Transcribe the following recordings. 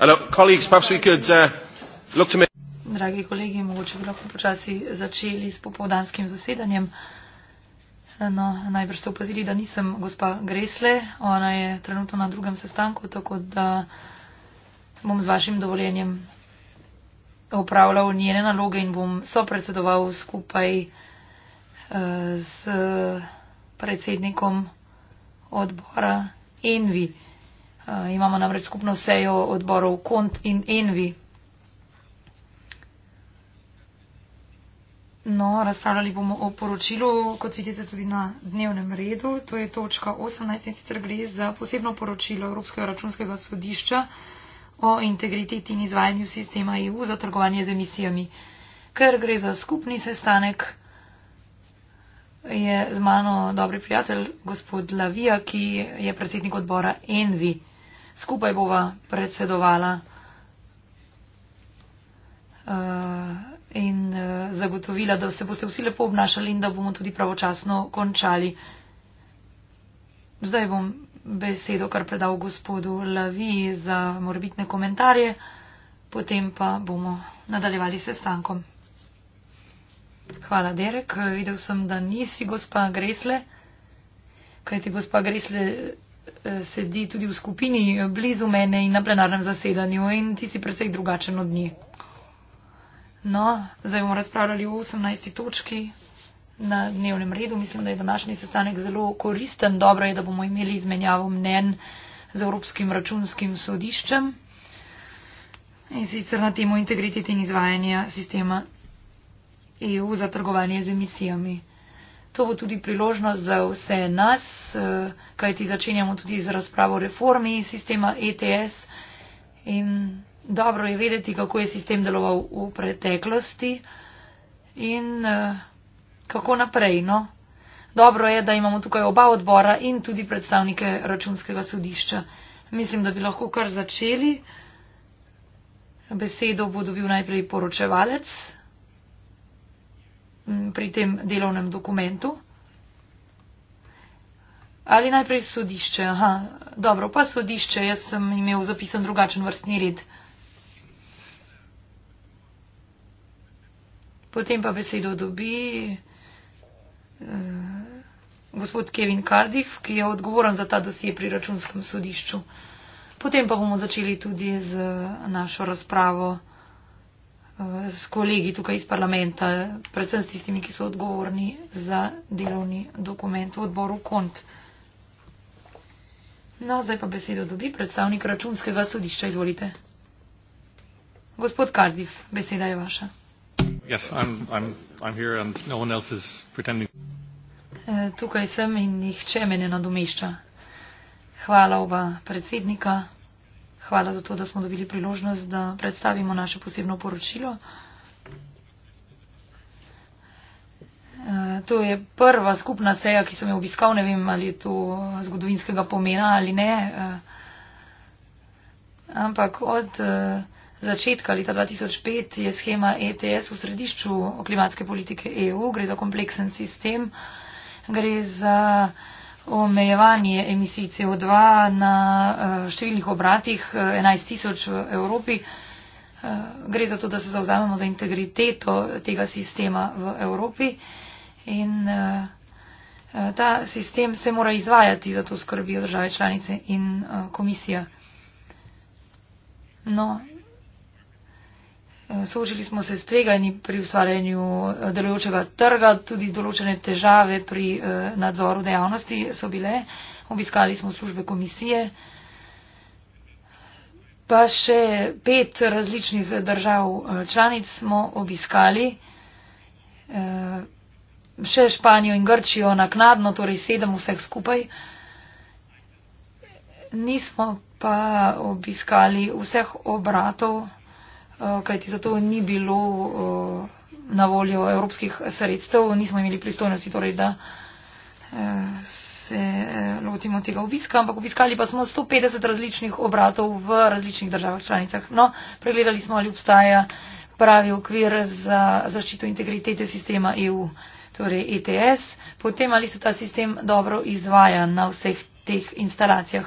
Uh, Dragi kolegi, mogoče bi lahko počasi začeli s popovdanskim zasedanjem. No, najbrž ste opazili, da nisem gospa Gresle, ona je trenutno na drugem sestanku, tako da bom z vašim dovoljenjem opravljal njene naloge in bom sopredsedoval skupaj uh, s predsednikom odbora in vi. Uh, Imamo namreč skupno sejo odborov KONT in ENVI. No, razpravljali bomo o poročilu, kot vidite tudi na dnevnem redu. To je točka 18. in sicer gre za posebno poročilo Evropskega računskega sodišča o integriteti in izvajanju sistema EU za trgovanje z emisijami. Ker gre za skupni sestanek, je z mano dobri prijatelj gospod Lavija, ki je predsednik odbora ENVI. Skupaj bova predsedovala uh, in uh, zagotovila, da se boste vsi lepo obnašali in da bomo tudi pravočasno končali. Zdaj bom besedo kar predal gospodu Lavi za morbitne komentarje, potem pa bomo nadaljevali s sestankom. Hvala, Derek. Videl sem, da nisi gospa Gresle, kajti gospa Gresle. Eh, sedi tudi v skupini eh, blizu mene in na plenarnem zasedanju in ti si precej drugačen od nje. No, zdaj bomo razpravljali o 18. točki na dnevnem redu. Mislim, da je današnji sestanek zelo koristen. Dobro je, da bomo imeli izmenjavo mnen z Evropskim računskim sodiščem in sicer na temo integritete in izvajanja sistema EU za trgovanje z emisijami. To bo tudi priložnost za vse nas, eh, kajti začenjamo tudi z razpravo o reformi sistema ETS. In dobro je vedeti, kako je sistem deloval v preteklosti in eh, kako naprej. No? Dobro je, da imamo tukaj oba odbora in tudi predstavnike računskega sodišča. Mislim, da bi lahko kar začeli. Besedo bo dobil najprej poročevalec pri tem delovnem dokumentu. Ali najprej sodišče? Aha, dobro, pa sodišče, jaz sem imel zapisan drugačen vrstni red. Potem pa besedo dobi eh, gospod Kevin Cardiff, ki je odgovoren za ta dosje pri računskem sodišču. Potem pa bomo začeli tudi z našo razpravo. Eh, s kolegi tukaj iz parlamenta, predvsem s tistimi, ki so odgovorni za delovni dokument v odboru KONT. No, zdaj pa besedo dobi predstavnik računskega sodišča. Izvolite. Gospod Kardif, beseda je vaša. Yes, I'm, I'm, I'm here and no eh, tukaj sem in nihče me ne nadomešča. Hvala oba predsednika. Hvala za to, da smo dobili priložnost, da predstavimo naše posebno poročilo. E, to je prva skupna seja, ki sem jo obiskal, ne vem, ali je to zgodovinskega pomena ali ne. E, ampak od e, začetka leta 2005 je schema ETS v središču klimatske politike EU, gre za kompleksen sistem, gre za omejevanje emisij CO2 na eh, številnih obratih 11 eh, tisoč v Evropi. Eh, gre za to, da se zauzamemo za integriteto tega sistema v Evropi in ta sistem se mora izvajati, zato skrbijo države članice in komisija. No, Soočili smo se s tveganji pri ustvarjanju eh, delujočega trga, tudi določene težave pri eh, nadzoru dejavnosti so bile. Obiskali smo službe komisije, pa še pet različnih držav eh, članic smo obiskali. Še Španijo in Grčijo naknadno, torej sedem vseh skupaj. Nismo pa obiskali vseh obratov. Eh, kajti zato ni bilo eh, na voljo evropskih sredstev, nismo imeli pristojnosti, torej, da eh, se lotimo tega obiska, ampak obiskali pa smo 150 različnih obratov v različnih državah članicah. No, pregledali smo, ali obstaja pravi okvir za zaščito integritete sistema EU, torej ETS, potem ali se ta sistem dobro izvaja na vseh teh instalacijah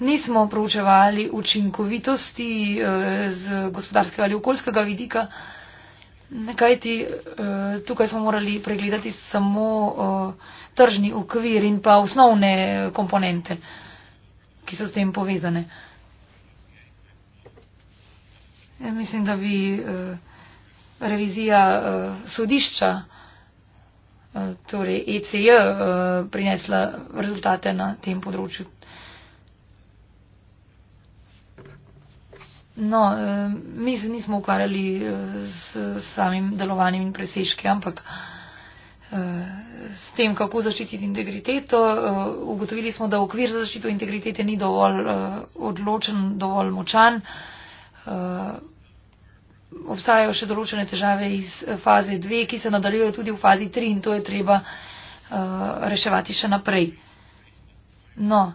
nismo proučevali učinkovitosti eh, z gospodarskega ali okoljskega vidika, kajti eh, tukaj smo morali pregledati samo eh, tržni okvir in pa osnovne komponente, ki so s tem povezane. Mislim, da bi revizija sodišča, torej ECJ, prinesla rezultate na tem področju. No, eh, mi se nismo ukvarjali eh, s samim delovanjem in presežki, ampak eh, s tem, kako zaščititi integriteto. Ugotovili smo, da okvir za zaščito integritete ni dovolj odločen, dovolj močan. Obstajajo še določene težave iz faze 2, ki se nadaljujejo tudi v fazi 3 in to je treba reševati še naprej. No,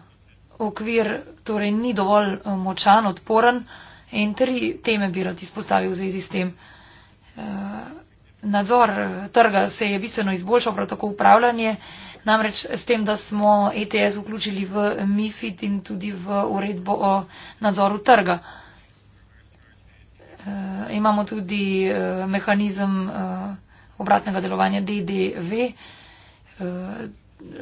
okvir torej ni dovolj močan, odporen. In tri teme bi rad izpostavil v zvezi s tem. Eh, nadzor eh, trga se je bistveno izboljšal, prav tako upravljanje, namreč s tem, da smo ETS vključili v MIFID in tudi v uredbo o nadzoru trga. E, imamo tudi e, mehanizem e, obratnega delovanja DDV. E,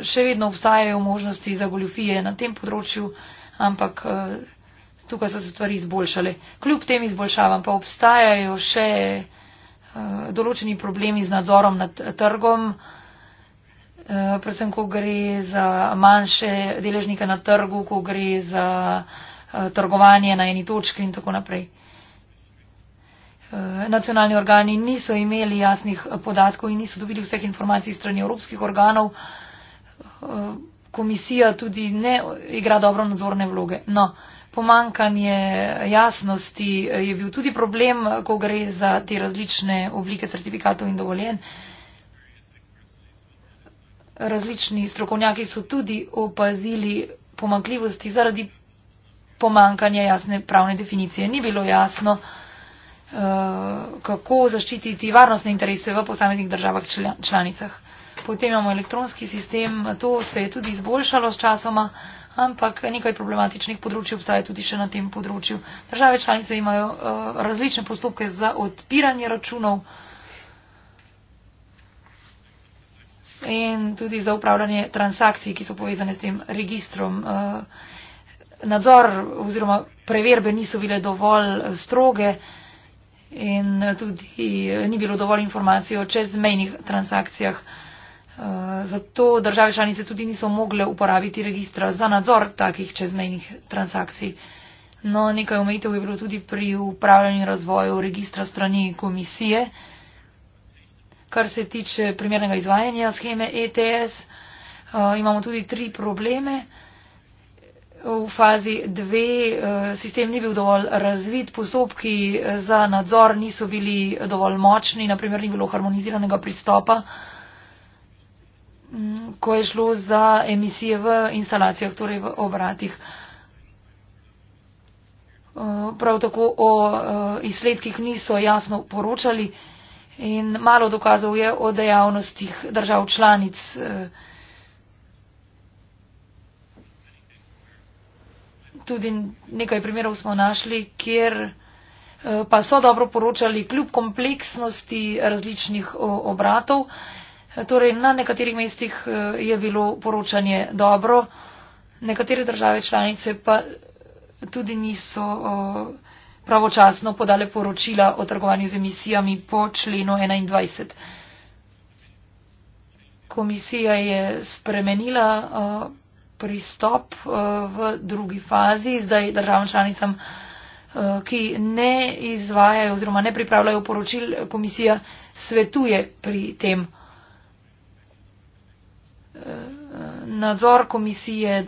še vedno obstajajo možnosti za goljufije na tem področju, ampak. E, tukaj so se stvari izboljšale. Kljub tem izboljšavam pa obstajajo še eh, določeni problemi z nadzorom nad eh, trgom, eh, predvsem, ko gre za manjše deležnike na trgu, ko gre za trgovanje na eni točki in tako naprej. Nacionalni organi niso imeli jasnih podatkov in niso dobili vseh informacij strani evropskih organov. Komisija tudi ne igra dobro nadzorne vloge. No, pomankanje jasnosti je bil tudi problem, ko gre za te različne oblike certifikatov in dovoljen. Različni strokovnjaki so tudi opazili pomankljivosti zaradi pomankanja jasne pravne definicije. Ni bilo jasno, eh, kako zaščititi varnostne interese v posameznih državah članicah. Potem imamo elektronski sistem, to se je tudi izboljšalo s časoma ampak nekaj problematičnih področji obstaja tudi še na tem področju. Države članice imajo uh, različne postopke za odpiranje računov in tudi za upravljanje transakcij, ki so povezane s tem registrom. Uh, nadzor oziroma preverbe niso bile dovolj eh, stroge in tudi ni bilo dovolj informacij o čezmejnih transakcijah. Eh, zato države članice tudi niso mogle uporabiti registra za nadzor takih čezmejnih transakcij. No, nekaj omejitev je bilo tudi pri upravljanju in razvoju registra strani komisije. Kar se tiče primernega izvajanja scheme ETS, eh, imamo tudi tri probleme. V fazi dve eh, sistem ni bil dovolj razvit, postopki za nadzor niso bili dovolj močni, naprimer ni bilo harmoniziranega pristopa ko je šlo za emisije v instalacijah, torej v obratih. Eh, prav tako o eh, izsledkih niso jasno poročali in malo dokazov je o dejavnostih držav članic. Eh. Tudi nekaj primerov smo našli, kjer pa so dobro poročali kljub kompleksnosti različnih obratov. Torej, na nekaterih mestih eh, je bilo poročanje dobro, nekatere države članice pa tudi niso eh, pravočasno podale poročila o trgovanju z emisijami po členu 21. Komisija je spremenila eh, pristop v drugi fazi, zdaj državam članicam, ki ne izvajajo oziroma ne pripravljajo poročil, komisija svetuje pri tem. nadzor komisije,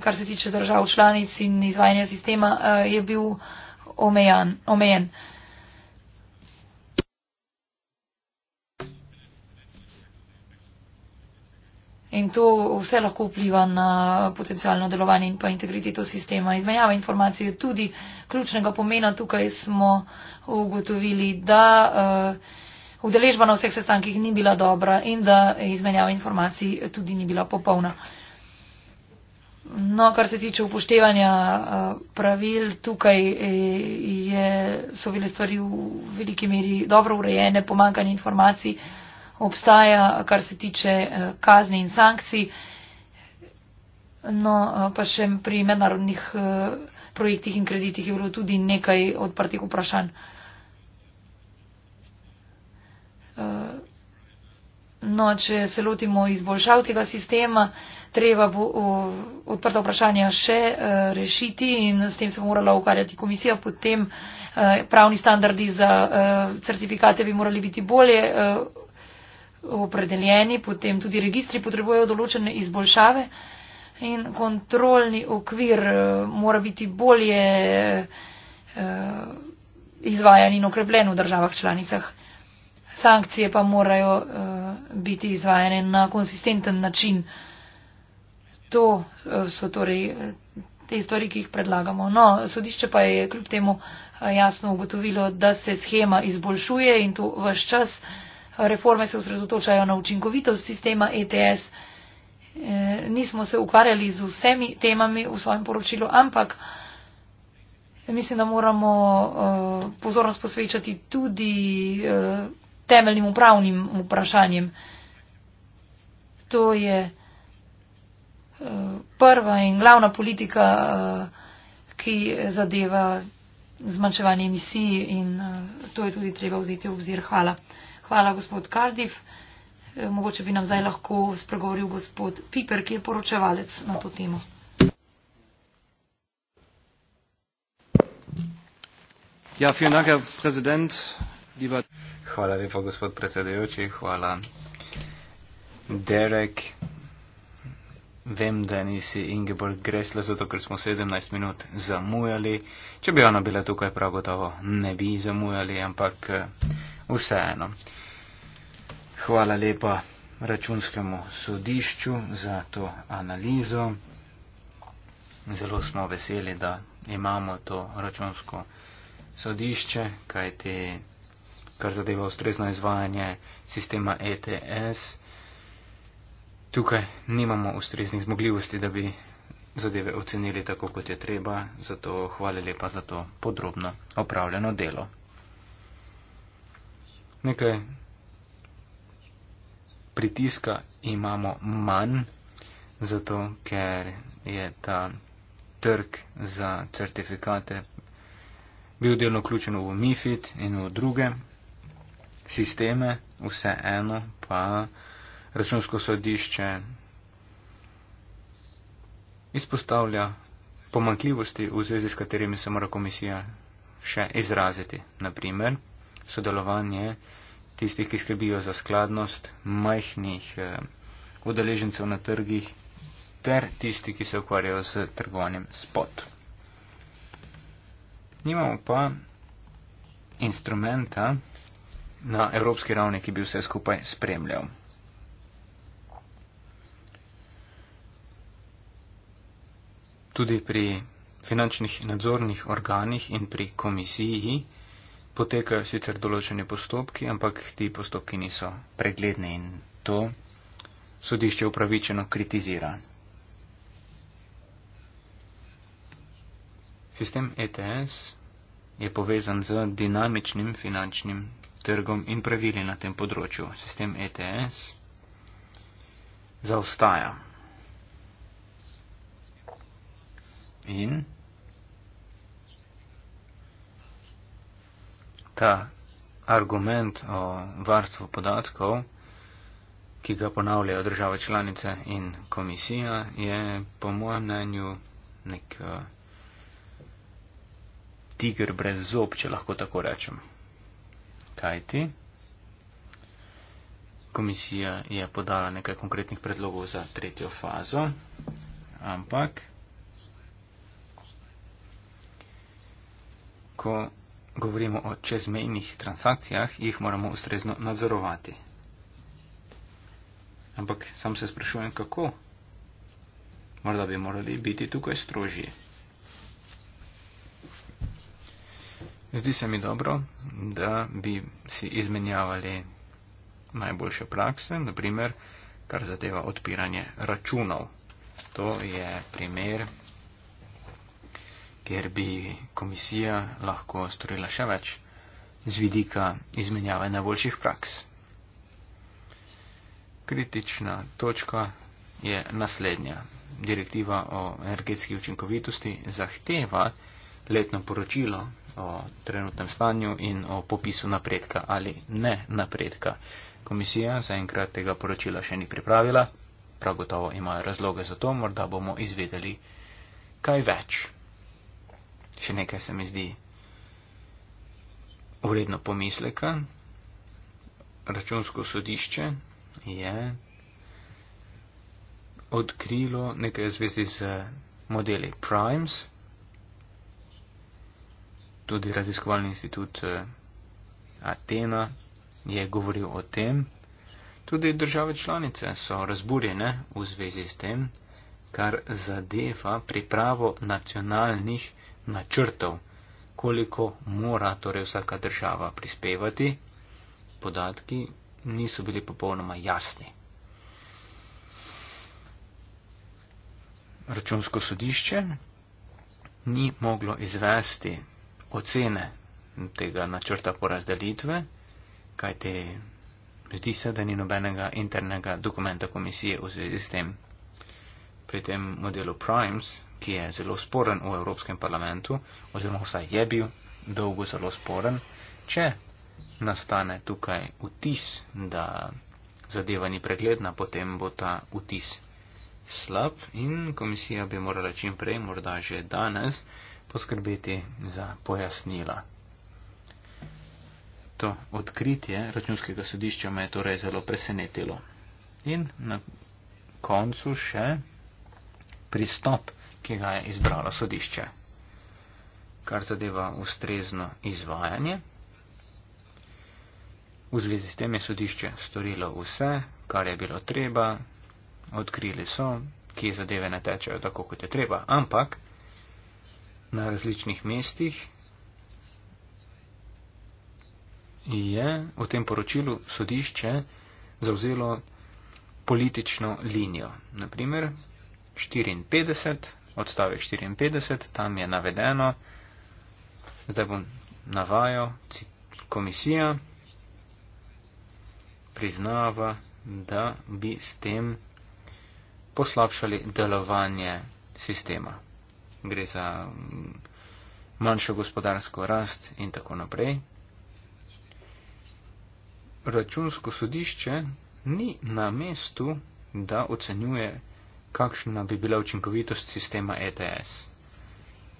kar se tiče držav članic in izvajanja sistema, eh, je bil omejan, omejen. In to vse lahko vpliva na potencijalno delovanje in pa integriteto sistema. Izmenjava informacij je tudi ključnega pomena. Tukaj smo ugotovili, da. Uh, udeležba na vseh sestankih ni bila dobra in da izmenjava informacij tudi ni bila popolna. No, kar se tiče upoštevanja eh, pravil, tukaj eh, je, so bile stvari v veliki meri dobro urejene, pomankanje informacij obstaja, kar se tiče eh, kazni in sankcij. No, pa še pri mednarodnih projektih in kreditih je bilo tudi nekaj odprtih vprašanj. Eh, no, če se lotimo izboljšav tega sistema, treba bo odprta vprašanja še eh, rešiti in s tem se morala ukvarjati komisija. Potem eh, pravni standardi za certifikate bi morali biti bolje opredeljeni, potem tudi registri potrebujejo določene izboljšave in kontrolni okvir mora biti bolje izvajan in okrepljen v državah članicah sankcije pa morajo uh, biti izvajene na konsistenten način. To uh, so torej eh, te stvari, ki jih predlagamo. No, sodišče pa je kljub temu uh, jasno ugotovilo, da se schema izboljšuje in to vse čas. Reforme se osredotočajo na učinkovitost sistema ETS. E, nismo se ukvarjali z vsemi temami v svojem poročilu, ampak mislim, da moramo e, pozornost posvečati tudi e, temeljnim upravnim vprašanjem. To je eh, prva in glavna politika, eh, ki zadeva zmanjševanje emisij in eh, to je tudi treba vzeti v obzir. Hvala. Hvala, gospod Kardif. Mogoče bi nam zdaj lahko spregovoril gospod Piper, ki je poročevalec na to temo. Ja, vielen Dank, Herr Präsident, lieber. Hvala lepa, gospod predsedujoči, hvala. Derek, vem, da nisi Ingeborg Gresla, zato ker smo 17 minut zamujali. Če bi ona bila tukaj, prav gotovo ne bi zamujali, ampak eh, vseeno. Hvala lepa računskemu sodišču za to analizo. Zelo smo veseli, da imamo to računsko sodišče, kajti kar zadeva ustrezno izvajanje sistema ETS. Tukaj nimamo ustreznih zmogljivosti, da bi zadeve ocenili tako, kot je treba, zato hvala lepa za to podrobno opravljeno delo. Nekaj pritiska imamo manj, zato ker je ta trg za certifikate bil delno vključen v MIFID in v druge sisteme, vse eno pa računsko sodišče izpostavlja pomankljivosti v zvezi s katerimi se mora komisija še izraziti. Naprimer, sodelovanje tistih, ki skrbijo za skladnost majhnih eh, udeležencev na trgih ter tisti, ki se ukvarjajo z trgovanjem spot. Nimamo pa instrumenta, na evropski ravni, ki bi vse skupaj spremljal. Tudi pri finančnih nadzornih organih in pri komisiji potekajo sicer določeni postopki, ampak ti postopki niso pregledni in to sodišče upravičeno kritizira. Sistem ETS je povezan z dinamičnim finančnim trgom in pravili na tem področju. Sistem ETS zaostaja. In ta argument o varstvu podatkov, ki ga ponavljajo države članice in komisija, je po mojem mnenju nek uh, tiger brez zob, če lahko tako rečem kajti komisija je podala nekaj konkretnih predlogov za tretjo fazo, ampak ko govorimo o čezmejnih transakcijah, jih moramo ustrezno nadzorovati. Ampak sam se sprašujem, kako? Morda bi morali biti tukaj strožji. Zdi se mi dobro, da bi si izmenjavali najboljše prakse, naprimer, kar zadeva odpiranje računov. To je primer, kjer bi komisija lahko storila še več z vidika izmenjave najboljših praks. Kritična točka je naslednja. Direktiva o energetski učinkovitosti zahteva, letno poročilo o trenutnem stanju in o popisu napredka ali ne napredka. Komisija zaenkrat tega poročila še ni pripravila, prav gotovo imajo razloge za to, morda bomo izvedeli kaj več. Še nekaj se mi zdi vredno pomisleka. Računsko sodišče je odkrilo nekaj v zvezi z modeli Primes tudi raziskovalni institut eh, Atena je govoril o tem. Tudi države članice so razburjene v zvezi s tem, kar zadeva pripravo nacionalnih načrtov, koliko mora torej vsaka država prispevati. Podatki niso bili popolnoma jasni. Računsko sodišče ni moglo izvesti ocene tega načrta porazdelitve, kaj te zdi se, da ni nobenega internega dokumenta komisije v zvezi s tem. Pri tem modelu Primes, ki je zelo sporen v Evropskem parlamentu, oziroma vsaj je bil dolgo zelo sporen, če nastane tukaj vtis, da zadeva ni pregledna, potem bo ta vtis slab in komisija bi morala čim prej, morda že danes, poskrbeti za pojasnila. To odkritje računskega sodišča me je torej zelo presenetilo. In na koncu še pristop, ki ga je izbralo sodišče. Kar zadeva ustrezno izvajanje. V zvezi s tem je sodišče storilo vse, kar je bilo treba, odkrili so, ki zadeve ne tečejo tako, kot je treba, ampak na različnih mestih, je v tem poročilu sodišče zauzelo politično linijo. Naprimer, 54, odstavek 54, tam je navedeno, zdaj bom navajal, komisija priznava, da bi s tem poslabšali delovanje sistema gre za mm, manjšo gospodarsko rast in tako naprej. Računsko sodišče ni na mestu, da ocenjuje, kakšna bi bila učinkovitost sistema ETS.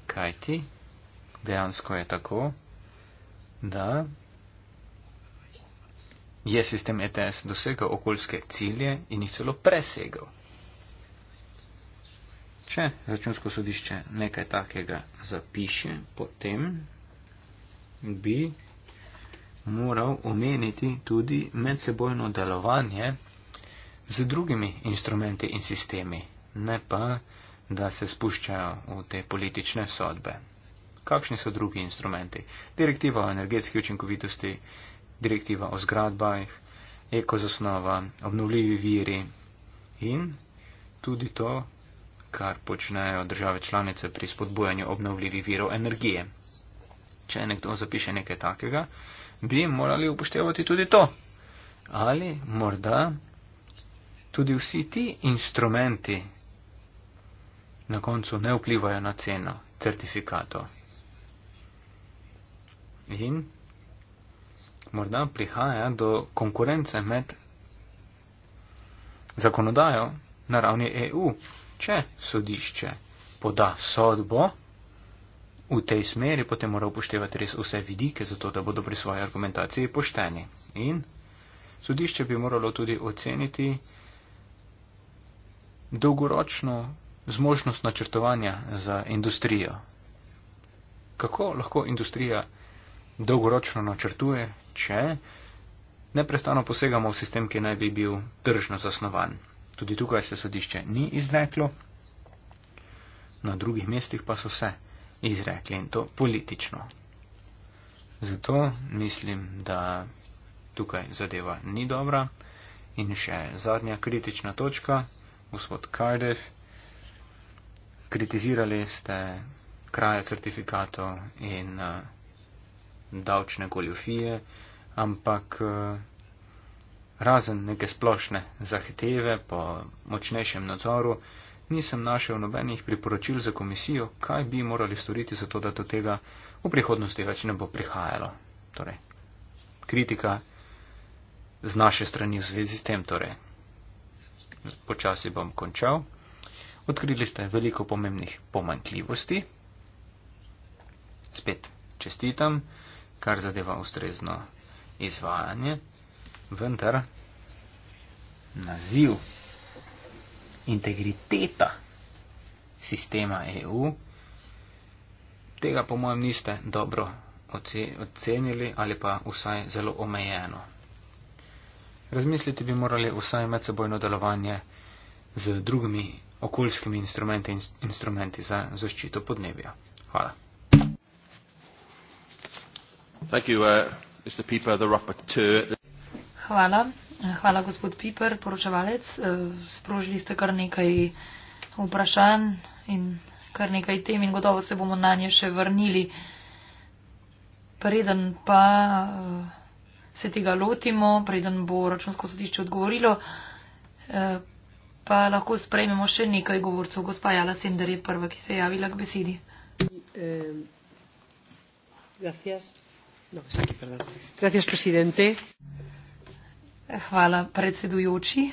Kaj ti? Dejansko je tako, da je sistem ETS dosegal okoljske cilje in jih celo presegal. Če računsko sodišče nekaj takega zapiše, potem bi moral omeniti tudi medsebojno delovanje z drugimi instrumenti in sistemi, ne pa, da se spuščajo v te politične sodbe. Kakšni so drugi instrumenti? Direktiva o energetski učinkovitosti, direktiva o zgradbah, ekozasnova, obnovljivi viri in tudi to, kar počnejo države članice pri spodbujanju obnovljivih virov energije. Če nekdo zapiše nekaj takega, bi morali upoštevati tudi to. Ali morda tudi vsi ti instrumenti na koncu ne vplivajo na ceno certifikatov. In morda prihaja do konkurence med zakonodajo na ravni EU, če sodišče poda sodbo v tej smeri, potem mora upoštevati res vse vidike, zato da bodo pri svoji argumentaciji pošteni. In sodišče bi moralo tudi oceniti dolgoročno zmožnost načrtovanja za industrijo. Kako lahko industrija dolgoročno načrtuje, če neprestano posegamo v sistem, ki naj bi bil držno zasnovan? Tudi tukaj se sodišče ni izreklo, na drugih mestih pa so se izrekli in to politično. Zato mislim, da tukaj zadeva ni dobra. In še zadnja kritična točka, gospod Kardef, kritizirali ste kraje certifikatov in uh, davčne goljofije, ampak. Uh, Razen neke splošne zahteve po močnejšem nadzoru, nisem našel nobenih priporočil za komisijo, kaj bi morali storiti za to, da do tega v prihodnosti več ne bo prihajalo. Torej, kritika z naše strani v zvezi s tem, torej, počasi bom končal. Odkrili ste veliko pomembnih pomankljivosti. Spet čestitam, kar zadeva ustrezno izvajanje vendar naziv integriteta sistema EU, tega po mojem niste dobro ocenili ali pa vsaj zelo omejeno. Razmisliti bi morali vsaj medsebojno delovanje z drugimi okoljskimi instrumenti in instrumenti za zaščito podnebja. Hvala. Thank you, uh, Mr. Pieper, the rapporteur. Hvala. Hvala, gospod Piper, poročevalec. Eh, sprožili ste kar nekaj vprašanj in kar nekaj tem in gotovo se bomo na nje še vrnili. Preden pa eh, se tega lotimo, preden bo računsko sodišče odgovorilo, eh, pa lahko sprejmemo še nekaj govorcev. Gospa Jala Sender je prva, ki se je javila k besedi. Gracias. No, Gracias, presidente. Hvala, predsedujoči.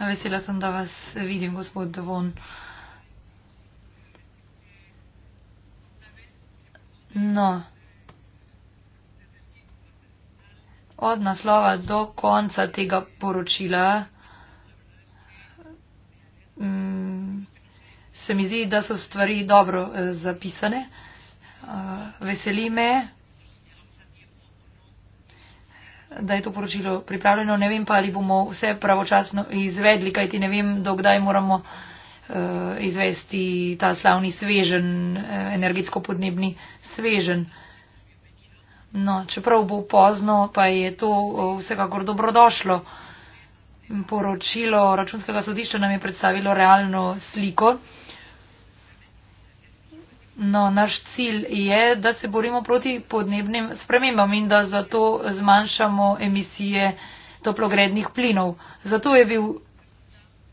Vesela sem, da vas vidim, gospod Devon. No. Od naslova do konca tega poročila mm, se mi zdi, da so stvari dobro eh, zapisane. Uh, veseli me da je to poročilo pripravljeno. Ne vem pa, ali bomo vse pravočasno izvedli, kajti ne vem, dokdaj moramo uh, izvesti ta slavni svežen, uh, energetsko-podnebni svežen. No, čeprav bo pozno, pa je to uh, vsekakor dobrodošlo. Poročilo računskega sodišča nam je predstavilo realno sliko. Uh, No, naš cilj je, da se borimo proti podnebnim spremembam in da zato zmanjšamo emisije toplogrednih plinov. Zato je bil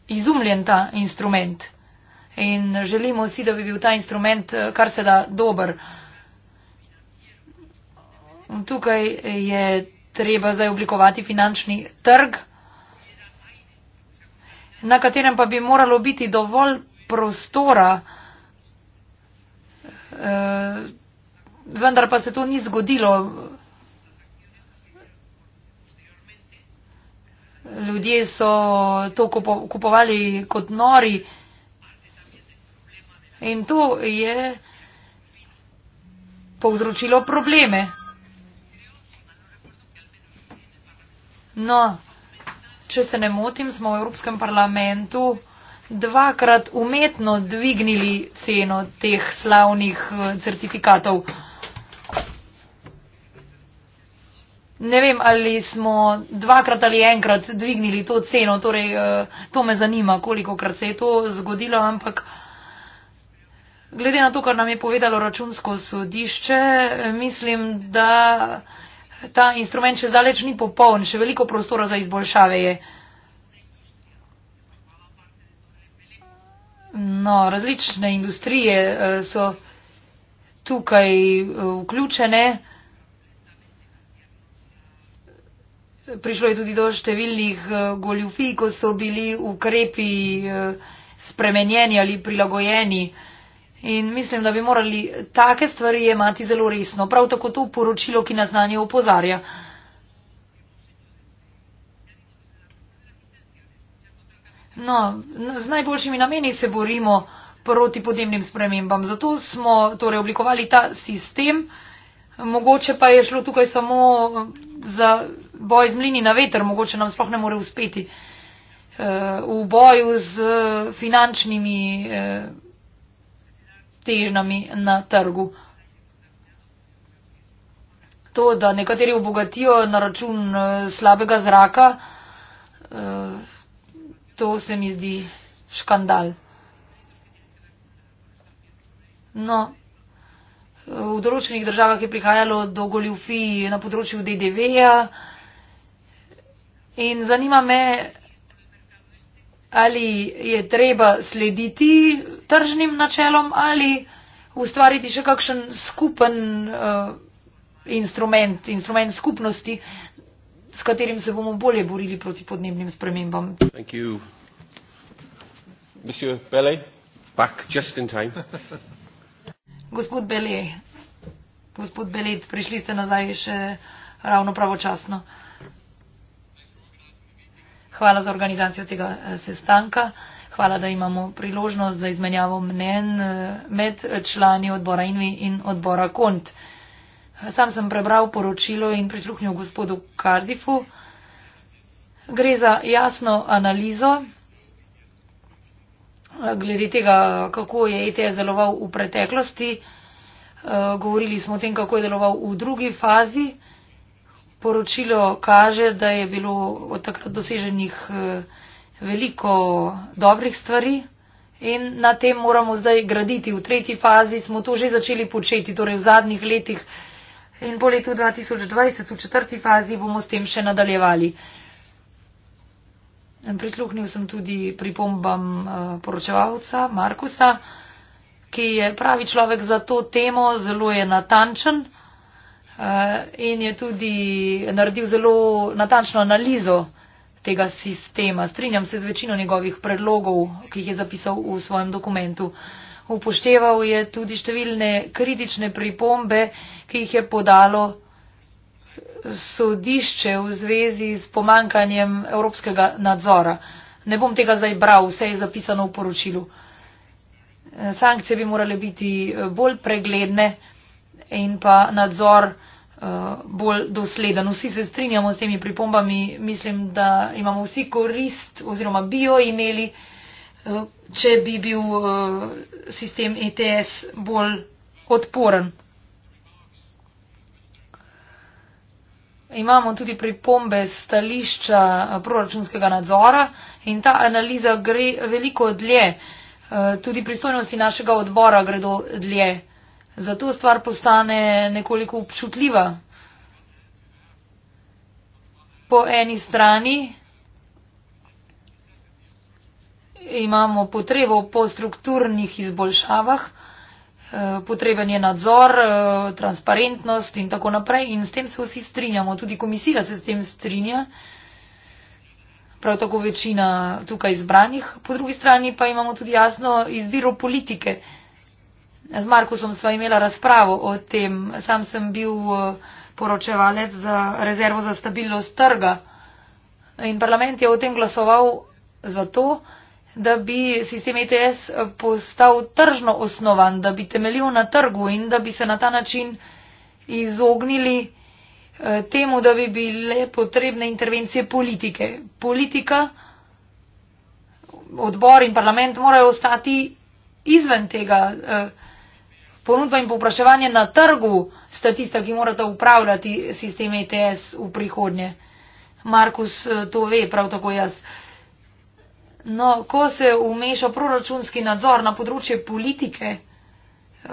izumljen ta instrument in želimo vsi, da bi bil ta instrument eh, kar se da dober. Tukaj je treba zdaj oblikovati finančni trg, na katerem pa bi moralo biti dovolj prostora, Eh, vendar pa se to ni zgodilo. Ljudje so to kupovali kot nori in to je povzročilo probleme. No, če se ne motim, smo v Evropskem parlamentu dvakrat umetno dvignili ceno teh slavnih eh, certifikatov. Ne vem, ali smo dvakrat ali enkrat dvignili to ceno, torej eh, to me zanima, koliko krat se je to zgodilo, ampak glede na to, kar nam je povedalo računsko sodišče, eh, mislim, da ta instrument še zdaleč ni popoln, še veliko prostora za izboljšave je. No, različne industrije uh, so tukaj uh, vključene. Prišlo je tudi do številnih uh, goljufij, ko so bili ukrepi uh, spremenjeni ali prilagojeni. In mislim, da bi morali take stvari imati zelo resno. Prav tako to poročilo, ki na znanje opozarja. Uh, No, z najboljšimi nameni se borimo proti podnebnim spremembam. Zato smo torej oblikovali ta sistem. Mogoče pa je šlo tukaj samo eh, za boj z mlini na veter, mogoče nam sploh ne more uspeti eh, v boju z eh, finančnimi težnami na trgu. To, da nekateri obogatijo na račun slabega zraka, To se mi zdi škandal. No, v določenih državah je prihajalo do goljufij na področju DDV-ja in zanima me, ali je treba slediti tržnim načelom ali ustvariti še kakšen skupen uh, instrument, instrument skupnosti, uh, s katerim se bomo bolje borili proti podnebnim spremembam. Gospod Bele, gospod Belet, prišli ste nazaj še ravno pravočasno. Hvala za organizacijo tega eh, sestanka. Hvala, da imamo priložnost za izmenjavo mnen eh, med člani odbora Invi in odbora Kont. Sam sem prebral poročilo in prisluhnil gospodu Cardiffu. Gre za jasno analizo eh, glede tega, kako je ETS deloval v preteklosti. Eh, govorili smo o tem, kako je deloval v drugi fazi. Poročilo kaže, da je bilo od takrat doseženih eh, veliko dobrih stvari in na tem moramo zdaj graditi. V tretji fazi smo to že začeli početi, torej v zadnjih letih in po letu 2020 v četrti fazi bomo s tem še nadaljevali. Prisluhnil sem tudi pripombam eh, poročevalca Markusa, ki je pravi človek za to temo, zelo je natančen eh, in je tudi naredil zelo natančno analizo tega sistema. Strinjam se z večino njegovih predlogov, ki jih je zapisal v svojem dokumentu. Upošteval je tudi številne kritične pripombe, ki jih je podalo sodišče v zvezi s pomankanjem evropskega nadzora. Ne bom tega zdaj bral, vse je zapisano v poročilu. Sankcije bi morale biti eh, bolj pregledne in pa nadzor eh, bolj dosleden. Vsi se strinjamo s temi pripombami, mislim, da imamo vsi korist oziroma bi jo imeli. Eh, če bi bil eh, sistem ETS bolj odporen. Imamo tudi pripombe stališča eh, proračunskega nadzora in ta analiza gre veliko dlje. Tudi pristojnosti našega odbora gredo dlje. Zato stvar postane nekoliko občutljiva. Po eni strani imamo potrebo po strukturnih izboljšavah, eh, potreben je nadzor, eh, transparentnost in tako naprej in s tem se vsi strinjamo, tudi komisija se s tem strinja, prav tako večina tukaj izbranih. Po drugi strani pa imamo tudi jasno izbiro politike. Z Markusom sva imela razpravo o tem, sam sem bil eh, poročevalec za rezervo za stabilnost trga in parlament je o tem glasoval zato, da bi sistem ETS postal tržno osnovan, da bi temeljil na trgu in da bi se na ta način izognili eh, temu, da bi bile potrebne intervencije politike. Politika, odbor in parlament morajo ostati izven tega. Eh, ponudba in popraševanje na trgu sta tista, ki morata upravljati sistem ETS v prihodnje. Markus eh, to ve, prav tako jaz. No, ko se umeša proračunski nadzor na področje politike eh,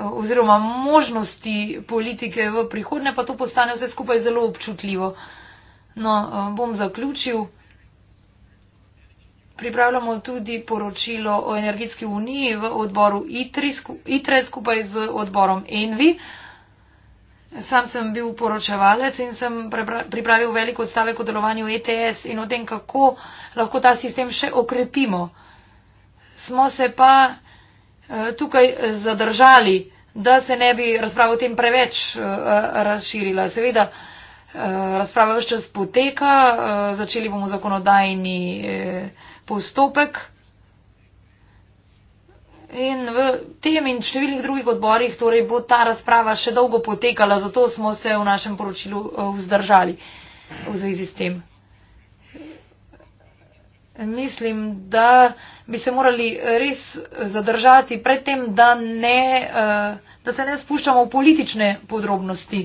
oziroma možnosti politike v prihodnje, pa to postane vse skupaj zelo občutljivo. No, eh, bom zaključil. Pripravljamo tudi poročilo o energetski uniji v odboru ITRE skupaj z odborom ENVI. Sam sem bil poročevalec in sem pripravil velik odstavek o delovanju ETS in o tem, kako lahko ta sistem še okrepimo. Smo se pa eh, tukaj zadržali, da se ne bi razprava o tem preveč eh, razširila. Seveda, eh, razprava vse čas poteka, začeli bomo zakonodajni postopek. In v tem in številnih drugih odborih torej bo ta razprava še dolgo potekala, zato smo se v našem poročilu eh, vzdržali v zvezi s tem. Mislim, da bi se morali res zadržati pred tem, da, ne, eh, da se ne spuščamo v politične podrobnosti,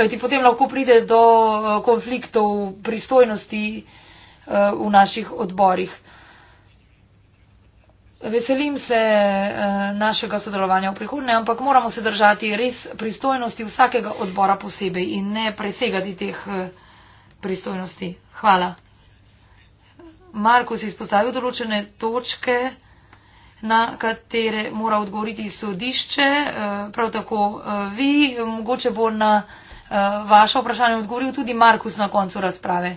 kajti potem lahko pride do eh, konfliktov pristojnosti v naših odborih. Veselim se eh, našega sodelovanja v prihodnje, ampak moramo se držati res pristojnosti vsakega odbora posebej in ne presegati teh eh, pristojnosti. Hvala. Marko si izpostavil določene točke, na katere mora odgovoriti sodišče, eh, prav tako vi, mogoče bo na vaše vprašanje odgovoril tudi Markus na koncu razprave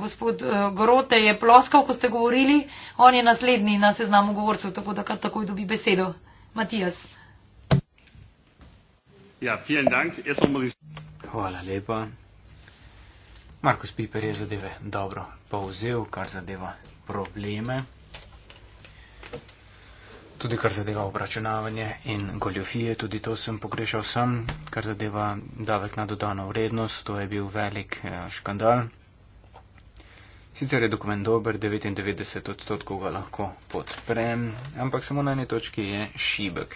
gospod e, Grote je ploskal, ko ste govorili, on je naslednji na seznamu govorcev, tako da kar takoj dobi besedo. Matijas. Ja, dank. Mali... Hvala lepa. Markus Piper je zadeve dobro povzel, kar zadeva probleme. Tudi kar zadeva obračunavanje in goljofije, tudi to sem pogrešal sam, kar zadeva davek na dodano vrednost, to je bil velik e, škandal. Sicer je dokument dober, 99 odstotkov ga lahko podprem, ampak samo na eni točki je šibek.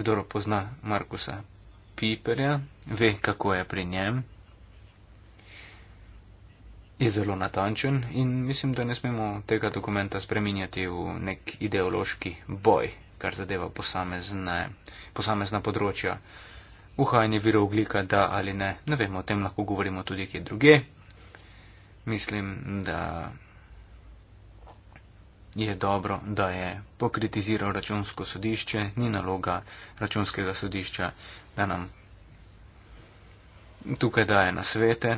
Kdor pozna Markusa Piperja, ve, kako je pri njem. Je zelo natančen in mislim, da ne smemo tega dokumenta spreminjati v nek ideološki boj, kar zadeva posamezne, posamezna področja uhajanje virov oglika, da ali ne. Ne vem, o tem lahko govorimo tudi kje druge. Mislim, da je dobro, da je pokritiziral računsko sodišče, ni naloga računskega sodišča, da nam tukaj daje na svete.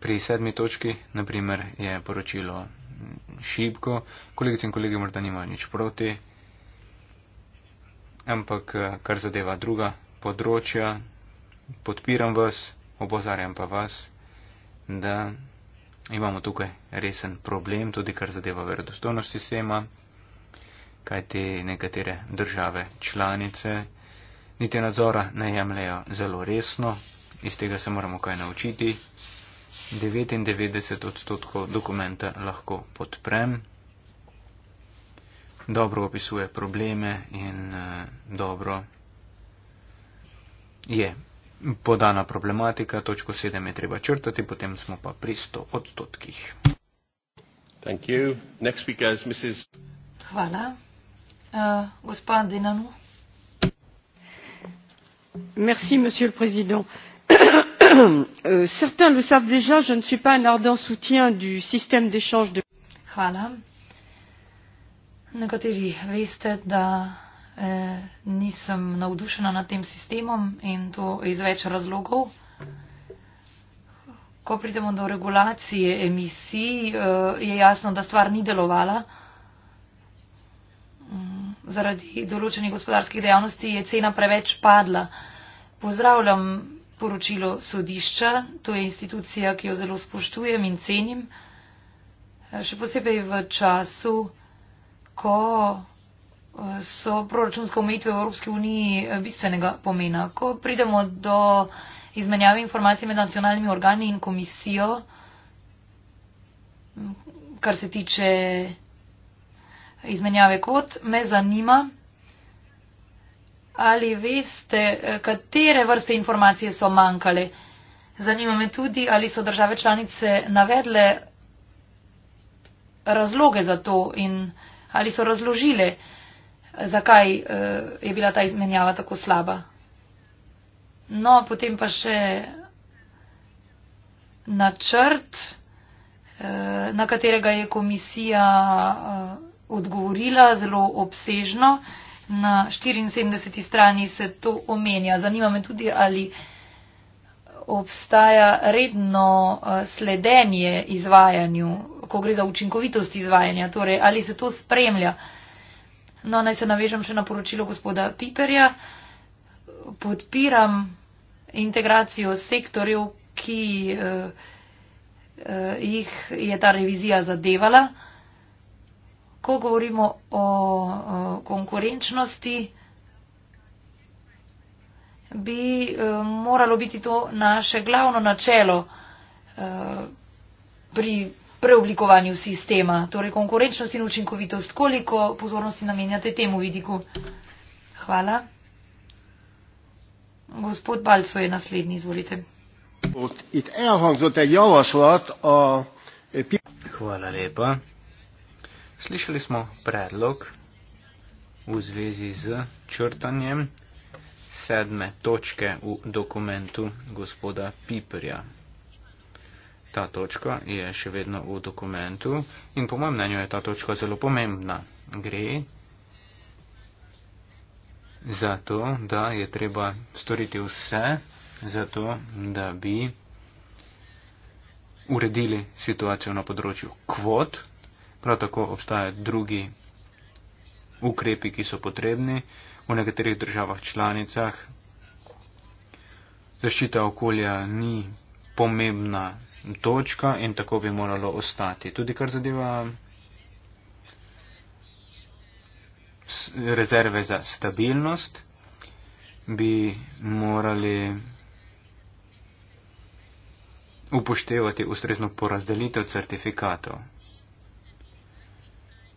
Pri sedmi točki, naprimer, je poročilo šibko, kolegice in kolege morda nimajo nič proti, ampak kar zadeva druga področja, podpiram vas, opozarjam pa vas, da imamo tukaj resen problem, tudi kar zadeva verodostojnost sistema, kajti nekatere države članice niti nadzora ne jemljajo zelo resno, iz tega se moramo kaj naučiti. 99 odstotkov dokumenta lahko podprem. Dobro opisuje probleme in uh, dobro je podana problematika, točko 7 je treba črtati, potem smo pa pri 100 odstotkih. Mrs... Hvala. Uh, gospa Dinanu. Merci, monsieur le président. Euh, certains le savent déjà, je ne suis pas un ardent soutien du système d'échange de. Hvala. Nekateri veste, da E, nisem navdušena nad tem sistemom in to iz več razlogov. Ko pridemo do regulacije emisij, e, je jasno, da stvar ni delovala. Mm, zaradi določenih gospodarskih dejavnosti je cena preveč padla. Pozdravljam poročilo sodišča, to je institucija, ki jo zelo spoštujem in cenim. E, še posebej v času, ko so proračunske omejitve v Evropski uniji eh, bistvenega pomena. Ko pridemo do izmenjave informacij med nacionalnimi organi in komisijo, kar se tiče eh, izmenjave kot, me zanima, ali veste, eh, katere vrste informacije so manjkale. Zanima me tudi, ali so države članice navedle razloge za to in ali so razložile, zakaj eh, je bila ta izmenjava tako slaba. No, potem pa še načrt, eh, na katerega je komisija eh, odgovorila zelo obsežno. Na 74. strani se to omenja. Zanima me tudi, ali obstaja redno sledenje izvajanju, ko gre za učinkovitost izvajanja, torej ali se to spremlja. No, naj se navežem še na poročilo gospoda Piperja. Podpiram integracijo sektorjev, ki eh, eh, jih je ta revizija zadevala. Ko govorimo o, o konkurenčnosti, bi eh, moralo biti to naše glavno načelo eh, pri preoblikovanju sistema, torej konkurenčnost in učinkovitost. Koliko pozornosti namenjate temu vidiku? Hvala. Gospod Balco je naslednji, izvolite. Hvala lepa. Slišali smo predlog v zvezi z črtanjem sedme točke v dokumentu gospoda Piperja. Ta točka je še vedno v dokumentu in po mojem mnenju je ta točka zelo pomembna. Gre za to, da je treba storiti vse za to, da bi uredili situacijo na področju kvot. Prav tako obstajajo drugi ukrepi, ki so potrebni v nekaterih državah članicah. Zaščita okolja ni pomembna točka in tako bi moralo ostati. Tudi kar zadeva rezerve za stabilnost, bi morali upoštevati ustrezno porazdelitev certifikatov.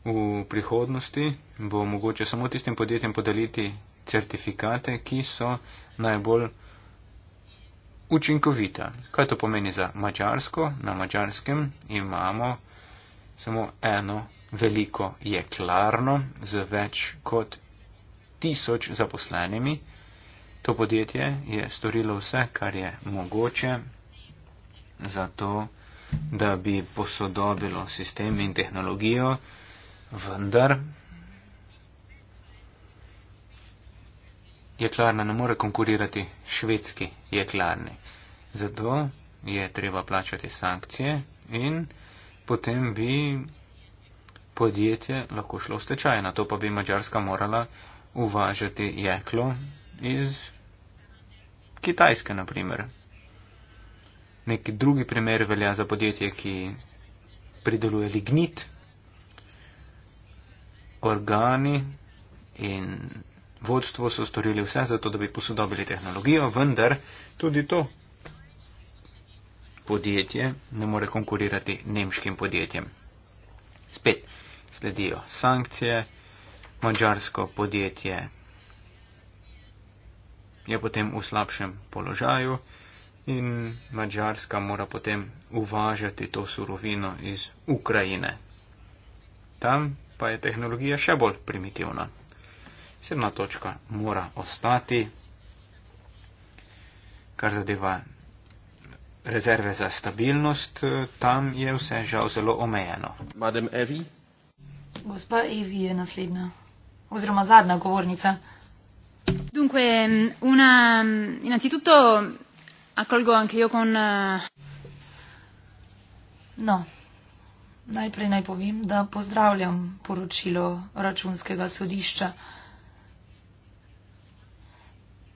V prihodnosti bo mogoče samo tistim podjetjem podeliti certifikate, ki so najbolj učinkovita. Kaj to pomeni za mačarsko? Na mačarskem imamo samo eno veliko jeklarno z več kot tisoč zaposlenimi. To podjetje je storilo vse, kar je mogoče, zato da bi posodobilo sistem in tehnologijo, vendar jeklarna ne more konkurirati švedski jeklarni. Zato je treba plačati sankcije in potem bi podjetje lahko šlo v stečaj, na to pa bi Mačarska morala uvažati jeklo iz Kitajske, na primer. Nek drugi primer velja za podjetje, ki prideluje lignit, organi in vodstvo so storili vse za to, da bi posodobili tehnologijo, vendar tudi to podjetje ne more konkurirati nemškim podjetjem. Spet sledijo sankcije, mađarsko podjetje je potem v slabšem položaju in mađarska mora potem uvažati to surovino iz Ukrajine. Tam pa je tehnologija še bolj primitivna. Posebna točka mora ostati, kar zadeva rezerve za stabilnost, tam je vse žal zelo omejeno. Madam Evi. Gospa Evi je naslednja, oziroma zadnja govornica. Dunque, una, innanzitutto, accolgo anche io con. Eh, no. Najprej naj povem, da pozdravljam poročilo računskega sodišča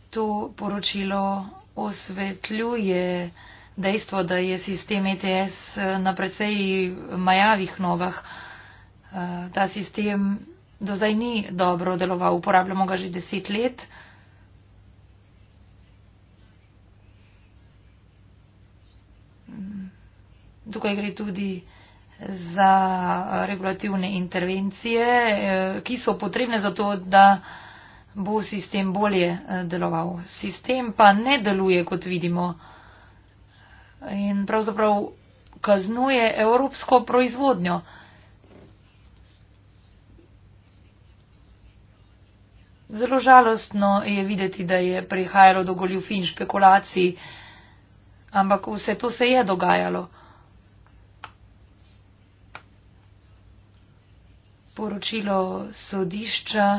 to poročilo osvetljuje dejstvo, da je sistem ETS na precej majavih nogah. Eh, ta sistem do zdaj ni dobro deloval, uporabljamo ga že deset let. Tukaj gre tudi za regulativne intervencije, eh, ki so potrebne za to, da bo sistem bolje eh, deloval. Sistem pa ne deluje, kot vidimo. In pravzaprav kaznuje evropsko proizvodnjo. Zelo žalostno je videti, da je prihajalo do goljufin špekulacij, ampak vse to se je dogajalo. Poročilo sodišča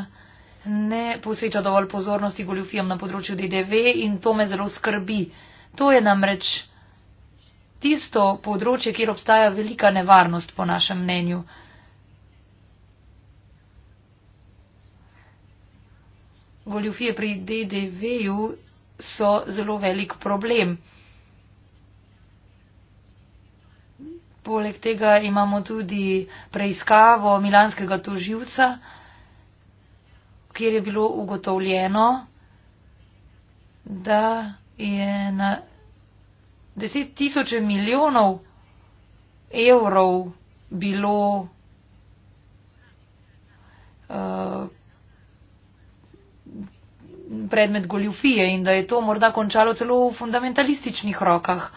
ne posveča dovolj pozornosti goljufijam na področju DDV in to me zelo skrbi. To je namreč tisto področje, kjer obstaja velika nevarnost, po našem mnenju. Goljufije pri DDV-ju so zelo velik problem. Poleg tega imamo tudi preiskavo milanskega toživca, kjer je bilo ugotovljeno, da je na deset tisoče milijonov evrov bilo uh, predmet goljufije in da je to morda končalo celo v fundamentalističnih rokah.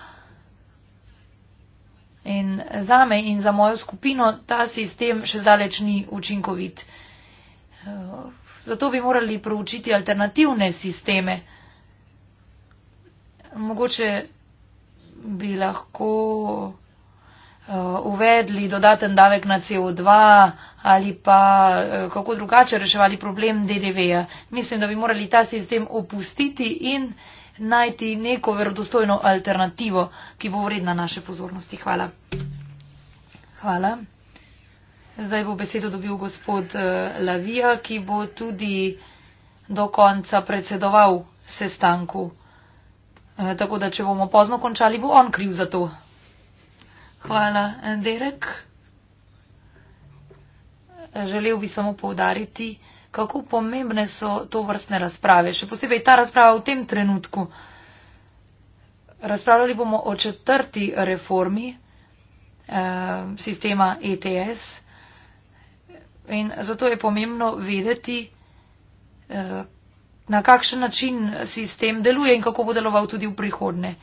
In za me in za mojo skupino ta sistem še zdaleč ni učinkovit. Uh, Zato bi morali proučiti alternativne sisteme. Mogoče bi lahko uh, uvedli dodaten davek na CO2 ali pa uh, kako drugače reševali problem DDV-ja. Mislim, da bi morali ta sistem opustiti in najti neko verodostojno alternativo, ki bo vredna naše pozornosti. Hvala. Hvala. Zdaj bo besedo dobil gospod eh, Lavija, ki bo tudi do konca predsedoval sestanku. Eh, tako da, če bomo pozno končali, bo on kriv za to. Hvala, eh, Derek. Želel bi samo povdariti, kako pomembne so to vrstne razprave, še posebej ta razprava v tem trenutku. Razpravljali bomo o četrti reformi eh, sistema ETS. In zato je pomembno vedeti, eh, na kakšen način sistem deluje in kako bo deloval tudi v prihodne.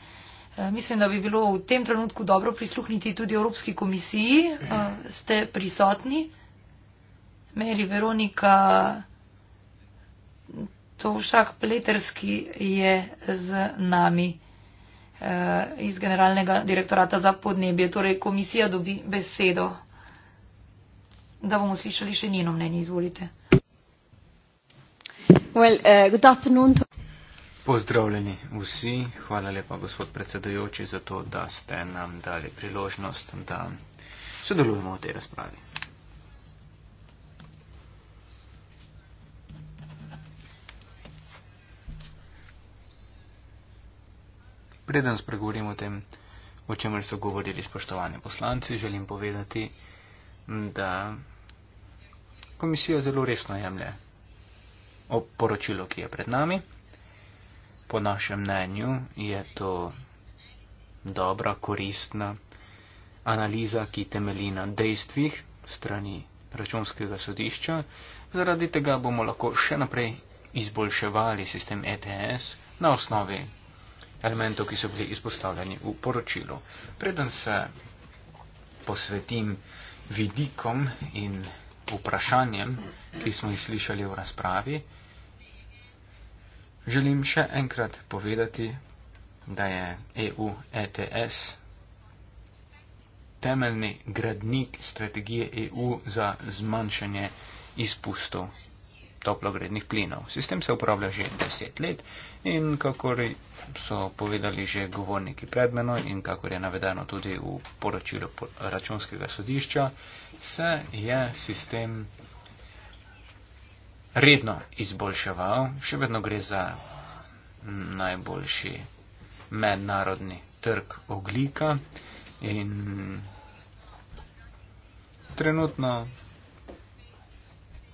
Eh, mislim, da bi bilo v tem trenutku dobro prisluhniti tudi Evropski komisiji. Eh, ste prisotni? Meri Veronika Tovšak Pleterski je z nami iz Generalnega direktorata za podnebje. Torej, komisija dobi besedo da bomo slišali še njeno mnenje. Izvolite. Well, uh, Pozdravljeni vsi, hvala lepa gospod predsedujoči za to, da ste nam dali priložnost, da sodelujemo v tej razpravi. Preden spregovorim o tem, o čemer so govorili spoštovani poslanci, želim povedati, da komisija zelo resno jemlje poročilo, ki je pred nami. Po našem mnenju je to dobra, koristna analiza, ki temelji na dejstvih strani računskega sodišča. Zaradi tega bomo lahko še naprej izboljševali sistem ETS na osnovi elementov, ki so bili izpostavljeni v poročilu. Preden se posvetim vidikom in vprašanjem, ki smo jih slišali v razpravi, želim še enkrat povedati, da je EU ETS temeljni gradnik strategije EU za zmanjšanje izpustov toplogrednih plinov. Sistem se uporablja že deset let in kakor so povedali že govorniki pred menoj in kakor je navedeno tudi v poročilu računskega sodišča, se je sistem redno izboljševal, še vedno gre za najboljši mednarodni trg oglika in trenutno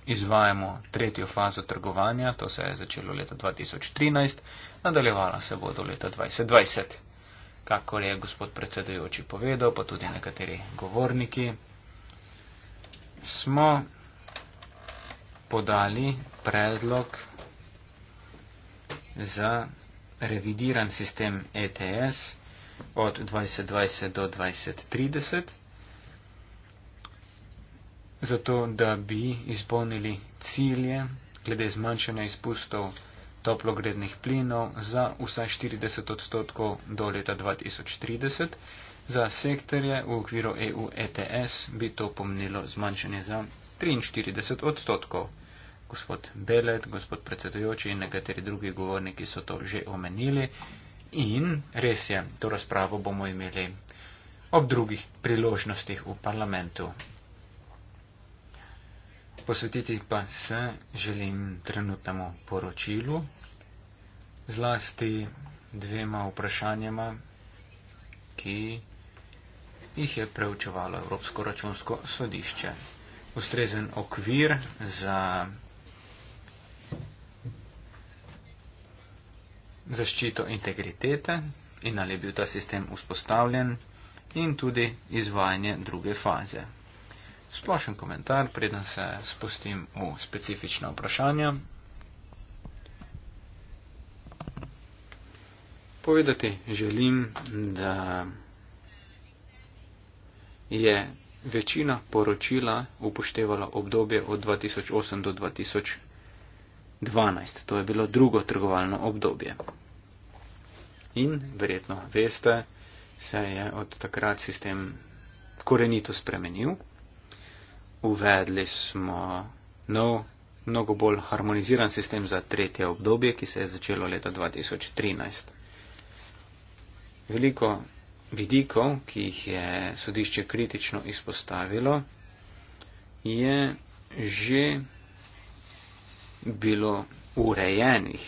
izvajamo tretjo fazo trgovanja, to se je začelo leta 2013, nadaljevala se bo do leta 2020. Kakor je gospod predsedujoči povedal, pa tudi nekateri govorniki, smo podali predlog za revidiran sistem ETS od 2020 do 2030 zato da bi izpolnili cilje glede zmanjšanja izpustov toplogrednih plinov za vsaj 40 odstotkov do leta 2030. Za sektorje v okviru EU ETS bi to pomenilo zmanjšanje za 43 odstotkov. Gospod Belet, gospod predsedujoči in nekateri drugi govorniki so to že omenili. In res je, to razpravo bomo imeli ob drugih priložnostih v parlamentu posvetiti pa se želim trenutnemu poročilu, zlasti dvema vprašanjama, ki jih je preučevalo Evropsko računsko sodišče. Ustrezen okvir za zaščito integritete in ali je bil ta sistem vzpostavljen in tudi izvajanje druge faze splošen komentar, preden se spustim v specifična vprašanja. Povedati želim, da je večina poročila upoštevala obdobje od 2008 do 2012. To je bilo drugo trgovalno obdobje. In verjetno veste, se je od takrat sistem korenito spremenil uvedli smo nov, mnogo bolj harmoniziran sistem za tretje obdobje, ki se je začelo leta 2013. Veliko vidikov, ki jih je sodišče kritično izpostavilo, je že bilo urejenih.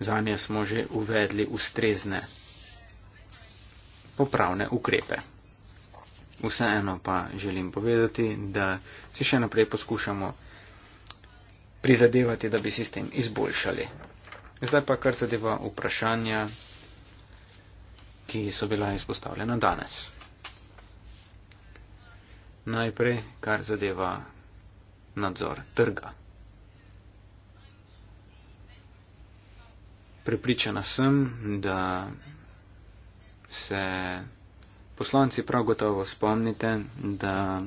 Za nje smo že uvedli ustrezne popravne ukrepe. Vseeno pa želim povedati, da si še naprej poskušamo prizadevati, da bi sistem izboljšali. Zdaj pa kar zadeva vprašanja, ki so bila izpostavljena danes. Najprej kar zadeva nadzor trga. Pripričana sem, da se poslanci prav gotovo spomnite, da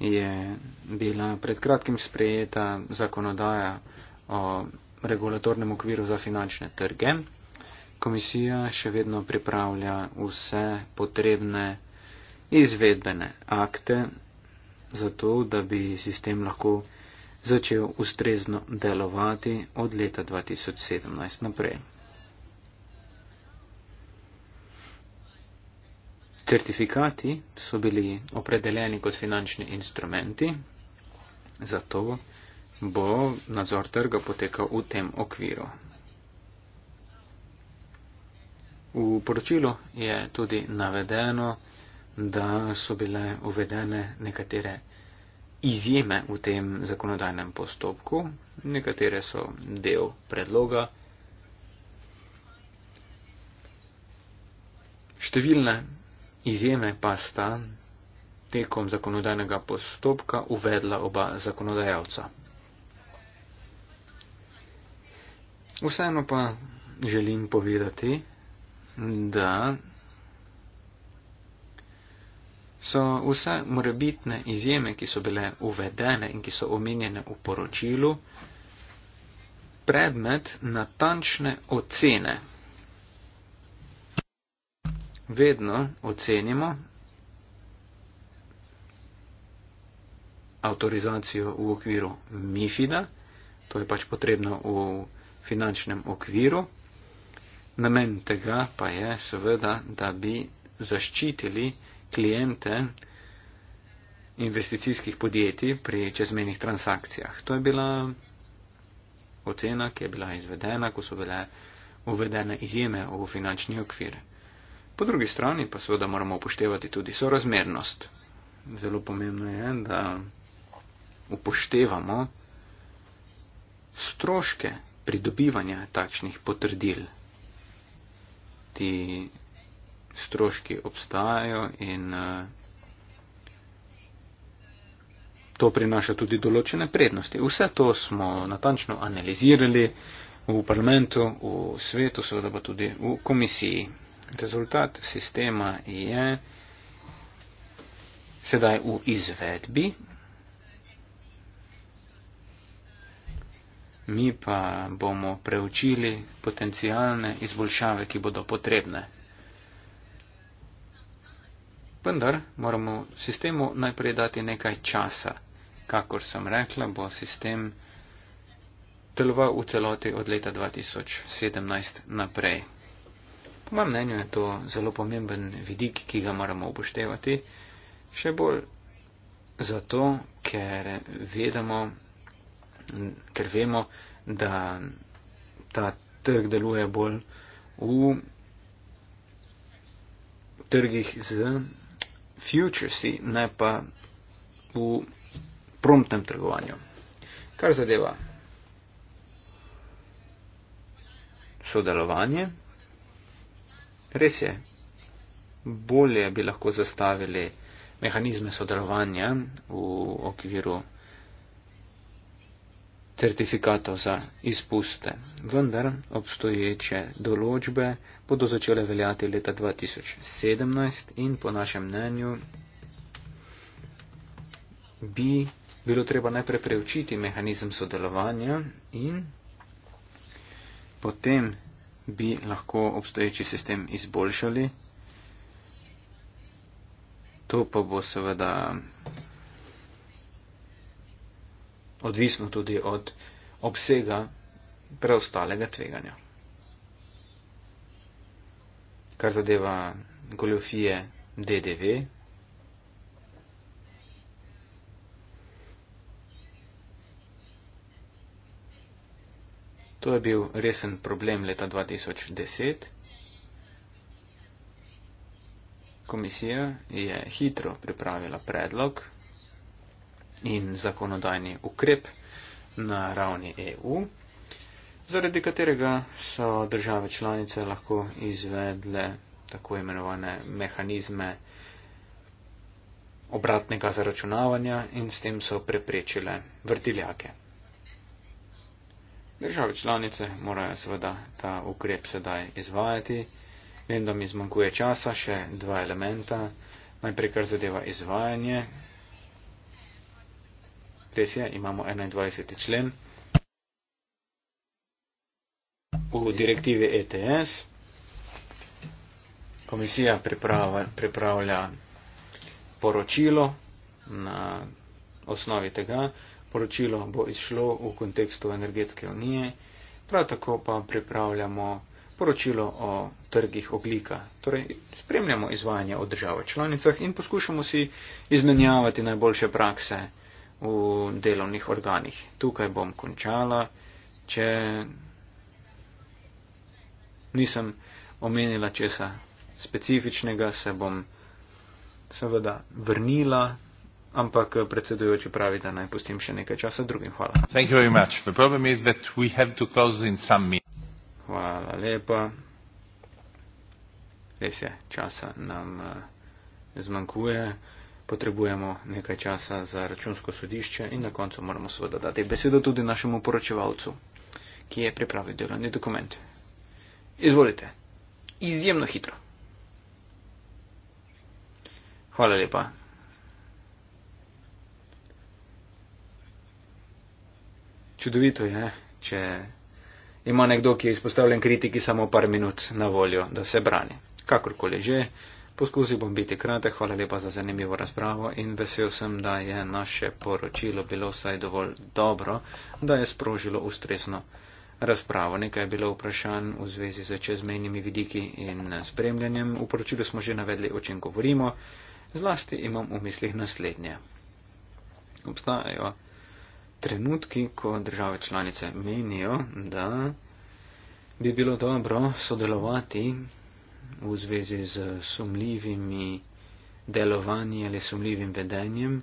je bila pred kratkim sprejeta zakonodaja o regulatornem okviru za finančne trge. Komisija še vedno pripravlja vse potrebne izvedbene akte, zato da bi sistem lahko začel ustrezno delovati od leta 2017 naprej. Certifikati so bili opredeljeni kot finančni instrumenti, zato bo nadzor trga potekal v tem okviru. V poročilu je tudi navedeno, da so bile uvedene nekatere izjeme v tem zakonodajnem postopku, nekatere so del predloga. Številne Izjeme pa sta tekom zakonodajnega postopka uvedla oba zakonodajalca. Vseeno pa želim povedati, da so vse morebitne izjeme, ki so bile uvedene in ki so omenjene v poročilu, predmet natančne ocene vedno ocenimo avtorizacijo v okviru MIFID-a, to je pač potrebno v finančnem okviru. Namen tega pa je seveda, da bi zaščitili klijente investicijskih podjetij pri čezmenih transakcijah. To je bila ocena, ki je bila izvedena, ko so bile uvedene izjeme v finančni okvir. Po drugi strani pa seveda moramo upoštevati tudi sorazmernost. Zelo pomembno je, da upoštevamo stroške pridobivanja takšnih potrdil. Ti stroški obstajajo in eh, to prinaša tudi določene prednosti. Vse to smo natančno analizirali v parlamentu, v svetu, seveda pa tudi v komisiji. Rezultat sistema je sedaj v izvedbi. Mi pa bomo preučili potencijalne izboljšave, ki bodo potrebne. Vendar moramo sistemu najprej dati nekaj časa. Kakor sem rekla, bo sistem deloval v celoti od leta 2017 naprej. Po mojem mnenju je to zelo pomemben vidik, ki ga moramo upoštevati, še bolj zato, ker vedemo, ker vemo, da ta trg deluje bolj v trgih z futuresi, ne pa v promptnem trgovanju. Kar zadeva sodelovanje, Res je, bolje bi lahko zastavili mehanizme sodelovanja v okviru certifikatov za izpuste. Vendar obstoječe določbe bodo začele veljati leta 2017 in po našem mnenju bi bilo treba najprej preučiti mehanizem sodelovanja in potem bi lahko obstoječi sistem izboljšali. To pa bo seveda odvisno tudi od obsega preostalega tveganja. Kar zadeva goljofije DDV, To je bil resen problem leta 2010. Komisija je hitro pripravila predlog in zakonodajni ukrep na ravni EU, zaradi katerega so države članice lahko izvedle tako imenovane mehanizme obratnega zaračunavanja in s tem so preprečile vrtiljake. Države članice morajo seveda ta ukrep sedaj izvajati. Vem, da mi zmanjkuje časa, še dva elementa. Najprej, kar zadeva izvajanje. Res je, imamo 21. člen v direktivi ETS. Komisija pripravlja poročilo na osnovi tega poročilo bo izšlo v kontekstu energetske unije, prav tako pa pripravljamo poročilo o trgih oglika. Torej, spremljamo izvajanje v državah članicah in poskušamo si izmenjavati najboljše prakse v delovnih organih. Tukaj bom končala, če nisem omenila česa specifičnega, se bom seveda vrnila ampak eh, predsedujoči pravi, da naj pustim še nekaj časa drugim. Hvala. Hvala lepa. Res je, časa nam eh, zmanjkuje, potrebujemo nekaj časa za računsko sodišče in na koncu moramo seveda dati besedo tudi našemu poročevalcu, ki je pripravil delovni dokument. Izvolite. Izjemno hitro. Hvala lepa. čudovito je, če ima nekdo, ki je izpostavljen kritiki, samo par minut na voljo, da se brani. Kakorkoli že, poskusil bom biti kratek, hvala lepa za zanimivo razpravo in vesel sem, da je naše poročilo bilo vsaj dovolj dobro, da je sprožilo ustresno. Razpravo. Nekaj je bilo vprašanj v zvezi z čezmejnimi vidiki in spremljanjem. V poročilu smo že navedli, o čem govorimo. Zlasti imam v mislih naslednje. Obstajajo trenutki, ko države članice menijo, da bi bilo dobro sodelovati v zvezi z sumljivimi delovanji ali sumljivim vedenjem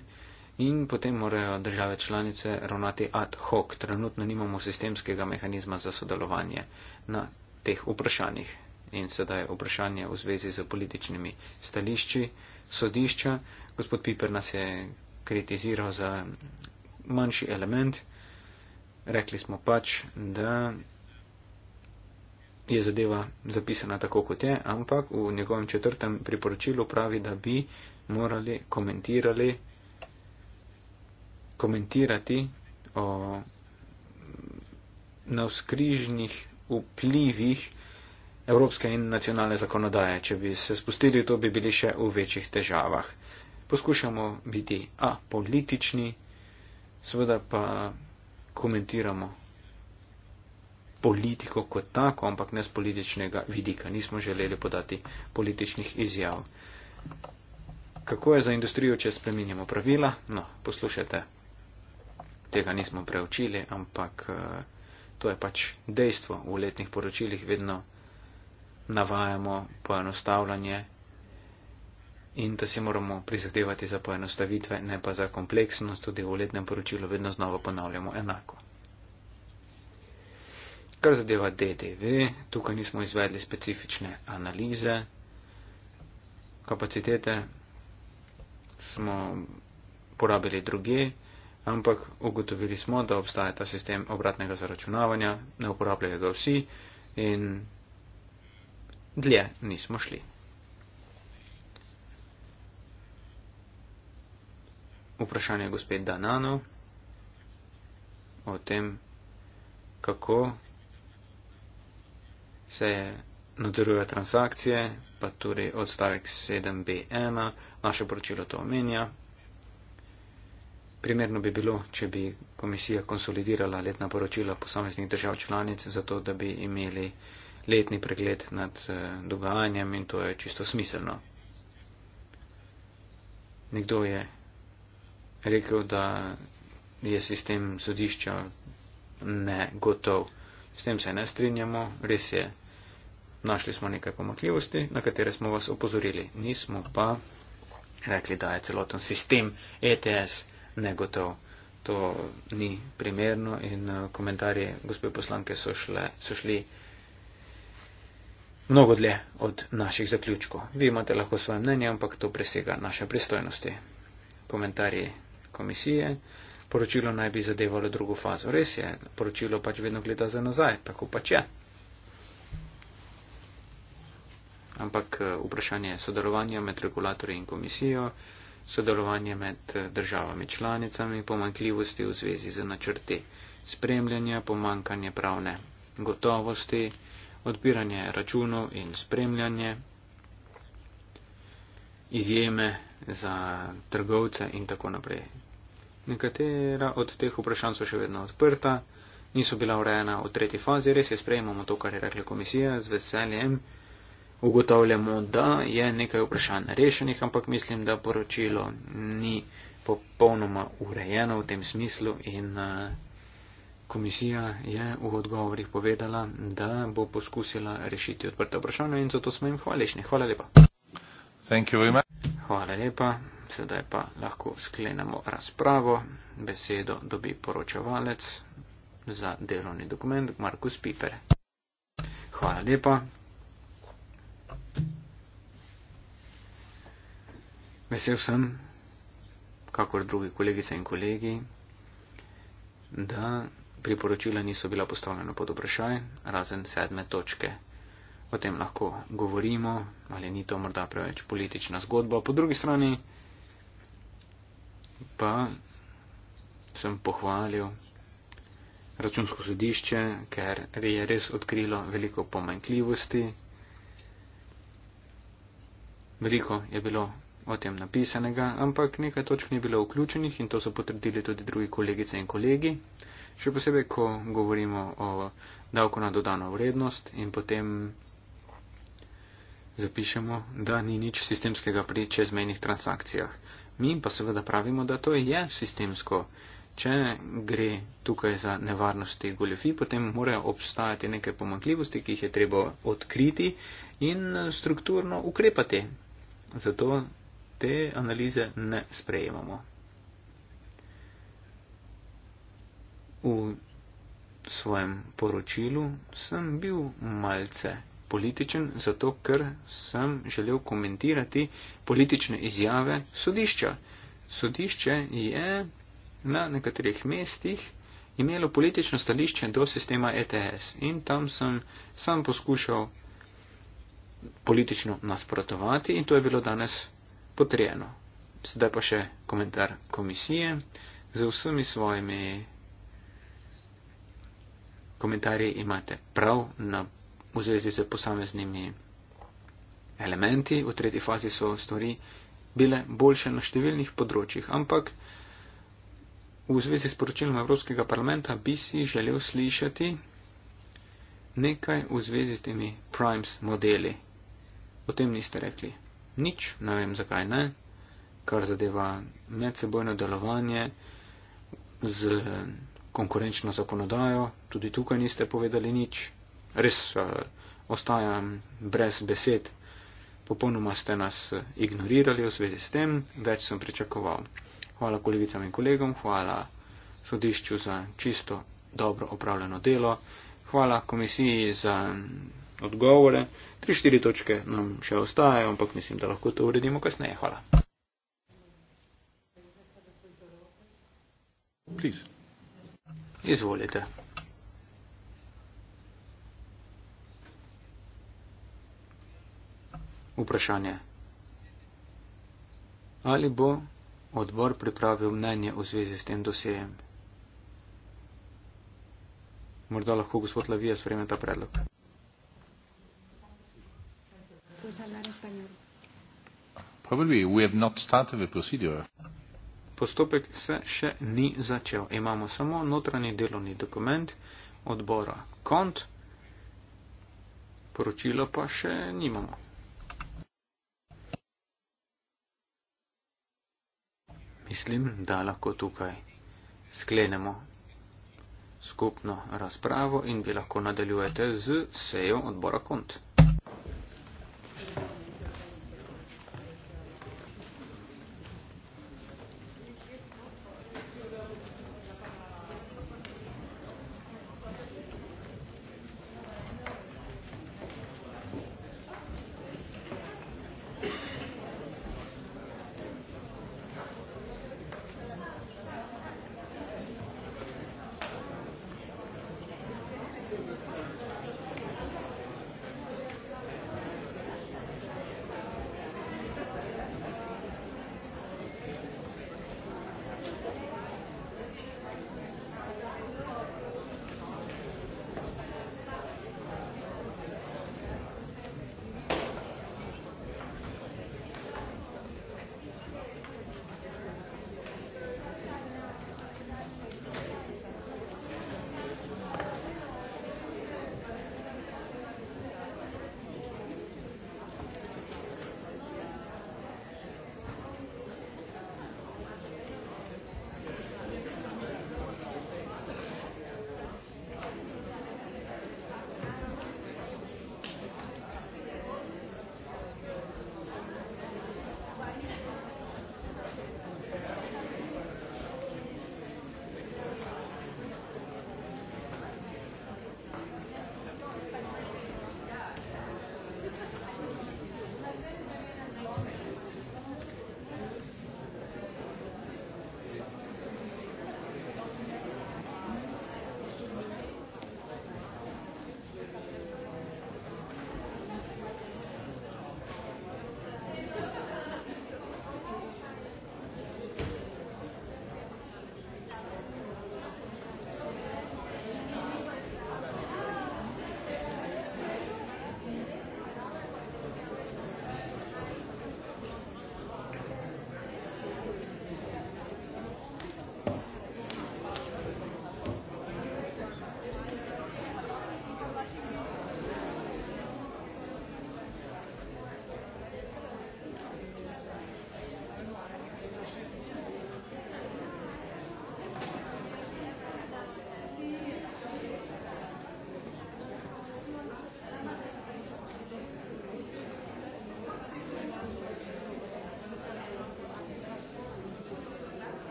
in potem morajo države članice ravnati ad hoc. Trenutno nimamo sistemskega mehanizma za sodelovanje na teh vprašanjih. In sedaj vprašanje v zvezi z političnimi stališči sodišča. Gospod Piper nas je kritiziral za manjši element, rekli smo pač, da je zadeva zapisana tako, kot je, ampak v njegovem četrtem priporočilu pravi, da bi morali komentirali, komentirati o navskrižnih vplivih evropske in nacionalne zakonodaje. Če bi se spustili, to bi bili še v večjih težavah. Poskušamo biti apolitični seveda pa komentiramo politiko kot tako, ampak ne z političnega vidika. Nismo želeli podati političnih izjav. Kako je za industrijo, če spremenjamo pravila? No, poslušajte, tega nismo preučili, ampak eh, to je pač dejstvo. V letnih poročilih vedno navajamo poenostavljanje in da si moramo prizadevati za poenostavitve, ne pa za kompleksnost, tudi v letnem poročilu vedno znova ponavljamo enako. Kar zadeva DDV, tukaj nismo izvedli specifične analize, kapacitete smo porabili druge, ampak ugotovili smo, da obstaja ta sistem obratnega zaračunavanja, ne uporabljajo ga vsi in dlje nismo šli. vprašanje gospe Danano o tem, kako se nadzorujejo transakcije, pa tudi odstavek 7b1, naše poročilo to omenja. Primerno bi bilo, če bi komisija konsolidirala letna poročila posameznih držav članic, zato da bi imeli letni pregled nad eh, dogajanjem in to je čisto smiselno. Nekdo je rekel, da je sistem sodišča ne gotov. S tem se ne strinjamo, res je. Našli smo nekaj pomakljivosti, na katere smo vas opozorili. Nismo pa rekli, da je celoten sistem ETS negotov. To ni primerno in eh, komentarje gospe poslanke so, šle, so šli mnogo dlje od naših zaključkov. Vi imate lahko svoje mnenje, ampak to presega naše pristojnosti. Komentarji komisije. Poročilo naj bi zadevalo drugo fazo. Res je, poročilo pač vedno gleda za nazaj, tako pač je. Ampak eh, vprašanje sodelovanja med regulatorji in komisijo, sodelovanje med eh, državami članicami, pomankljivosti v zvezi z načrti spremljanja, pomankanje pravne gotovosti, odpiranje računov in spremljanje, izjeme za trgovce in tako naprej. Nekatera od teh vprašanj so še vedno odprta, niso bila urejena v tretji fazi, res je sprejemamo to, kar je rekla komisija, z veseljem ugotavljamo, da je nekaj vprašanj rešenih, ampak mislim, da poročilo ni popolnoma urejeno v tem smislu in eh, komisija je v odgovorih povedala, da bo poskusila rešiti odprta vprašanja in zato smo jim hvaležni. Hvala lepa. Hvala lepa. Sedaj pa lahko sklenemo razpravo. Besedo dobi poročevalec za delovni dokument Markus Piper. Hvala lepa. Vesel sem, kakor drugi kolegice in kolegi, da priporočila niso bila postavljena pod vprašaj, razen sedme točke. O tem lahko govorimo, ali ni to morda preveč politična zgodba. Po drugi strani, pa sem pohvalil računsko sodišče, ker je res odkrilo veliko pomankljivosti. Veliko je bilo o tem napisanega, ampak nekaj točk ni bilo vključenih in to so potrdili tudi drugi kolegice in kolegi. Še posebej, ko govorimo o davku na dodano vrednost in potem zapišemo, da ni nič sistemskega pri čezmejnih transakcijah. Mi pa seveda pravimo, da to je sistemsko. Če gre tukaj za nevarnosti goljofi, potem morajo obstajati neke pomakljivosti, ki jih je treba odkriti in eh, strukturno ukrepati. Zato te analize ne sprejemamo. V svojem poročilu sem bil malce političen, zato ker sem želel komentirati politične izjave sodišča. Sodišče je na nekaterih mestih imelo politično stališče do sistema ETS in tam sem sam poskušal politično nasprotovati in to je bilo danes potrjeno. Zdaj pa še komentar komisije z vsemi svojimi komentarji imate prav na v zvezi z posameznimi elementi, v tretji fazi so stvari bile boljše na številnih področjih, ampak v zvezi s poročilom Evropskega parlamenta bi si želel slišati nekaj v zvezi s temi primes modeli. O tem niste rekli nič, ne vem zakaj ne, kar zadeva medsebojno delovanje z konkurenčno zakonodajo, tudi tukaj niste povedali nič res uh, ostajam brez besed. Popolnoma ste nas eh, ignorirali v zvezi s tem, več sem pričakoval. Hvala kolegicam in kolegom, hvala sodišču za čisto dobro opravljeno delo, hvala komisiji za mm, odgovore. Tri, štiri točke nam še ostajajo, ampak mislim, da lahko to uredimo kasneje. Hvala. Please. Izvolite. vprašanje. Ali bo odbor pripravil mnenje v zvezi s tem dosejem? Morda lahko gospod Lavija sprejme ta predlog. Postopek se še ni začel. Imamo samo notranji delovni dokument odbora KONT, poročilo pa še nimamo. Mislim, da lahko tukaj sklenemo skupno razpravo in vi lahko nadaljujete z sejo odbora kont.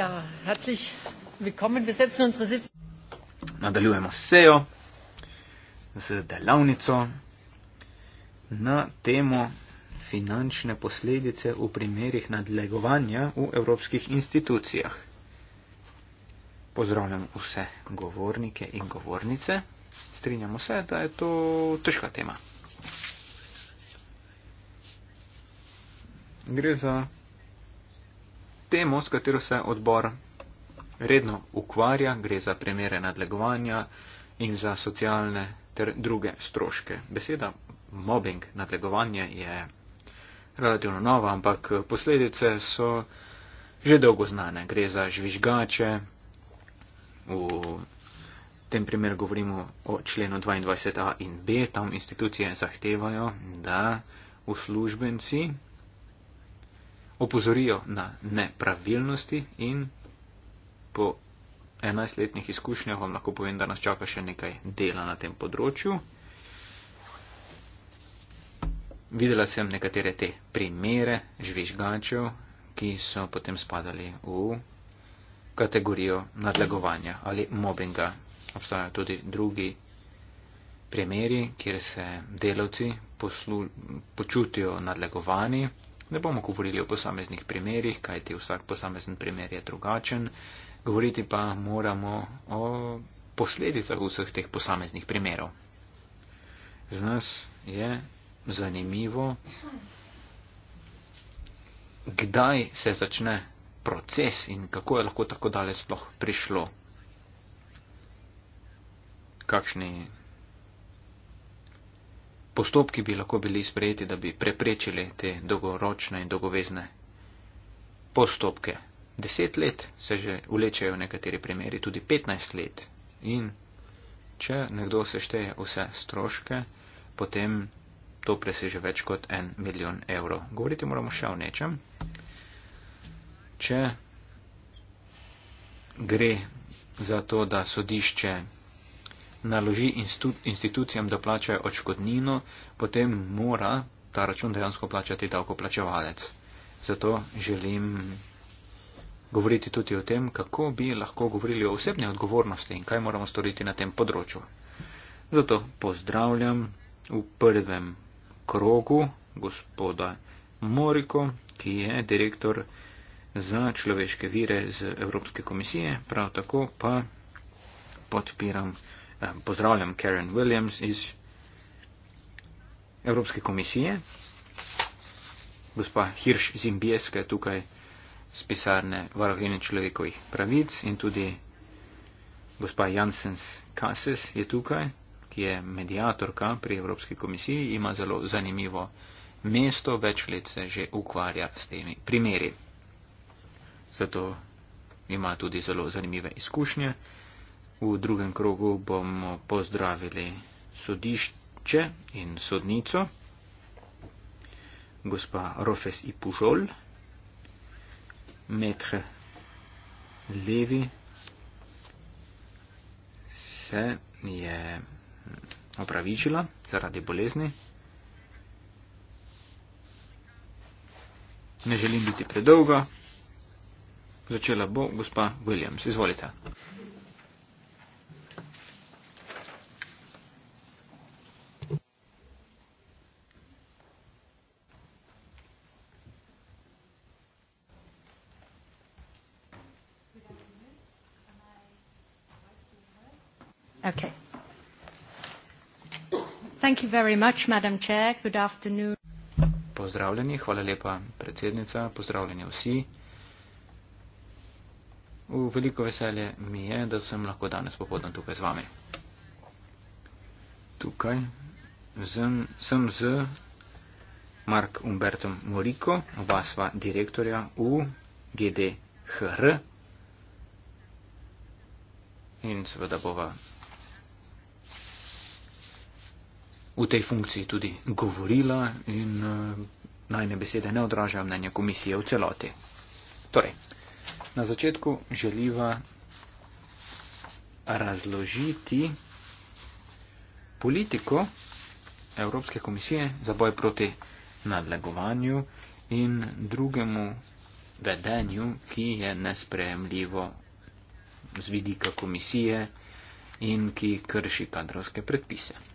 Ja, herzlich willkommen. Wir setzen unsere Sitzung. Nadaljujemo sejo z delavnico na temo finančne posledice v primerih nadlegovanja v evropskih institucijah. Pozdravljam vse govornike in govornice. Strinjamo se, da je to težka tema. Gre za temo, s katero se odbor redno ukvarja, gre za premere nadlegovanja in za socialne ter druge stroške. Beseda mobbing, nadlegovanje je relativno nova, ampak posledice so že dolgo znane. Gre za žvižgače, v tem primeru govorimo o členu 22a in b, tam institucije zahtevajo, da uslužbenci opozorijo na nepravilnosti in po 11-letnih izkušnjah vam lahko povem, da nas čaka še nekaj dela na tem področju. Videla sem nekatere te primere žvižgačev, ki so potem spadali v kategorijo nadlegovanja ali mobinga. Obstajajo tudi drugi primeri, kjer se delavci poslu, počutijo nadlegovani. Ne bomo govorili o posameznih primerjih, kajti vsak posamezen primer je drugačen, govoriti pa moramo o posledicah vseh teh posameznih primerov. Z nas je zanimivo, kdaj se začne proces in kako je lahko tako daleč sploh prišlo. Kakšni postopki bi lahko bili sprejeti, da bi preprečili te dolgoročne in dolgovezne postopke. Deset let se že ulečejo v nekateri primeri, tudi petnajst let. In če nekdo sešteje vse stroške, potem to preseže več kot en milijon evrov. Govoriti moramo še o nečem. Če gre za to, da sodišče naloži institucijam, da plačajo očkodnino, potem mora ta račun dejansko plačati davkoplačevalec. Zato želim govoriti tudi o tem, kako bi lahko govorili o osebni odgovornosti in kaj moramo storiti na tem področju. Zato pozdravljam v prvem krogu gospoda Moriko, ki je direktor za človeške vire z Evropske komisije, prav tako pa podpiram pozdravljam Karen Williams iz Evropske komisije. Gospa Hirš Zimbijeska je tukaj z pisarne varohine človekovih pravic in tudi gospa Jansens Kases je tukaj, ki je medijatorka pri Evropski komisiji, ima zelo zanimivo mesto, več let se že ukvarja s temi primeri. Zato ima tudi zelo zanimive izkušnje. V drugem krogu bomo pozdravili sodišče in sodnico, gospa Rofes i Pužol, metre Levi, se je opravičila zaradi bolezni. Ne želim biti predolga. Začela bo gospa Williams. Izvolite. much, Chair. Good pozdravljeni, hvala lepa predsednica, pozdravljeni vsi. V veliko veselje mi je, da sem lahko danes popoldan tukaj z vami. Tukaj z, sem z Mark Umbertom Moriko, vasva direktorja v GDHR. In seveda bova v tej funkciji tudi govorila in eh, najne besede ne odražajo mnenja komisije v celoti. Torej, na začetku želiva razložiti politiko Evropske komisije za boj proti nadlegovanju in drugemu vedenju, ki je nesprejemljivo z vidika komisije in ki krši kadrovske predpise.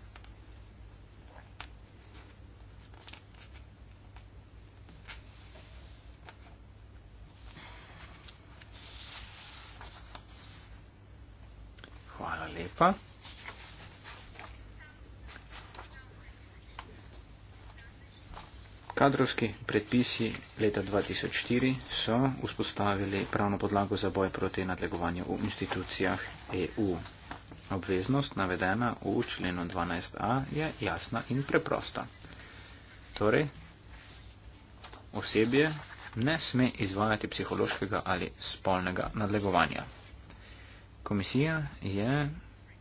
pa. Kadrovski predpisi leta 2004 so vzpostavili pravno podlago za boj proti nadlegovanju v institucijah EU. Obveznost navedena v členu 12a je jasna in preprosta. Torej, osebje ne sme izvajati psihološkega ali spolnega nadlegovanja. Komisija je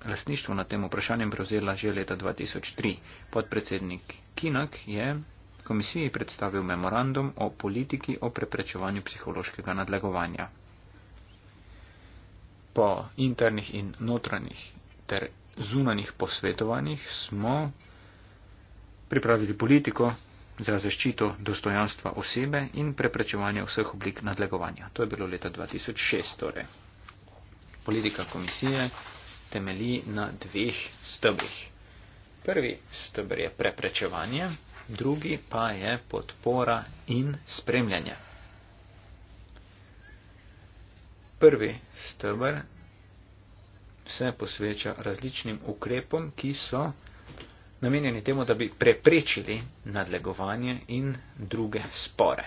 lasništvo na tem vprašanjem prevzela že leta 2003. Podpredsednik Kinak je komisiji predstavil memorandum o politiki o preprečevanju psihološkega nadlegovanja. Po internih in notranjih ter zunanih posvetovanjih smo pripravili politiko za zaščito dostojanstva osebe in preprečevanje vseh oblik nadlegovanja. To je bilo leta 2006. Torej. Politika komisije temelji na dveh stebrih. Prvi stebr je preprečevanje, drugi pa je podpora in spremljanje. Prvi stebr se posveča različnim ukrepom, ki so namenjeni temu, da bi preprečili nadlegovanje in druge spore.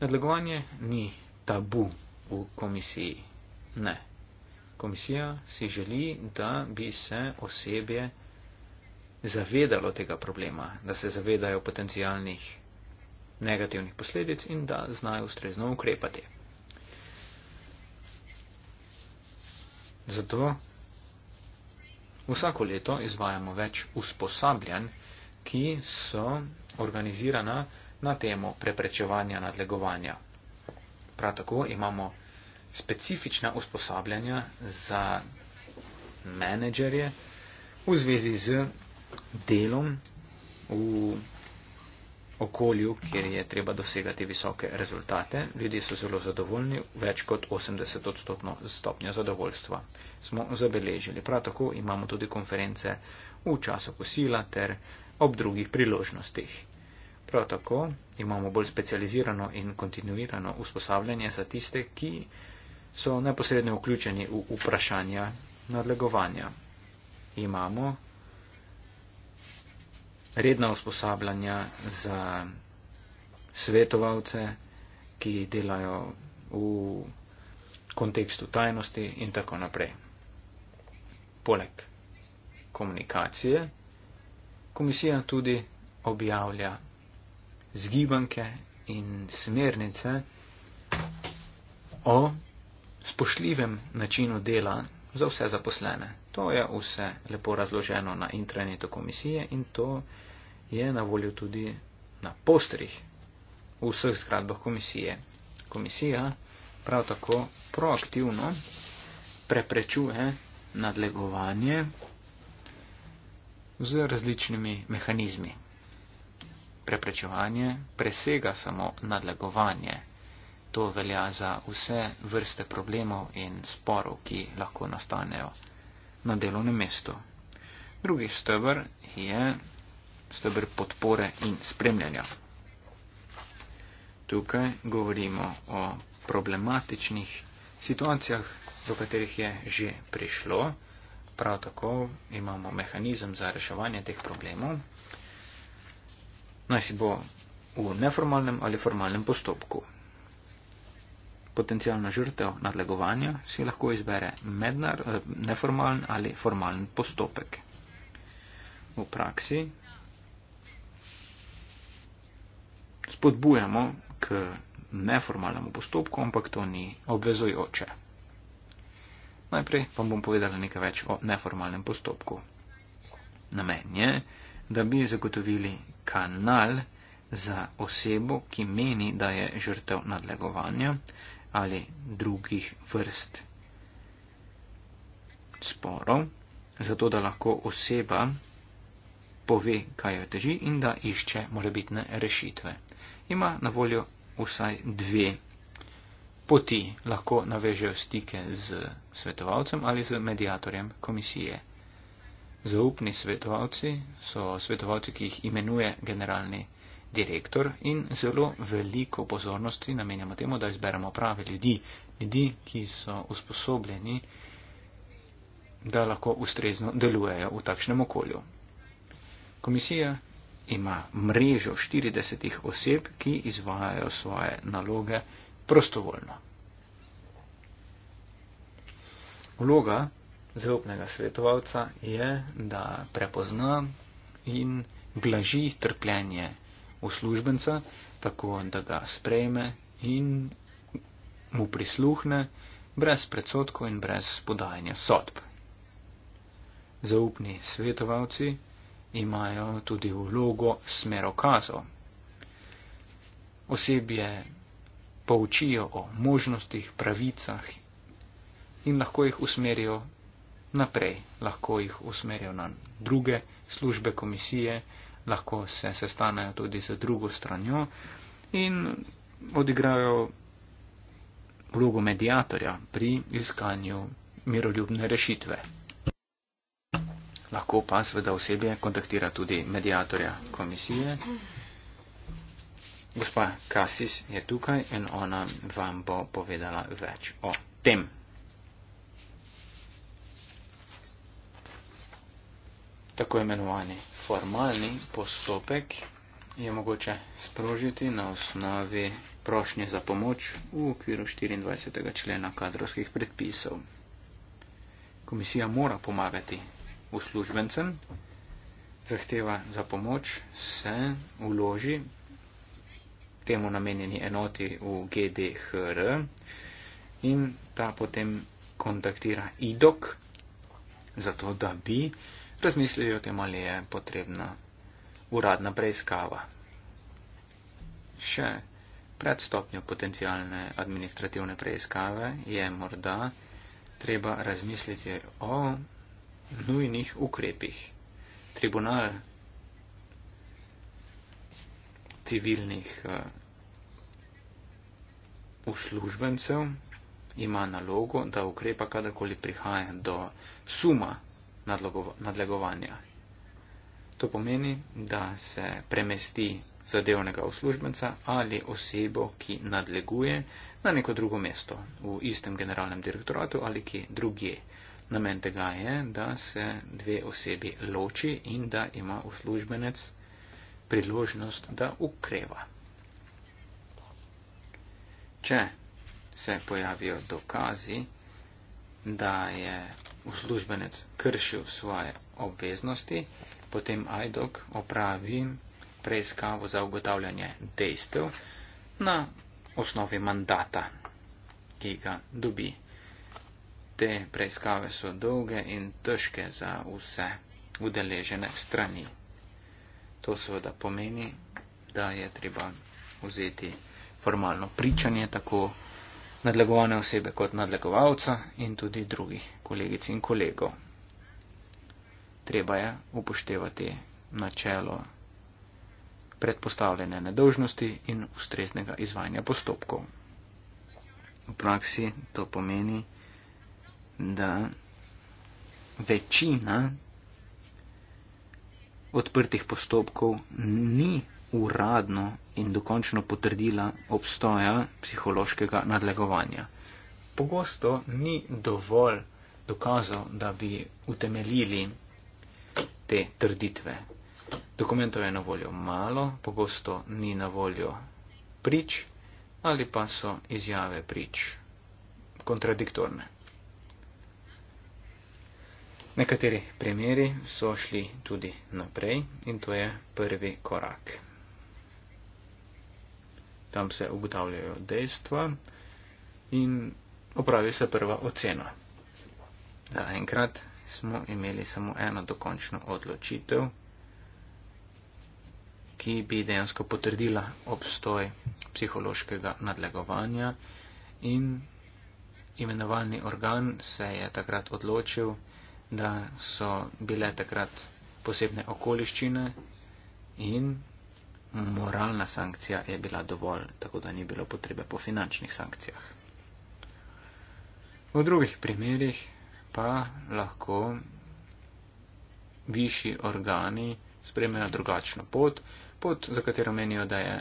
Nadlegovanje ni tabu v komisiji. Ne, Komisija si želi, da bi se osebje zavedalo tega problema, da se zavedajo potencijalnih negativnih posledic in da znajo ustrezno ukrepati. Zato vsako leto izvajamo več usposabljanj, ki so organizirana na temo preprečevanja nadlegovanja. Prav tako imamo specifična usposabljanja za menedžerje v zvezi z delom v okolju, kjer je treba dosegati visoke rezultate. Ljudje so zelo zadovoljni, več kot 80 odstotno stopnjo zadovoljstva smo zabeležili. Prav tako imamo tudi konference v času kosila ter ob drugih priložnostih. Prav tako imamo bolj specializirano in kontinuirano usposabljanje za tiste, ki so neposredno vključeni v vprašanja nadlegovanja. Imamo redna usposabljanja za svetovalce, ki delajo v kontekstu tajnosti in tako naprej. Poleg komunikacije komisija tudi objavlja zgibanke in smernice o spošljivem načinu dela za vse zaposlene. To je vse lepo razloženo na intranetu komisije in to je na voljo tudi na postrih v vseh zgradbah komisije. Komisija prav tako proaktivno preprečuje nadlegovanje z različnimi mehanizmi. Preprečevanje presega samo nadlegovanje. To velja za vse vrste problemov in sporov, ki lahko nastanejo na delovnem mestu. Drugi stebr je stebr podpore in spremljanja. Tukaj govorimo o problematičnih situacijah, do katerih je že prišlo. Prav tako imamo mehanizem za reševanje teh problemov, naj si bo v neformalnem ali formalnem postopku potencijalno žrtev nadlegovanja, si lahko izbere mednar, eh, neformalen ali formalen postopek. V praksi spodbujamo k neformalnemu postopku, ampak to ni obvezojoče. Najprej vam bom povedala nekaj več o neformalnem postopku. Namen je, da bi zagotovili kanal za osebo, ki meni, da je žrtev nadlegovanja, ali drugih vrst sporov, zato da lahko oseba pove, kaj jo teži in da išče morebitne rešitve. Ima na voljo vsaj dve poti, lahko navežejo stike z svetovalcem ali z medijatorjem komisije. Zaupni svetovalci so svetovalci, ki jih imenuje generalni komisar direktor in zelo veliko pozornosti namenjamo temu, da izberemo prave ljudi, ljudi, ki so usposobljeni, da lahko ustrezno delujejo v takšnem okolju. Komisija ima mrežo 40 oseb, ki izvajajo svoje naloge prostovoljno. Vloga zaupnega svetovalca je, da prepozna in blaži trpljenje uslužbenca, tako da ga sprejme in mu prisluhne brez predsotkov in brez podajanja sodb. Zaupni svetovalci imajo tudi vlogo smerokazo. Osebje poučijo o možnostih, pravicah in lahko jih usmerijo naprej, lahko jih usmerijo na druge službe komisije, lahko se sestanejo tudi z drugo stranjo in odigrajo vlogo medijatorja pri iskanju miroljubne rešitve. Lahko pa seveda osebje kontaktira tudi medijatorja komisije. Gospa Kasis je tukaj in ona vam bo povedala več o tem. Tako imenovani formalni postopek je mogoče sprožiti na osnovi prošnje za pomoč v okviru 24. člena kadrovskih predpisov. Komisija mora pomagati uslužbencem, zahteva za pomoč se uloži temu namenjeni enoti v GDHR in ta potem kontaktira IDOK, zato da bi razmislili o tem, ali je potrebna uradna preiskava. Še pred stopnjo potencijalne administrativne preiskave je morda treba razmisliti o nujnih ukrepih. Tribunal civilnih eh, uslužbencev ima nalogo, da ukrepa, kadarkoli prihaja do suma nadlegovanja. To pomeni, da se premesti zadevnega uslužbenca ali osebo, ki nadleguje na neko drugo mesto v istem generalnem direktoratu ali ki druge. Namen tega je, da se dve osebi loči in da ima uslužbenec priložnost, da ukreva. Če se pojavijo dokazi, da je uslužbenec kršil svoje obveznosti, potem ajdok opravi preiskavo za ugotavljanje dejstev na osnovi mandata, ki ga dobi. Te preiskave so dolge in težke za vse udeležene strani. To seveda pomeni, da je treba vzeti formalno pričanje tako, nadlegovane osebe kot nadlegovalca in tudi drugih kolegic in kolegov. Treba je upoštevati načelo predpostavljene nedožnosti in ustreznega izvajanja postopkov. V praksi to pomeni, da večina odprtih postopkov ni uradno in dokončno potrdila obstoja psihološkega nadlegovanja. Pogosto ni dovolj dokazov, da bi utemeljili te trditve. Dokumentov je na voljo malo, pogosto ni na voljo prič ali pa so izjave prič kontradiktorne. Nekateri primeri so šli tudi naprej in to je prvi korak tam se ugotavljajo dejstva in opravi se prva ocena. Za enkrat smo imeli samo eno dokončno odločitev, ki bi dejansko potrdila obstoj psihološkega nadlegovanja in imenovalni organ se je takrat odločil, da so bile takrat posebne okoliščine in moralna sankcija je bila dovolj, tako da ni bilo potrebe po finančnih sankcijah. V drugih primerjih pa lahko višji organi spremejo drugačno pot, pot, za katero menijo, da je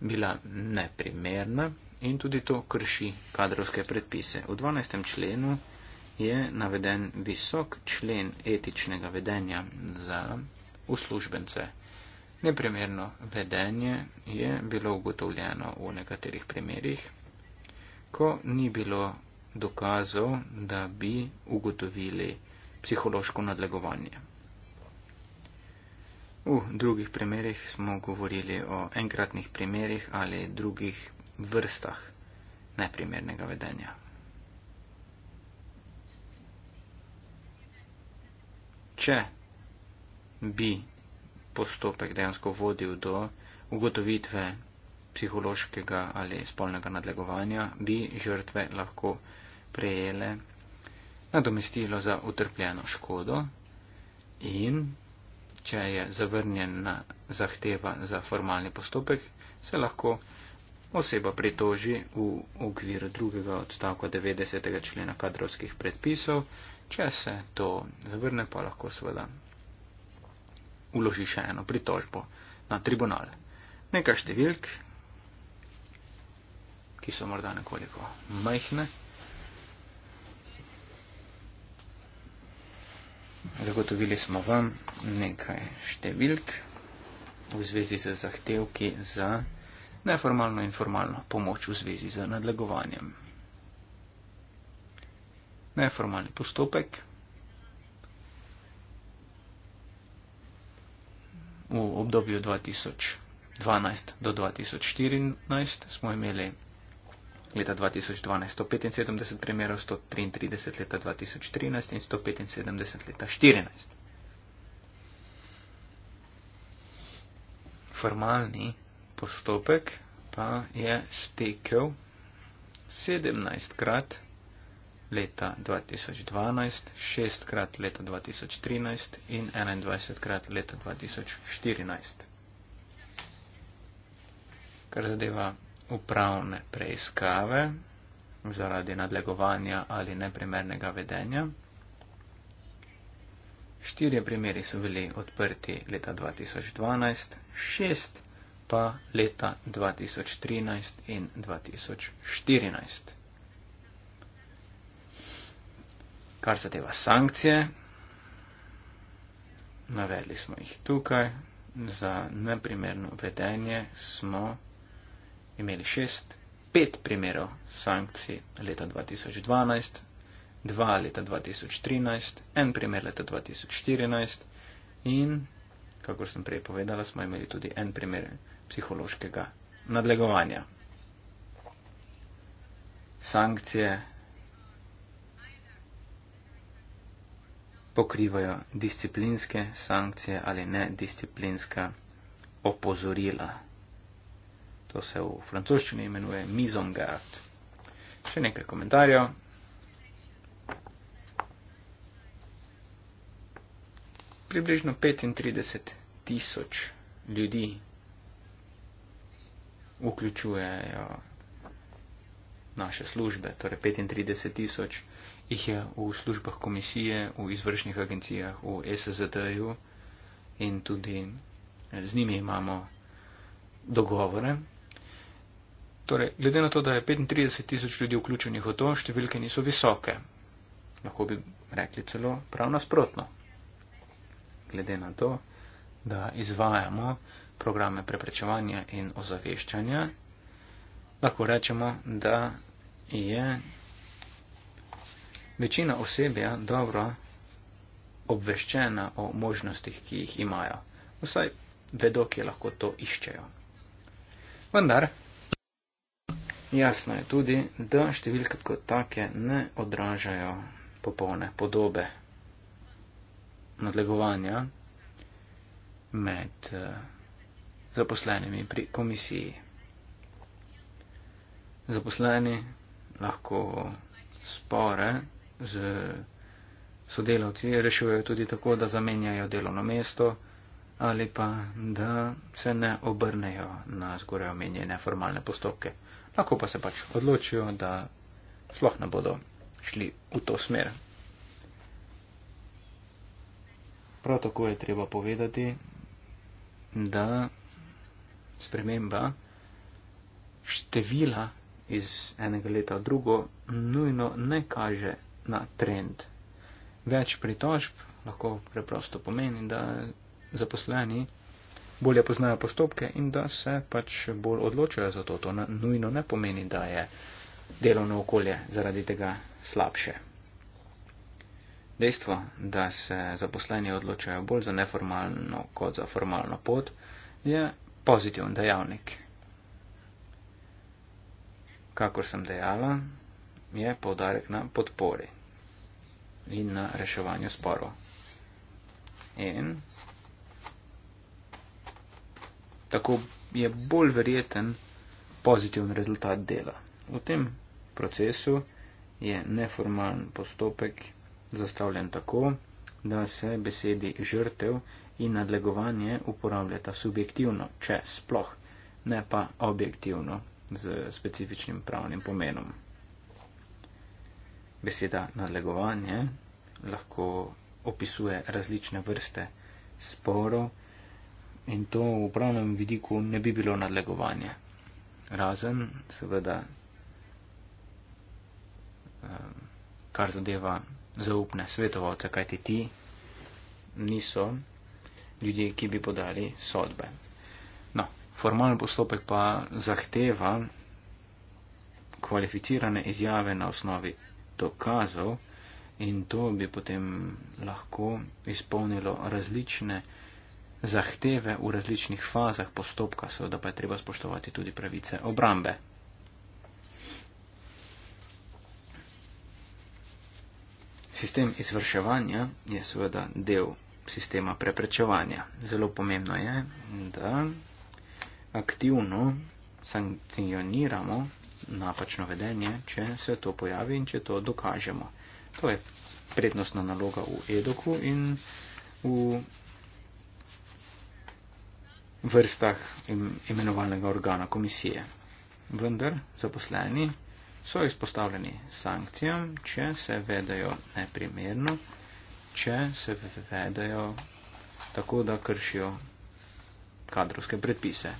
bila neprimerna in tudi to krši kadrovske predpise. V 12. členu je naveden visok člen etičnega vedenja za uslužbence. Neprimerno vedenje je bilo ugotovljeno v nekaterih primerjih, ko ni bilo dokazov, da bi ugotovili psihološko nadlegovanje. V drugih primerjih smo govorili o enkratnih primerjih ali drugih vrstah neprimernega vedenja. Če bi postopek dejansko vodil do ugotovitve psihološkega ali spolnega nadlegovanja, bi žrtve lahko prejele nadomestilo za utrpljeno škodo in, če je zavrnjena zahteva za formalni postopek, se lahko oseba pritoži v okviru drugega odstavka 90. člena kadrovskih predpisov, če se to zavrne, pa lahko seveda vloži še eno pritožbo na tribunal. Nekaj številk, ki so morda nekoliko majhne. Zagotovili smo vam nekaj številk v zvezi z zahtevki za neformalno in formalno pomoč v zvezi z nadlegovanjem. Neformalni postopek. v obdobju 2012 do 2014 smo imeli leta 2012 175 primerov, 133 leta 2013 in 175 leta 2014. Formalni postopek pa je stekel 17 krat leta 2012, šestkrat leta 2013 in 21 krat leta 2014. Kar zadeva upravne preiskave zaradi nadlegovanja ali neprimernega vedenja. Štirje primeri so bili odprti leta 2012, šest pa leta 2013 in 2014. Kar zadeva sankcije, navedli smo jih tukaj, za neprimerno vedenje smo imeli šest, pet primerov sankcij leta 2012, dva leta 2013, en primer leta 2014 in, kako sem prej povedala, smo imeli tudi en primer psihološkega nadlegovanja. Sankcije pokrivajo disciplinske sankcije ali nedisciplinska opozorila. To se v francoščini imenuje mizongard. Še nekaj komentarjev. Približno 35 tisoč ljudi vključujejo naše službe, torej 35 tisoč jih je v službah komisije, v izvršnih agencijah, v SZD-ju in tudi eh, z njimi imamo dogovore. Torej, glede na to, da je 35 tisoč ljudi vključenih v to, številke niso visoke. Lahko bi rekli celo prav nasprotno. Glede na to, da izvajamo programe preprečevanja in ozaveščanja, lahko rečemo, da je večina osebja dobro obveščena o možnostih, ki jih imajo. Vsaj vedo, ki lahko to iščejo. Vendar, jasno je tudi, da številke kot take ne odražajo popolne podobe nadlegovanja med eh, zaposlenimi pri komisiji. Zaposleni lahko spore z sodelavci rešujejo tudi tako, da zamenjajo delovno mesto ali pa da se ne obrnejo na zgoraj omenjene formalne postopke. Lahko pa se pač odločijo, da sploh ne bodo šli v to smer. Prav tako je treba povedati, da sprememba števila iz enega leta v drugo nujno ne kaže na trend. Več pritožb lahko preprosto pomeni, da zaposleni bolje poznajo postopke in da se pač bolj odločajo za to. To nujno ne pomeni, da je delovno okolje zaradi tega slabše. Dejstvo, da se zaposleni odločajo bolj za neformalno kot za formalno pot, je pozitiven dejavnik. Kakor sem dejala, je poudarek na podpori in na reševanju sporov. In tako je bolj verjeten pozitiven rezultat dela. V tem procesu je neformalen postopek zastavljen tako, da se besedi žrtev in nadlegovanje uporabljata subjektivno, če sploh, ne pa objektivno z specifičnim pravnim pomenom. Beseda nadlegovanje lahko opisuje različne vrste sporov in to v pravnem vidiku ne bi bilo nadlegovanje. Razen seveda, eh, kar zadeva zaupne svetovalce, kajti ti niso ljudje, ki bi podali sodbe. No, formalni postopek pa zahteva kvalificirane izjave na osnovi dokazov in to bi potem lahko izpolnilo različne zahteve v različnih fazah postopka, seveda pa je treba spoštovati tudi pravice obrambe. Sistem izvrševanja je seveda del sistema preprečevanja. Zelo pomembno je, da aktivno sankcioniramo napačno vedenje, če se to pojavi in če to dokažemo. To je prednostna naloga v edoku in v vrstah imenovalnega organa komisije. Vendar zaposleni so izpostavljeni sankcijam, če se vedajo neprimerno, če se vedajo tako, da kršijo kadrovske predpise.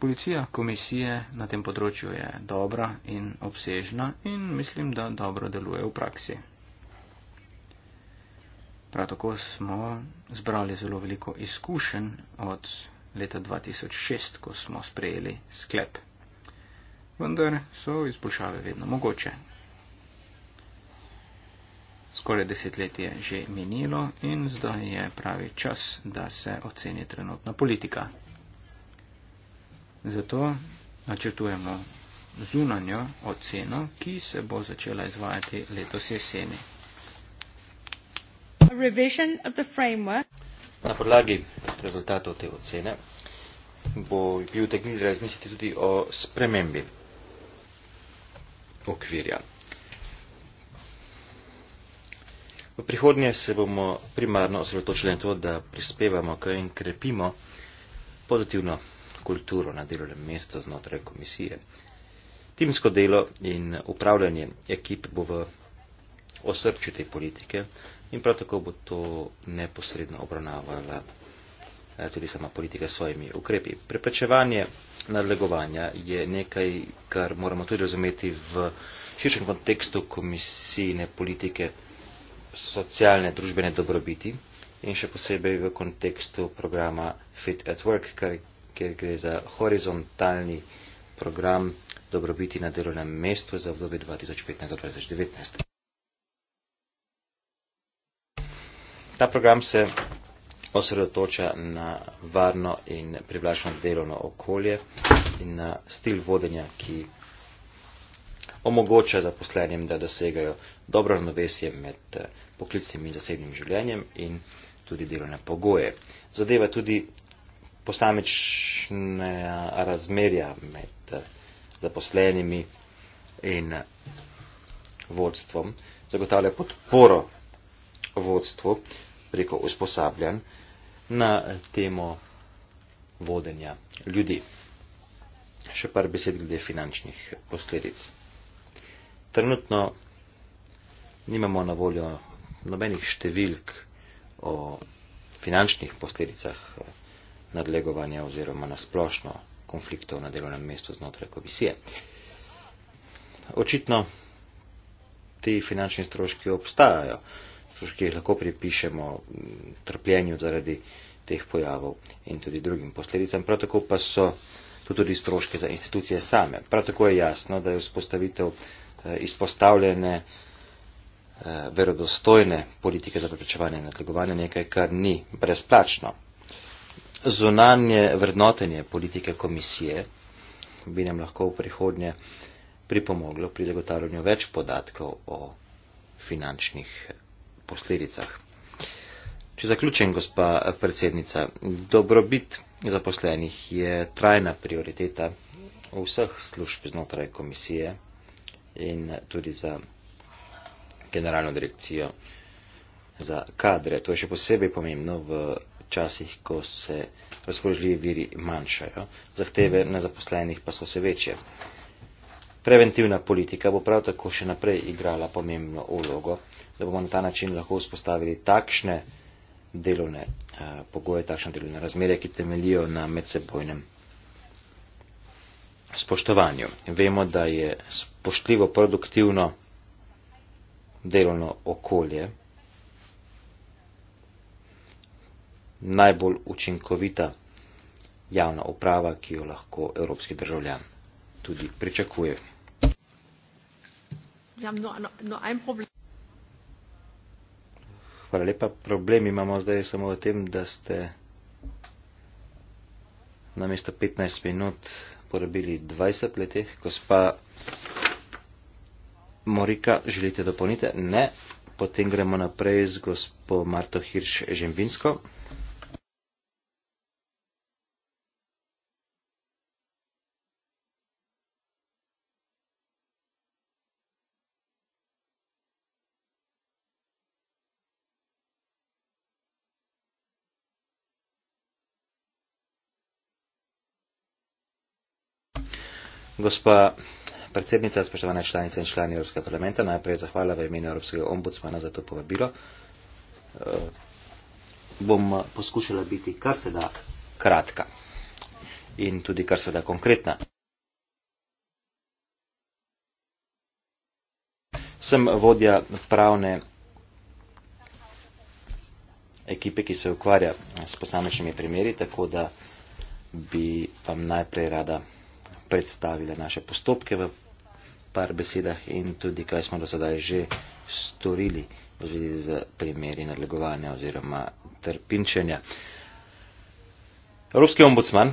Policija komisije na tem področju je dobra in obsežna in mislim, da dobro deluje v praksi. Prav tako smo zbrali zelo veliko izkušenj od leta 2006, ko smo sprejeli sklep. Vendar so izboljšave vedno mogoče. Skoraj desetletje je že minilo in zdaj je pravi čas, da se oceni trenutna politika Zato načrtujemo zunanjo oceno, ki se bo začela izvajati letos jeseni. Na podlagi rezultatov te ocene bo bil tekmil razmisliti tudi o spremembi okvirja. V prihodnje se bomo primarno osredotočili na to, da prispevamo k in krepimo pozitivno kulturo na delovnem mestu znotraj komisije. Timsko delo in upravljanje ekip bo v osrčju te politike in prav tako bo to neposredno obravnavala eh, tudi sama politika s svojimi ukrepi. Preprečevanje nadlegovanja je nekaj, kar moramo tudi razumeti v širšem kontekstu komisijne politike socialne družbene dobrobiti in še posebej v kontekstu programa Fit at Work, kar, kjer gre za horizontalni program dobrobiti na delovnem mestu za obdobje 2015-2019. Ta program se osredotoča na varno in privlačno delovno okolje in na stil vodenja, ki omogoča zaposlenim, da dosegajo dobro ravnovesje med eh, poklicnim in zasebnim življenjem in tudi delovne pogoje. Zadeva tudi posamične razmerja med eh, zaposlenimi in eh, vodstvom, zagotavlja podporo vodstvu preko usposabljanj na temo vodenja ljudi. Še par besed glede finančnih posledic. Trenutno nimamo na voljo nobenih številk o finančnih posledicah eh, nadlegovanja oziroma na splošno konfliktov na delovnem mestu znotraj komisije. Očitno ti finančni stroški obstajajo, stroški jih lahko pripišemo trpljenju zaradi teh pojavov in tudi drugim posledicam, prav tako pa so tu tudi stroške za institucije same. Prav tako je jasno, da je vzpostavitev eh, izpostavljene eh, verodostojne politike za preprečevanje nadlegovanja nekaj, kar ni brezplačno zunanje vrednotenje politike komisije bi nam lahko v prihodnje pripomoglo pri zagotavljanju več podatkov o finančnih posledicah. Če zaključim, gospa predsednica, dobrobit zaposlenih je trajna prioriteta vseh služb znotraj komisije in tudi za generalno direkcijo za kadre. To je še posebej pomembno v časih, ko se razpoložljivi viri manjšajo, zahteve mhm. na zaposlenih pa so se večje. Preventivna politika bo prav tako še naprej igrala pomembno ulogo, da bomo na ta način lahko vzpostavili takšne delovne eh, pogoje, takšne delovne razmere, ki temelijo na medsebojnem. Spoštovanju. Vemo, da je spoštljivo produktivno delovno okolje najbolj učinkovita javna uprava, ki jo lahko evropski državljan tudi pričakuje. No, no, no, Hvala lepa. Problem imamo zdaj samo v tem, da ste na mesto 15 minut porabili 20 letih. Gospa Morika, želite dopolnite? Ne. Potem gremo naprej z gospo Marto Hirš Žembinsko. Gospa predsednica, spoštovane članice in člani Evropskega parlamenta, najprej zahvala v imenu Evropskega ombudsmana za to povabilo. Uh, bom poskušala biti kar se da kratka in tudi kar se da konkretna. Sem vodja pravne ekipe, ki se ukvarja s posamečnimi primeri, tako da bi vam najprej rada predstavila naše postopke v par besedah in tudi, kaj smo do sedaj že storili v zvezi z primeri nadlegovanja oziroma trpinčenja. Evropski ombudsman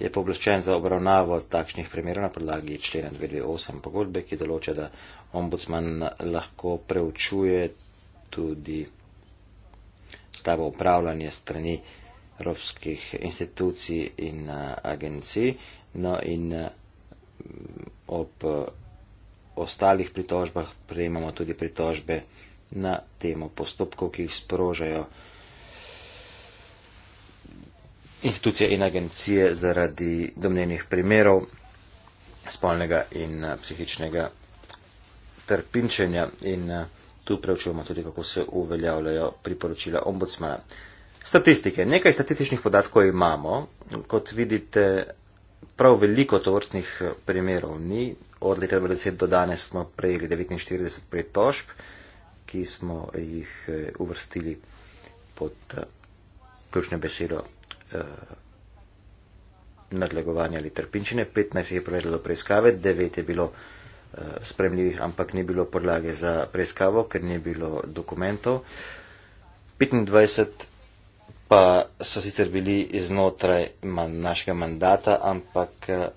je pooblaščen za obravnavo takšnih primerov na podlagi člena 228 pogodbe, ki določa, da ombudsman lahko preučuje tudi stavo upravljanje strani uh, evropskih institucij in eh, agencij, no in eh, ob ostalih pritožbah prejemamo tudi pritožbe na temo postopkov, ki jih sprožajo institucije in agencije zaradi domnenih primerov spolnega in eh, psihičnega trpinčenja in tu preučujemo tudi, kako se uveljavljajo priporočila ombudsmana. Statistike. Nekaj statističnih podatkov imamo. Kot vidite, prav veliko tovrstnih eh, primerov ni. Od leta 2010 do danes smo prejeli 49 pritožb, ki smo jih eh, uvrstili pod eh, ključno besedo eh, nadlegovanja ali trpinčine. 15 je prevedlo do preiskave, 9 je bilo eh, spremljivih, ampak ni bilo podlage za preiskavo, ker ni bilo dokumentov. 25 pa so sicer bili iznotraj man, našega mandata, ampak eh,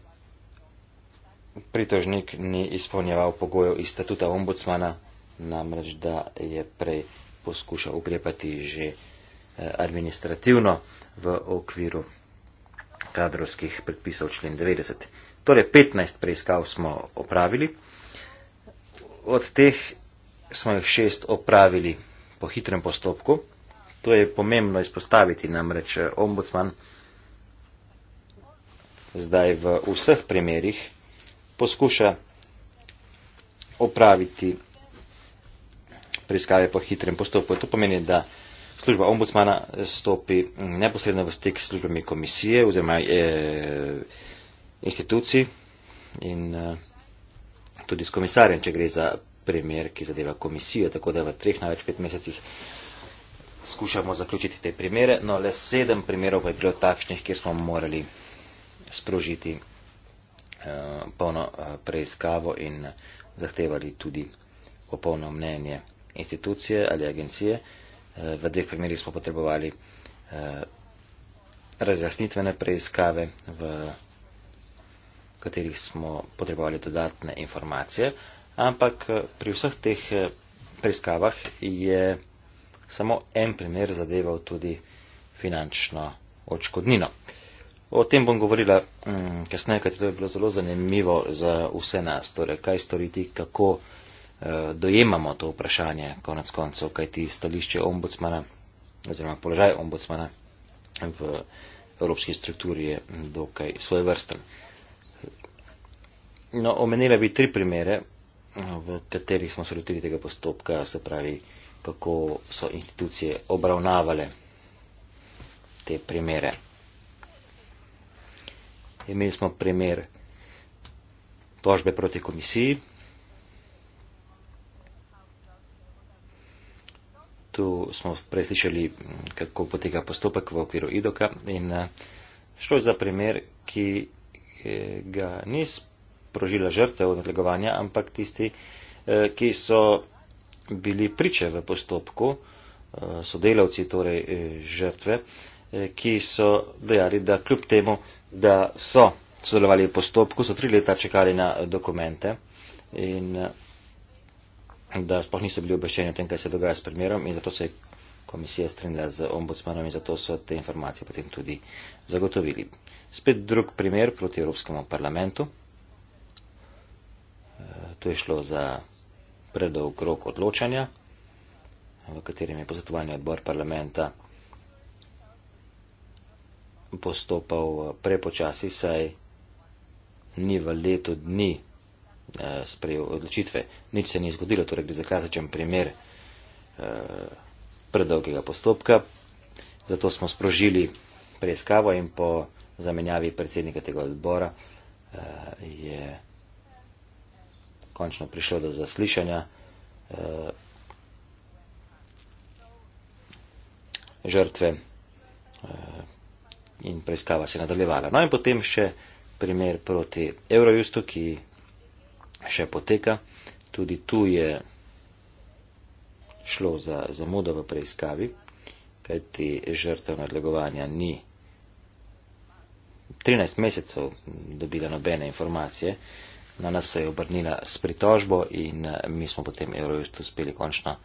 pritožnik ni izpolnjeval pogojev iz statuta ombudsmana, namreč da je prej poskušal ukrepati že eh, administrativno v okviru kadrovskih predpisov člen 90. Torej 15 preiskav smo opravili, od teh smo jih šest opravili po hitrem postopku. To je pomembno izpostaviti, namreč eh, ombudsman zdaj v vseh primerih poskuša opraviti preiskave po hitrem postopku. To pomeni, da služba ombudsmana stopi neposredno v stik s službami komisije oziroma e, institucij in e, tudi s komisarjem, če gre za primer, ki zadeva komisijo, tako da v treh največ pet mesecih skušamo zaključiti te primere, no le sedem primerov pa je bilo takšnih, kjer smo morali sprožiti uh, polno uh, preiskavo in zahtevali tudi popolno mnenje institucije ali agencije. Uh, v dveh primerih smo potrebovali uh, razjasnitvene preiskave, v katerih smo potrebovali dodatne informacije, ampak pri vseh teh preiskavah je samo en primer zadeval tudi finančno očkodnino. O tem bom govorila mm, kasneje, ker to je bilo zelo zanimivo za vse nas. Torej, kaj storiti, kako eh, dojemamo to vprašanje, konec koncev, kaj ti stališče ombudsmana oziroma položaj ombudsmana v evropski strukturi je dokaj svoje vrste. No, omenila bi tri primere, v katerih smo se lotili tega postopka, se pravi, eh, kako so institucije obravnavale te primere. Imeli smo primer tožbe proti komisiji. Tu smo preslišali, kako poteka postopek v okviru IDOKA in eh, šlo je za primer, ki eh, ga ni sprožila žrtev nadlegovanja, ampak tisti, eh, ki so bili priče v postopku, eh, sodelavci torej eh, žrtve, eh, ki so dejali, da kljub temu, da so sodelovali v postopku, so tri leta čakali na dokumente in da sploh niso bili obveščeni o tem, kaj se dogaja s primerom in zato se je komisija strinjala z ombudsmanom in zato so te informacije potem tudi zagotovili. Spet drug primer proti Evropskemu parlamentu. To je šlo za predolg rok odločanja, v katerem je posvetovalni odbor parlamenta postopal eh, prepočasi, saj ni v letu dni eh, sprejel odločitve. Nič se ni zgodilo, torej gre za klasičen primer eh, predolgega postopka. Zato smo sprožili preiskavo in po zamenjavi predsednika tega odbora eh, je končno prišlo do zaslišanja. Eh, žrtve eh, in preiskava se nadaljevala. No in potem še primer proti Eurojustu, ki še poteka. Tudi tu je šlo za zamudo v preiskavi, kajti žrtev nadlegovanja ni 13 mesecev dobila nobene informacije. Uh, na nas se je obrnila s pritožbo in eh, mi smo potem Eurojust uspeli končno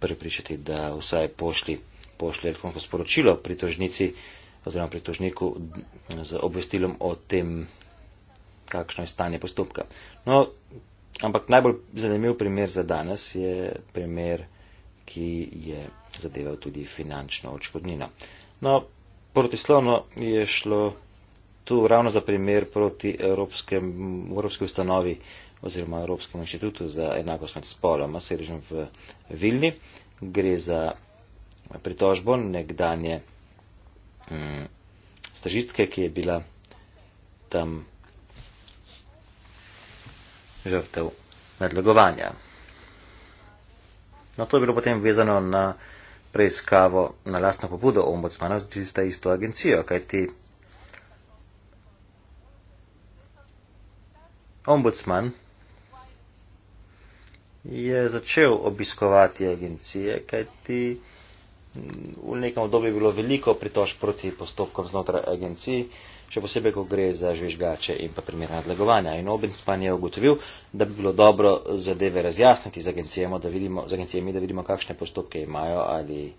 pripričati, da vsaj pošli, pošli elektronsko sporočilo pritožnici oziroma pritožniku z obvestilom o tem, kakšno je stanje postopka. No, ampak najbolj zanimiv primer za danes je primer, ki je zadeval tudi finančno očkodnino. No, protislovno je šlo tu ravno za primer proti Evropski ustanovi oziroma Evropskemu inštitutu za enakost med spoloma, sedežem v Vilni. Gre za pritožbo nekdanje mm, stažitke, ki je bila tam žrtev nadlegovanja. No, to je bilo potem vezano na preiskavo na lastno pobudo ombudsmana z isto agencijo, kajti ombudsman je začel obiskovati agencije, kajti v nekem obdobju je bilo veliko pritož proti postopkom znotraj agencij, še posebej, ko gre za žvižgače in pa primerne nadlegovanja. In ombudsman je ugotovil, da bi bilo dobro zadeve razjasniti z, da vidimo, z agencijami, da vidimo, kakšne postopke imajo ali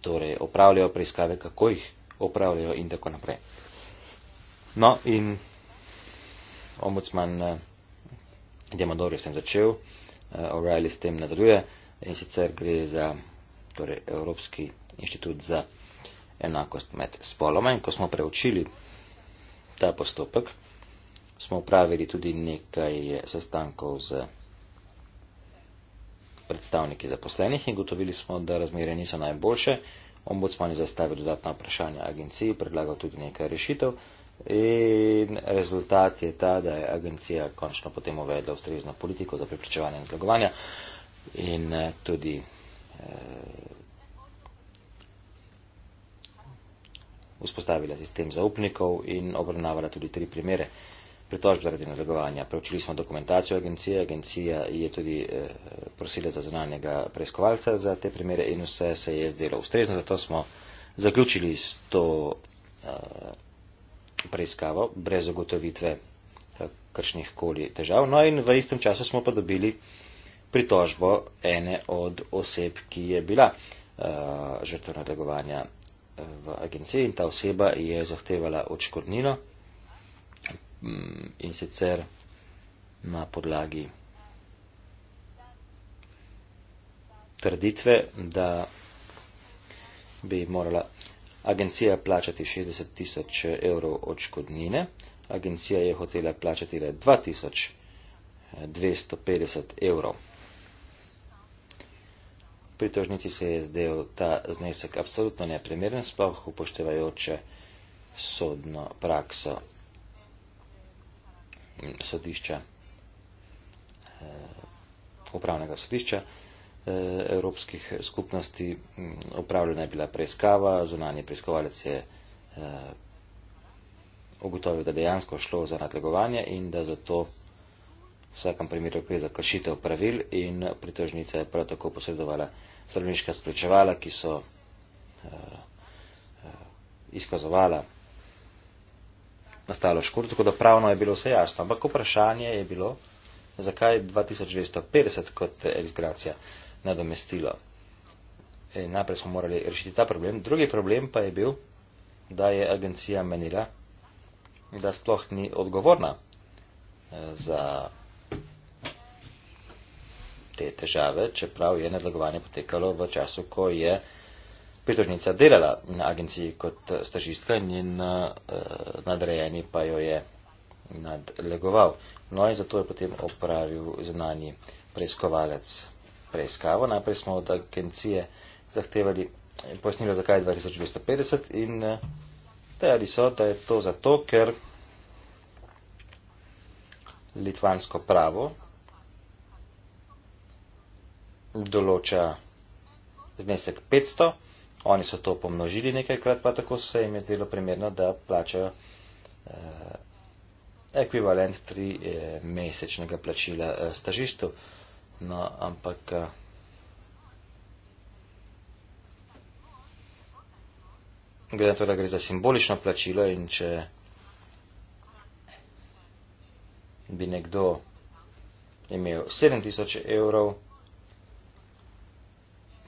torej, opravljajo preiskave, kako jih opravljajo in tako naprej. No, in ombudsman eh, Diamandor je s tem začel, eh, O'Reilly s tem nadaljuje in sicer gre za torej, Evropski inštitut za enakost med spoloma. In ko smo preučili ta postopek, smo upravili tudi nekaj sestankov z predstavniki zaposlenih in gotovili smo, da razmere niso najboljše. Ombudsman je zastavil dodatna vprašanja agenciji, predlagal tudi nekaj rešitev. In rezultat je ta, da je agencija končno potem uvedla ustrezno politiko za preprečevanje nadlegovanja in eh, tudi eh, vzpostavila sistem zaupnikov in obravnavala tudi tri primere pritožb zaradi nadlegovanja. Preučili smo dokumentacijo agencije, agencija je tudi eh, prosila za zonalnega preiskovalca za te primere in vse se je zdelo ustrezno, zato smo zaključili s to. Eh, preiskavo brez zagotovitve eh, kršnih koli težav. No in v istem času smo pa dobili pritožbo ene od oseb, ki je bila uh, eh, žrtva nadlegovanja eh, v agenciji in ta oseba je zahtevala odškodnino mm, in sicer na podlagi trditve, da bi morala agencija plačati 60 tisoč evrov odškodnine, agencija je hotela plačati le 2250 evrov. Pritožnici se je zdel ta znesek absolutno neprimeren, sploh upoštevajoče sodno prakso sodišča, eh, upravnega sodišča. Eh, evropskih skupnosti hm, opravljena je bila preiskava, zunanje preiskovalec je eh, ugotovil, da dejansko šlo za nadlegovanje in da zato v vsakem primeru gre za kršitev pravil in pritožnica je prav tako posredovala zdravniška sprečevala, ki so eh, izkazovala nastalo škodo, tako da pravno je bilo vse jasno. Ampak vprašanje je bilo, zakaj 2250 kot eksgracija nadomestilo. Najprej smo morali rešiti ta problem. Drugi problem pa je bil, da je agencija menila, da sploh ni odgovorna eh, za te težave, čeprav je nadlegovanje potekalo v času, ko je pritožnica delala na agenciji kot eh, stažistka in njen eh, nadrejeni pa jo je nadlegoval. No in zato je potem opravil zunanji preiskovalec preiskavo. Najprej smo od agencije zahtevali pojasnilo, zakaj je 2250 in eh, dejali so, da je to zato, ker litvansko pravo določa znesek 500, oni so to pomnožili nekajkrat, pa tako se jim je zdelo primerno, da plačajo eh, ekvivalent tri eh, mesečnega plačila eh, stažistov. Eh, No, ampak. Eh, glede na to, da gre za simbolično plačilo in če bi nekdo imel 7000 evrov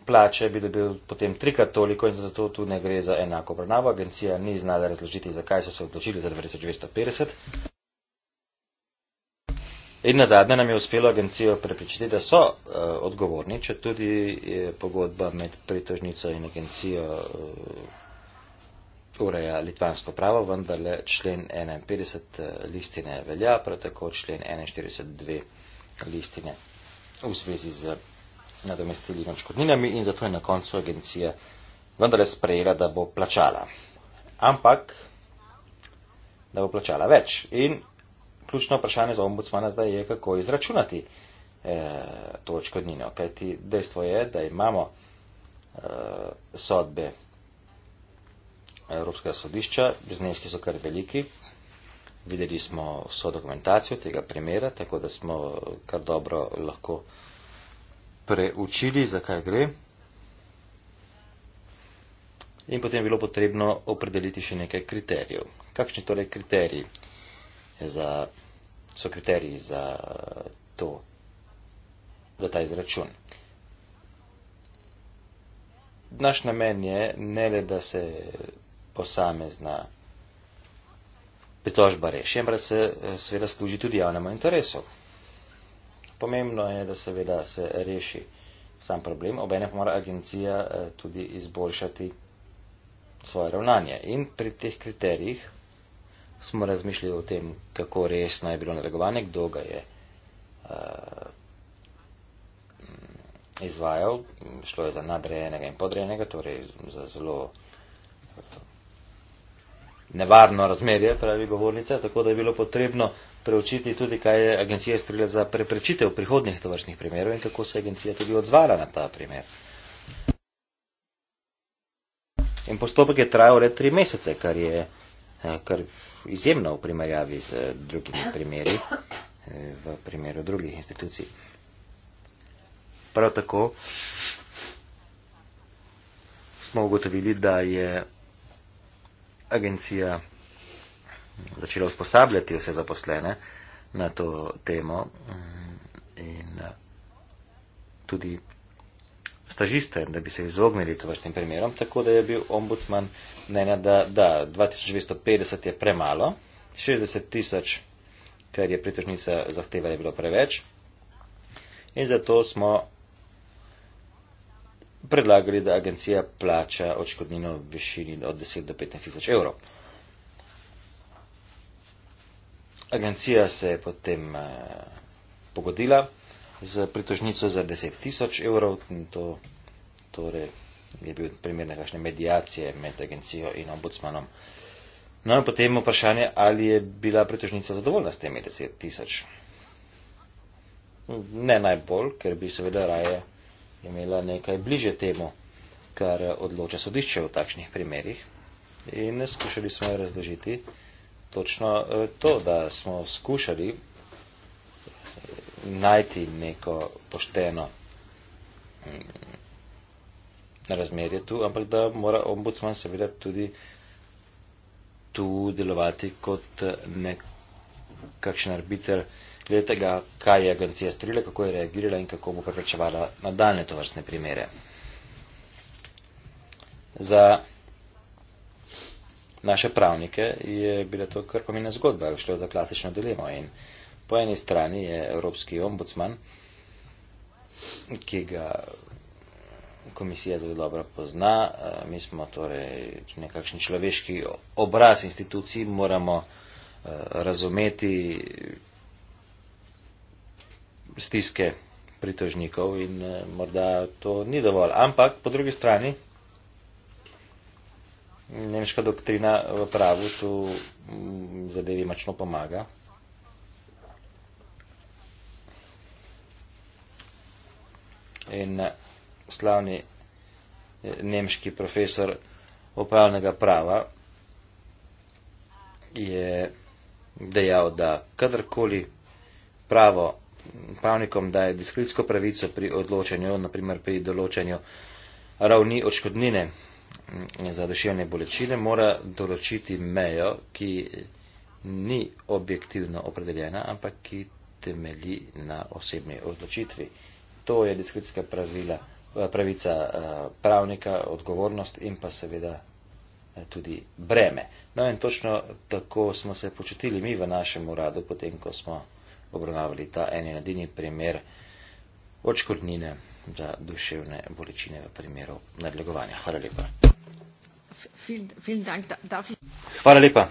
plače, bi dobil potem trikrat toliko in zato tu ne gre za enako obravnavo. Agencija ni znala razložiti, zakaj so se odločili za 2250. In na zadnje nam je uspelo agencijo prepričati, da so uh, odgovorni, če tudi je pogodba med pritožnico in agencijo uh, ureja litvansko pravo, vendar le člen 51 eh, listine velja, prav tako člen 412 listine v zvezi z nadomestili in očkodninami in zato je na koncu agencija vendar sprejela, da bo plačala. Ampak, da bo plačala več. In ključno vprašanje za ombudsmana zdaj je, kako izračunati eh, to očkodnino. Kaj ti dejstvo je, da imamo eh, sodbe Evropskega sodišča, zneski so kar veliki, videli smo vso dokumentacijo tega primera, tako da smo kar dobro lahko preučili, zakaj gre. In potem je bilo potrebno opredeliti še nekaj kriterijev. Kakšni torej kriteriji? za, so kriteriji za to, za ta izračun. Naš namen je ne le, da se posamezna pritožba reši, ampak da se seveda služi tudi javnemu interesu. Pomembno je, da seveda se reši sam problem, obenem mora agencija eh, tudi izboljšati svoje ravnanje. In pri teh kriterijih smo razmišljali o tem, kako resno je bilo nadlegovanje, kdo ga je uh, izvajal. Šlo je za nadrejenega in podrejenega, torej za zelo eh, nevarno razmerje, pravi govornica, tako da je bilo potrebno preučiti tudi, kaj je agencija strila za preprečitev prihodnih tovršnih primerov in kako se je agencija tudi odzvala na ta primer. In postopek je trajal le tri mesece, kar je Eh, kar izjemno v primerjavi z drugimi primeri, eh, v primeru drugih institucij. Prav tako smo ugotovili, da je agencija začela usposabljati vse zaposlene na to temo mm, in eh, tudi stažiste, da bi se izognili tovrstnim primerom, tako da je bil ombudsman mnenja, da, da 2250 je premalo, 60 tisoč, kar je pritožnica zahtevala, je bilo preveč. In zato smo predlagali, da agencija plača očkodnino v višini od 10 do 15 tisoč evrov. Agencija se je potem eh, pogodila z pritožnico za 10 tisoč evrov in to torej je bil primer nekakšne medijacije med agencijo in ombudsmanom. No in potem vprašanje, ali je bila pritožnica zadovoljna s temi 10 tisoč. Ne najbolj, ker bi seveda raje imela nekaj bliže temu, kar odloča sodišče v takšnih primerjih. In skušali smo razložiti točno eh, to, da smo skušali najti neko pošteno mm, razmerje tu, ampak da mora ombudsman seveda tudi tu delovati kot eh, nekakšen arbiter tega, kaj je agencija storila, kako je reagirala in kako bo preprečevala nadaljne tovrstne primere. Za naše pravnike je bila to kar pomena zgodba, šlo za klasično dilemo in uh, Po eni strani je Evropski ombudsman, ki ga komisija zelo dobro pozna, eh, mi smo torej nekakšen človeški obraz institucij, moramo eh, razumeti stiske pritožnikov in eh, morda to ni dovolj. Ampak po drugi strani nemška doktrina v pravu tu mm, zadevi močno pomaga. in slavni eh, nemški profesor upravnega prava je dejal, da kadarkoli pravo pravnikom daje diskretsko pravico pri odločanju, naprimer pri določanju ravni odškodnine mm, za duševne bolečine, mora določiti mejo, ki ni objektivno opredeljena, ampak ki temelji na osebni odločitvi to je diskretska pravila, eh, pravica eh, pravnika, odgovornost in pa seveda eh, tudi breme. No in točno tako smo se počutili mi v našem uradu, potem ko smo obravnavali ta eni nadini primer očkodnine za duševne bolečine v primeru nadlegovanja. Hvala lepa. Hvala lepa.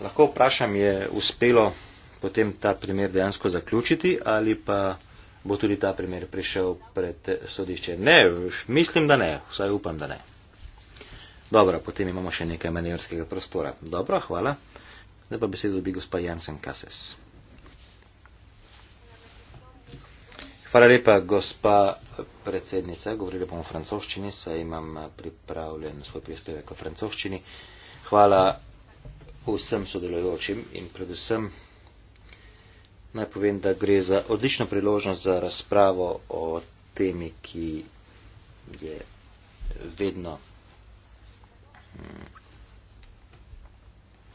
Lahko vprašam, je uspelo potem ta primer dejansko zaključiti ali pa bo tudi ta primer prišel pred sodišče. Ne, mislim, da ne, vsaj upam, da ne. Dobro, potem imamo še nekaj manevrskega prostora. Dobro, hvala. Zdaj pa besedo dobi gospa Jansen Kases. Hvala lepa, gospa predsednica. Govorila bom o francoščini, saj imam pripravljen svoj prispevek o francoščini. Hvala vsem sodelujočim in predvsem naj povem, da gre za odlično priložnost za razpravo o temi, ki je vedno mm,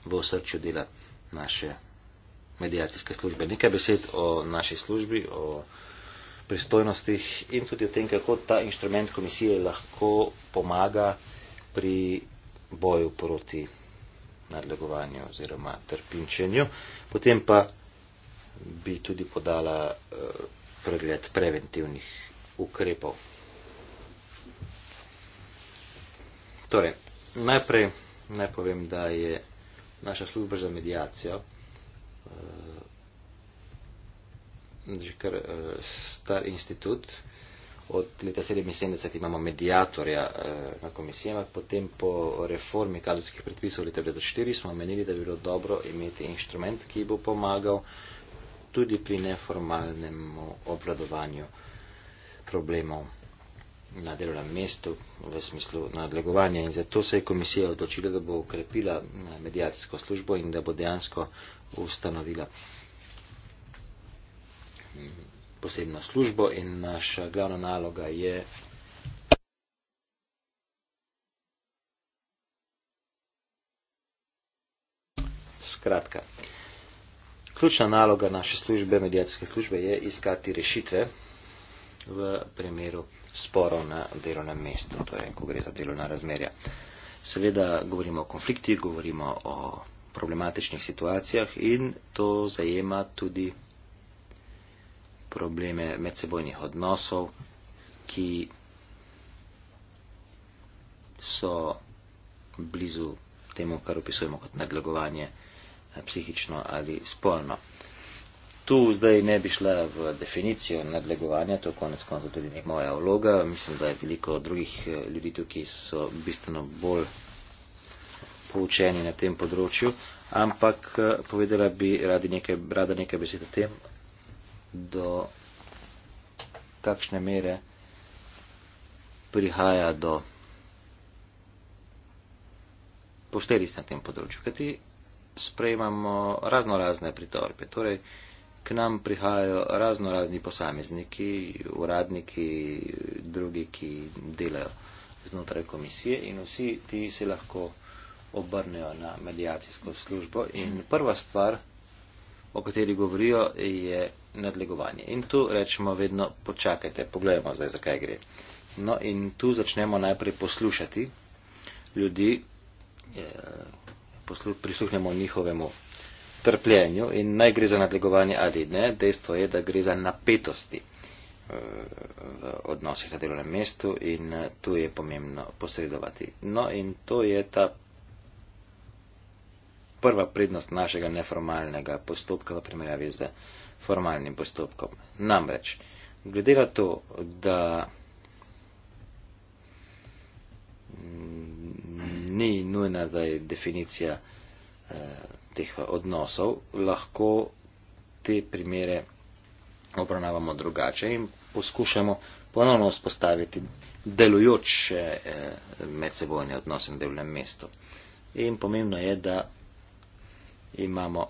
v srču dela naše medijacijske službe. Nekaj besed o naši službi, o pristojnostih in tudi o tem, kako ta inštrument komisije lahko pomaga pri boju proti nadlegovanju oziroma trpinčenju. Potem pa bi tudi podala eh, pregled preventivnih ukrepov. Torej, najprej naj povem, da je naša služba za medijacijo eh, že kar eh, star institut. Od leta 1977 imamo medijatorja na komisijah, potem po reformi kadrovskih predpisov leta 2004 smo menili, da bi bilo dobro imeti inštrument, ki bo pomagal tudi pri neformalnem obladovanju problemov na delovnem mestu v smislu nadlegovanja. In zato se je komisija odločila, da bo ukrepila eh, medijacijsko službo in da bo dejansko ustanovila mm, posebno službo in naša glavna naloga je. Skratka, ključna naloga naše službe, medijacijske službe, je iskati rešitve v primeru sporov na delovnem mestu, torej, ko gre za delovna razmerja. Seveda govorimo o konfliktih, govorimo o problematičnih situacijah in to zajema tudi probleme medsebojnih odnosov, ki so blizu temu, kar opisujemo kot nadlegovanje psihično ali spolno. Tu zdaj ne bi šla v definicijo nadlegovanja, to konec konca tudi ni moja vloga. Mislim, da je veliko drugih eh, ljudi tukaj, ki so bistveno bolj poučeni na tem področju, ampak eh, povedala bi radi nekaj, rada nekaj besed o tem, do kakšne mere prihaja do posledic na tem področju. Kateri sprejemamo razno razne pritožbe. Torej, k nam prihajajo razno razni posamezniki, uradniki, drugi, ki delajo znotraj komisije in vsi ti se lahko obrnejo na medijacijsko službo. In prva stvar, o kateri govorijo, je nadlegovanje. In tu rečemo vedno, počakajte, pogledajmo zdaj, zakaj gre. No in tu začnemo najprej poslušati ljudi, eh, prisluhnemo njihovemu trpljenju in naj gre za nadlegovanje ali ne, dejstvo je, da gre za napetosti eh, v odnosih na delovnem mestu in eh, tu je pomembno posredovati. No in to je ta prva prednost našega neformalnega postopka v primerjavi z formalnim postopkom. Namreč, glede na to, da ni nujna, da je definicija eh, teh odnosov, lahko te primere obravnavamo drugače in poskušamo ponovno vzpostaviti delujoče eh, medsebojne odnose na delovnem mestu. In pomembno je, da imamo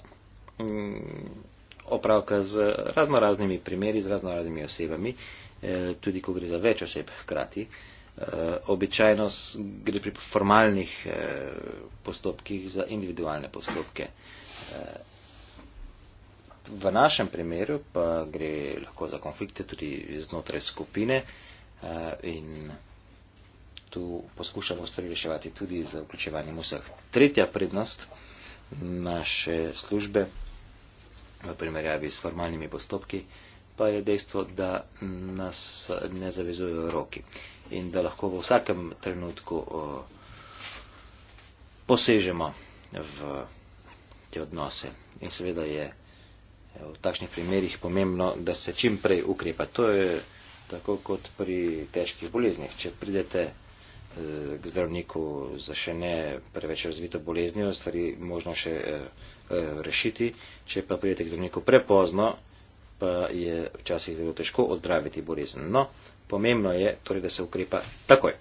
mm, opravka z raznoraznimi primeri, z raznoraznimi osebami, eh, tudi ko gre za več oseb hkrati. Eh, Eh, običajno gre pri formalnih eh, postopkih za individualne postopke. Eh, v našem primeru pa gre lahko za konflikte tudi znotraj skupine in tu poskušamo stvari reševati tudi za vključevanjem vseh. Tretja prednost naše službe v primerjavi s formalnimi postopki pa je dejstvo, da nas ne zavezujejo roki in da lahko v vsakem trenutku posežemo v te odnose. In seveda je e, v takšnih primerjih pomembno, da se čim prej ukrepa. To je tako kot pri težkih boleznih. Če pridete e, k zdravniku za še ne preveč razvito boleznijo, stvari možno še e, rešiti. Če pa pridete k zdravniku prepozno, pa je včasih zelo težko ozdraviti bolezen. No, Pomembno je, torej, da se ukrepa takoj.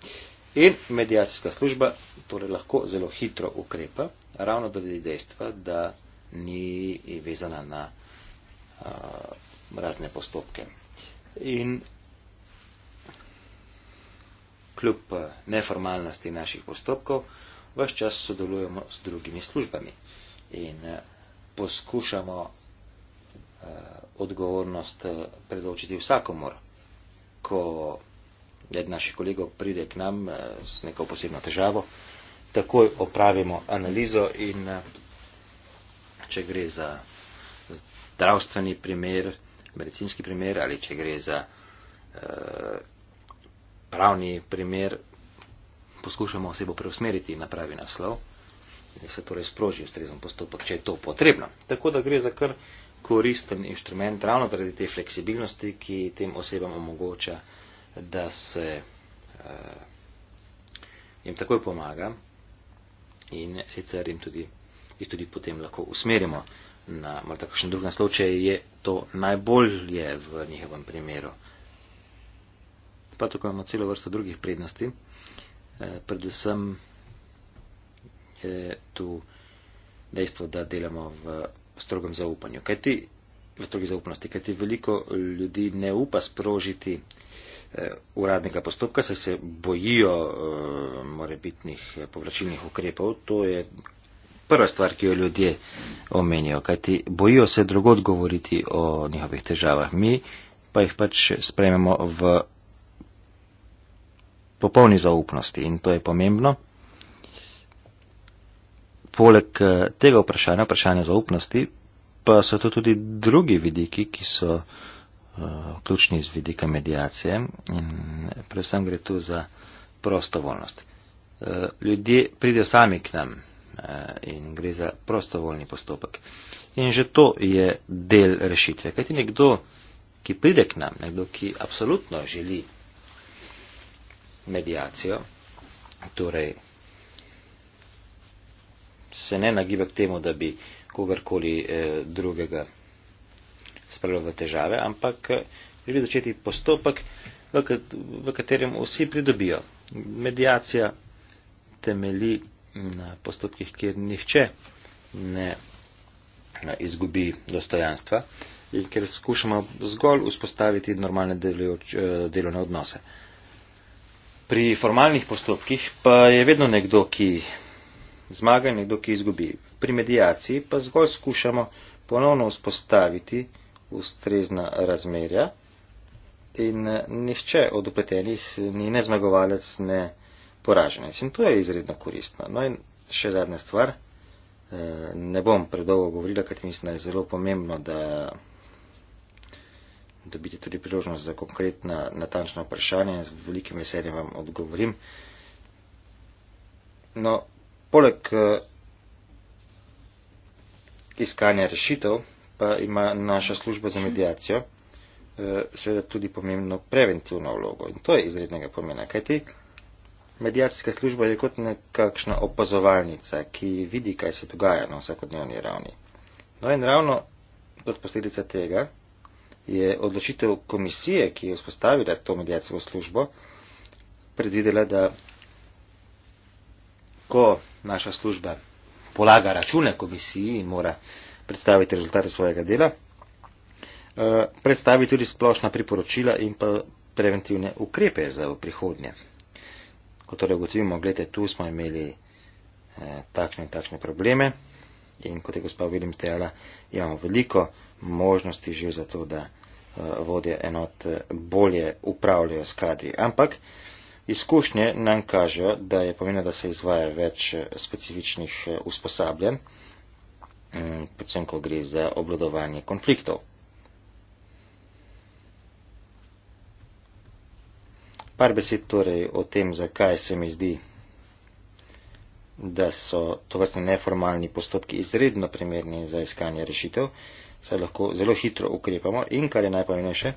In medijacijska služba torej, lahko zelo hitro ukrepa, ravno zaradi dejstva, da ni vezana na a, eh, razne postopke. In kljub eh, neformalnosti naših postopkov, vse čas sodelujemo z drugimi službami in a, eh, poskušamo a, odgovornost a, predočiti vsakomor ko eden naših kolegov pride k nam z eh, neko posebno težavo, takoj opravimo analizo in eh, če gre za zdravstveni primer, medicinski primer ali če gre za eh, pravni primer, poskušamo osebo preusmeriti na pravi naslov, da se torej sproži ustrezen postopek, če je to potrebno. Tako da gre za kar eh, koristen inštrument, ravno zaradi te fleksibilnosti, ki tem osebam omogoča, da se uh, jim takoj pomaga in sicer jih tudi, tudi potem lahko usmerimo na morda kakšen drug naslov, če je to najbolje v njihovem primeru. Pa tukaj imamo celo vrsto drugih prednosti, eh, predvsem je tu dejstvo, da delamo v strogem zaupanju, kajti v strogi zaupnosti, kajti veliko ljudi ne upa sprožiti eh, uradnega postopka, saj se bojijo eh, morebitnih eh, povračilnih ukrepov. To je prva stvar, ki jo ljudje omenijo, kajti bojijo se drugod govoriti o njihovih težavah. Mi pa jih pač sprememo v popolni zaupnosti in to je pomembno poleg eh, tega vprašanja, vprašanja zaupnosti, pa so to tudi drugi vidiki, ki so uh, ključni iz vidika medijacije in predvsem gre tu za prostovoljnost. Uh, ljudje pridejo sami k nam uh, in gre za prostovoljni postopek. In že to je del rešitve. Kajti nekdo, ki pride k nam, nekdo, ki absolutno želi medijacijo, torej se ne nagiba k temu, da bi kogarkoli eh, drugega spravljal v težave, ampak eh, želi začeti postopek, v katerem vsi pridobijo. Medijacija temeli na postopkih, kjer nihče ne izgubi dostojanstva in ker skušamo zgolj vzpostaviti normalne eh, delovne odnose. Pri formalnih postopkih pa je vedno nekdo, ki zmaga nekdo, ki izgubi. Pri medijaciji pa zgolj skušamo ponovno vzpostaviti ustrezna razmerja in eh, nihče od upletenih ni ne zmagovalec, ne poraženec. In to je izredno koristno. No in še zadnja stvar, eh, ne bom predolgo govorila, kajti mislim, da je zelo pomembno, da dobite tudi priložnost za konkretna, natančna vprašanja in z velikim veseljem vam odgovorim. No, poleg eh, iskanja rešitev pa ima naša služba za medijacijo eh, seveda tudi pomembno preventivno vlogo in to je izrednega pomena, kajti medijacijska služba je kot nekakšna opazovalnica, ki vidi, kaj se dogaja na vsakodnevni ravni. No in ravno kot posledica tega je odločitev komisije, ki je vzpostavila to medijacijsko službo, predvidela, da ko naša služba polaga račune komisiji in mora predstaviti rezultate svojega dela, eh, predstavi tudi splošna priporočila in pa preventivne ukrepe za prihodnje. Ko torej ugotovimo, gledajte, tu smo imeli eh, takšne in takšne probleme in kot je gospod Vilim stejala, imamo veliko možnosti že za to, da eh, vodje enot bolje upravljajo s kadri. Ampak, Izkušnje nam kažejo, da je pomembno, da se izvaja več eh, specifičnih eh, usposabljanj, mm, predvsem, ko gre za obladovanje konfliktov. Par besed torej o tem, zakaj se mi zdi, da so to vrste neformalni postopki izredno primerni za iskanje rešitev, saj lahko zelo hitro ukrepamo in, kar je najpomembnejše,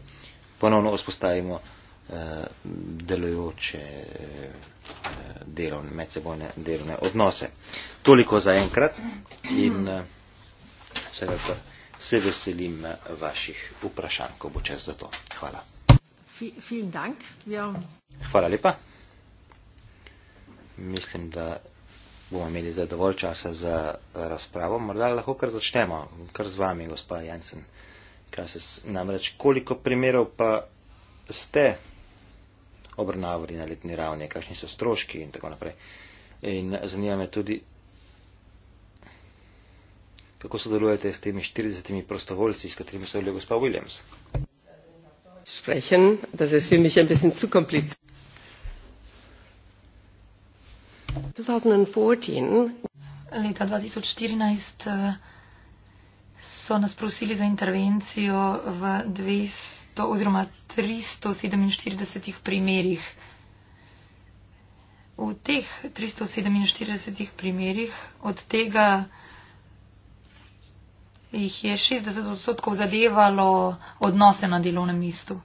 ponovno vzpostavimo Eh, delujoče eh, delovne, medsebojne delovne odnose. Toliko za enkrat in eh, vsega, kar se veselim vaših vprašanj, ko bo čas za to. Hvala. Ja. Hvala lepa. Mislim, da bomo imeli zdaj dovolj časa za razpravo. Morda lahko kar začnemo, kar z vami, gospa Jensen. Kaj se namreč, koliko primerov pa ste obravnavali na letni ravni, kakšni so stroški in tako naprej. In zanima me tudi, kako sodelujete s temi 40 prostovoljci, s katerimi sodeluje gospa Williams. Sprechen, das ist für mich ein bisschen zu kompliziert. 2014. Leta 2014 eh, so nas prosili za intervencijo v 200. 300 oziroma 347 primerjih. V teh 347 primerjih od tega jih je 60 odstotkov zadevalo odnose na delovnem mestu.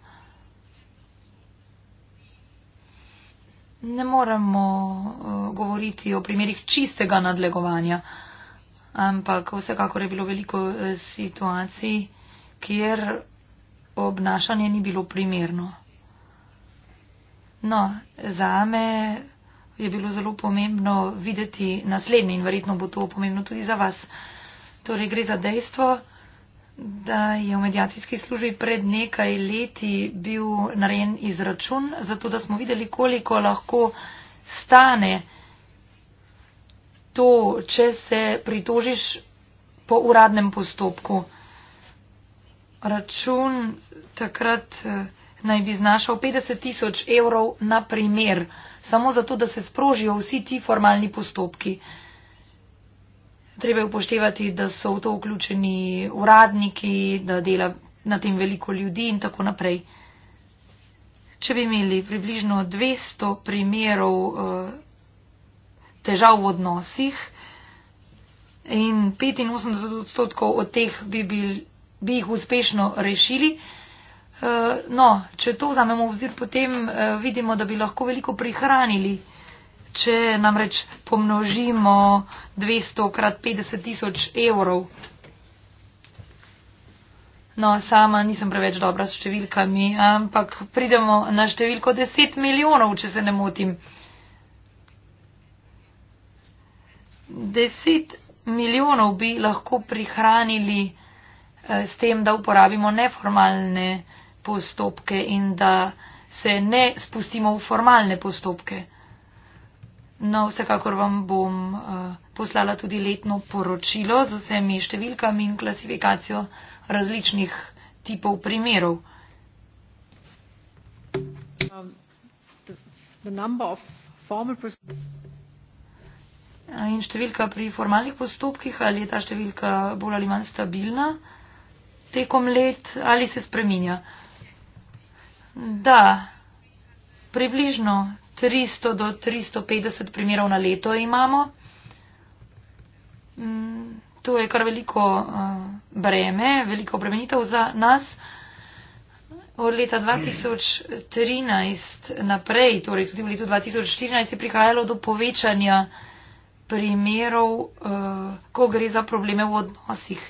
Ne moramo uh, eh, govoriti o primerjih čistega nadlegovanja, ampak vsekakor je bilo veliko uh, situacij, kjer obnašanje ni bilo primerno. No, za me je bilo zelo pomembno videti naslednje in verjetno bo to pomembno tudi za vas. Torej gre za dejstvo, da je v medijacijski službi pred nekaj leti bil narejen izračun, zato da smo videli, koliko lahko stane to, če se pritožiš po uradnem postopku račun takrat eh, naj bi znašal 50 tisoč evrov na primer, samo zato, da se sprožijo vsi ti formalni postopki. Treba je upoštevati, da so v to vključeni uradniki, da dela na tem veliko ljudi in tako naprej. Če bi imeli približno 200 primerov eh, težav v odnosih in 85 odstotkov od teh bi bili bi jih uspešno rešili. Eh, no, če to vzamemo v zir, potem eh, vidimo, da bi lahko veliko prihranili, če namreč pomnožimo 200 krat 50 tisoč evrov. No, sama nisem preveč dobra s številkami, ampak pridemo na številko 10 milijonov, če se ne motim. 10 milijonov bi lahko prihranili. Eh, s tem, da uporabimo neformalne postopke in da se ne spustimo v formalne postopke. No, vsekakor vam bom uh, poslala tudi letno poročilo z vsemi številkami in klasifikacijo različnih tipov primerov. Um, in številka pri formalnih postopkih, ali je ta številka bolj ali manj stabilna? Um, tekom let ali se spreminja? Da, približno 300 do 350 primerov na leto imamo. Mm, to je kar veliko eh, breme, veliko obremenitev za nas. Od leta 2013 naprej, torej tudi v letu 2014, je prihajalo do povečanja primerov, eh, ko gre za probleme v odnosih.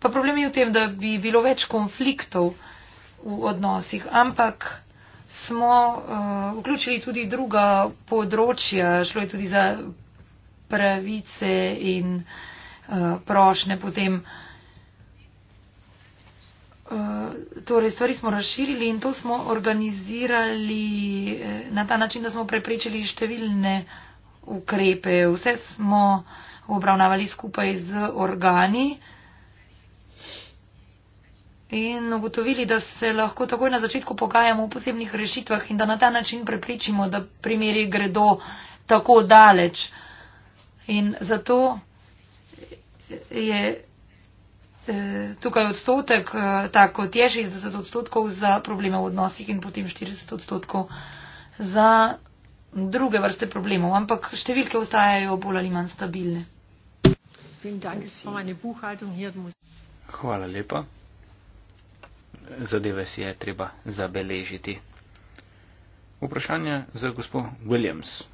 Pa problem je v tem, da bi bilo več konfliktov v odnosih, ampak smo uh, vključili tudi druga področja, šlo je tudi za pravice in uh, eh, prošne potem. Uh, torej, stvari smo razširili in to smo organizirali na ta način, da smo preprečili številne ukrepe. Vse smo obravnavali skupaj z organi. Uh, in ugotovili, da se lahko takoj na začetku pogajamo o posebnih rešitvah in da na ta način prepričimo, da primeri gredo tako daleč. In zato je eh, tukaj odstotek, eh, tako kot je 60 odstotkov za probleme v odnosih in potem 40 odstotkov za druge vrste problemov, ampak številke ostajajo bolj ali manj stabilne. Hvala lepa zadeve si je treba zabeležiti. Vprašanje za gospod Williams.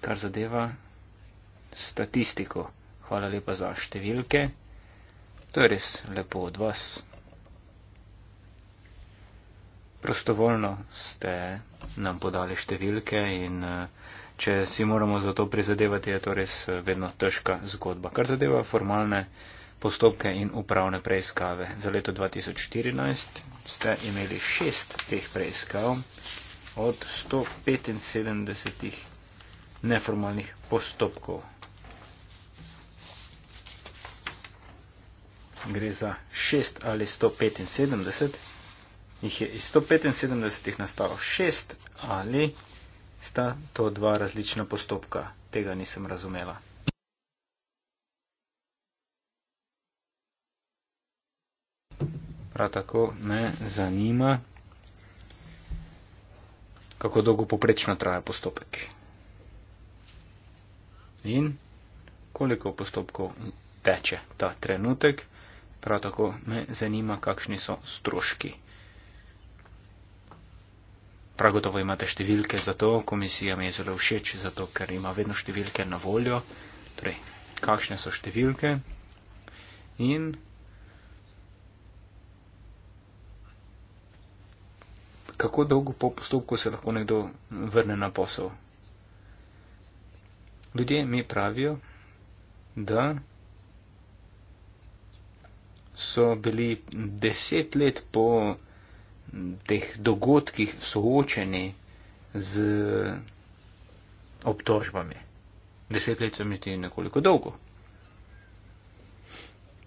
Kar zadeva statistiko. Hvala lepa za številke. To je res lepo od vas. Prostovoljno ste nam podali številke in eh, če si moramo za to prizadevati, je to res eh, vedno težka zgodba. Kar zadeva formalne postopke in upravne preiskave. Za leto 2014 ste imeli šest teh preiskav od 175 neformalnih postopkov. Gre za 6 ali 175, jih je iz 175 nastalo 6 ali sta to dva različna postopka, tega nisem razumela. prav tako me zanima, kako dolgo poprečno traja postopek. In koliko postopkov teče ta trenutek, prav tako me zanima, kakšni so stroški. Prav gotovo imate številke za to, komisija mi je zelo všeč, zato ker ima vedno številke na voljo. Torej, kakšne so številke in kako dolgo po postopku se lahko nekdo vrne na posel. Ljudje mi pravijo, da so bili deset let po teh dogodkih soočeni z obtožbami. Deset let se mi zdi nekoliko dolgo.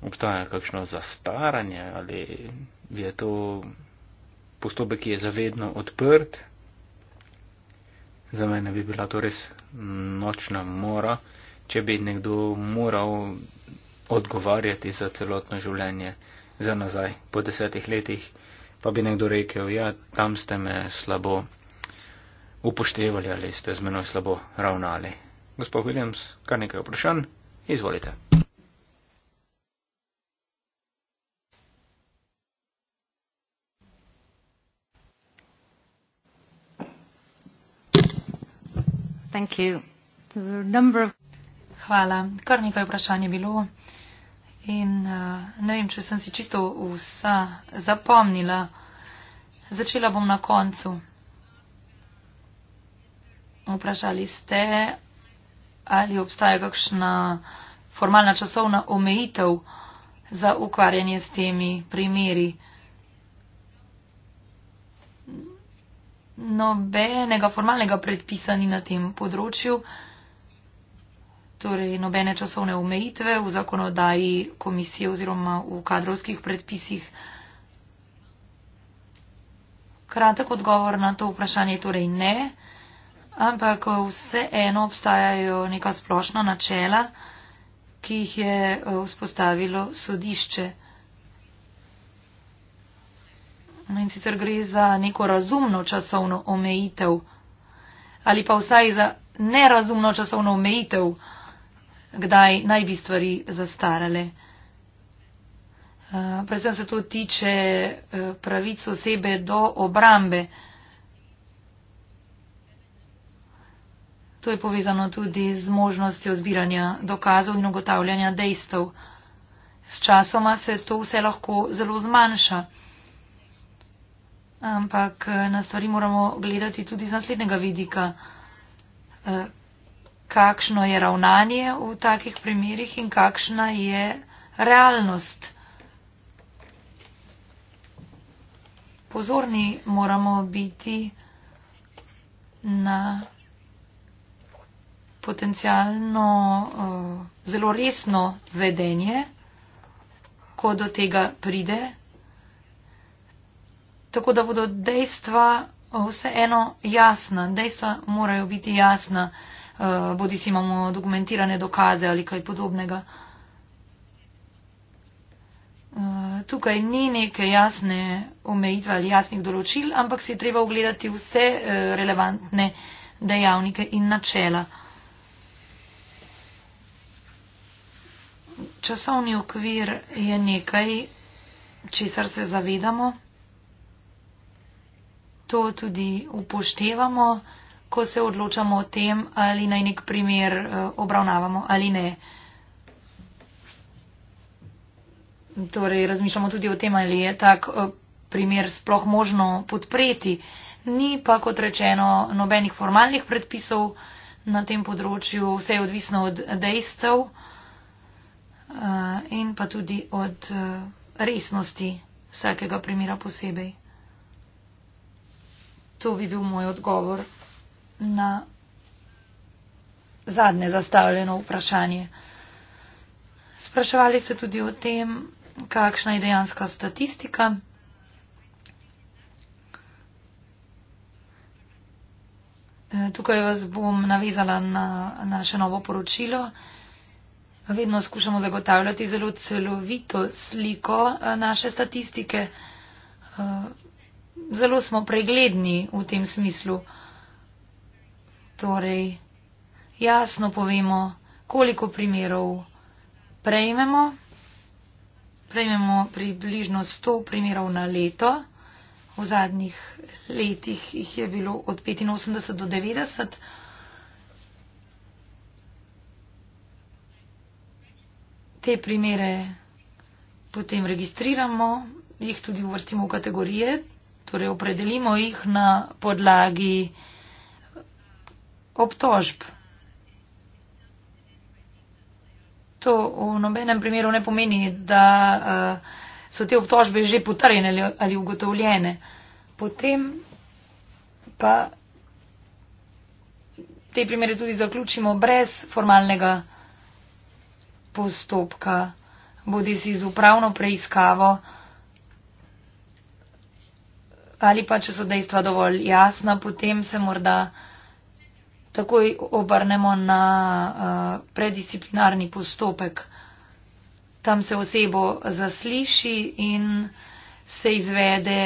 Obstaja kakšno zastaranje ali je to postopek je zavedno odprt. Za mene bi bila to res nočna mora, če bi nekdo moral odgovarjati za celotno življenje, za nazaj, po desetih letih, pa bi nekdo rekel, ja, tam ste me slabo upoštevali ali ste z menoj slabo ravnali. Gospod Williams, kar nekaj vprašanj, izvolite. Thank you. Number of... Hvala. Kar nekaj vprašanj je bilo. In uh, ne vem, če sem si čisto vsa zapomnila. Začela bom na koncu. Vprašali ste, ali obstaja kakšna formalna časovna omejitev za ukvarjanje s temi primeri. Uh, nobenega formalnega predpisa ni na tem področju, torej nobene časovne omejitve v zakonodaji komisije oziroma v kadrovskih predpisih. Kratek odgovor na to vprašanje je torej ne, ampak vseeno obstajajo neka splošna načela, ki jih je eh, vzpostavilo sodišče. No, in sicer gre za neko razumno časovno omejitev ali pa vsaj za nerazumno časovno omejitev, kdaj naj bi stvari zastarale. Uh, predvsem se to tiče uh, pravic osebe do obrambe. To je povezano tudi z možnostjo zbiranja dokazov in ugotavljanja dejstev. S časoma se to vse lahko zelo zmanjša ampak eh, na stvari moramo gledati tudi z naslednjega vidika, eh, kakšno je ravnanje v takih primerih in kakšna je realnost. Pozorni moramo biti na potencijalno eh, zelo resno vedenje, ko do tega pride tako da bodo dejstva eh, vseeno jasna. Dejstva morajo biti jasna, eh, bodi si imamo dokumentirane dokaze ali kaj podobnega. Eh, tukaj ni neke jasne omejitve ali jasnih določil, ampak si je treba ogledati vse relevantne dejavnike in načela. Časovni okvir je nekaj, česar se zavedamo to tudi upoštevamo, ko se odločamo o tem, ali naj nek primer eh, obravnavamo ali ne. Torej, razmišljamo tudi o tem, ali je tak eh, primer sploh možno podpreti. Ni pa, kot rečeno, nobenih formalnih predpisov na tem področju, vse je odvisno od dejstev eh, in pa tudi od resnosti vsakega primera posebej to bi bil moj odgovor na zadnje zastavljeno vprašanje. Spraševali ste tudi o tem, kakšna je dejanska statistika. E, tukaj vas bom navezala na naše novo poročilo. Vedno skušamo zagotavljati zelo celovito sliko e, naše statistike. E, zelo smo pregledni v tem smislu. Torej, jasno povemo, koliko primerov prejmemo. Prejmemo približno 100 primerov na leto. V zadnjih letih jih je bilo od 85 do 90. Te primere potem registriramo, jih tudi uvrstimo v kategorije, Torej, opredelimo jih na podlagi obtožb. To v nobenem primeru ne pomeni, da uh, so te obtožbe že potrjene ali, ali ugotovljene. Potem pa te primere tudi zaključimo brez formalnega postopka, bodi si z upravno preiskavo ali pa če so dejstva dovolj jasna, potem se morda takoj obrnemo na uh, predisciplinarni postopek. Tam se osebo zasliši in se izvede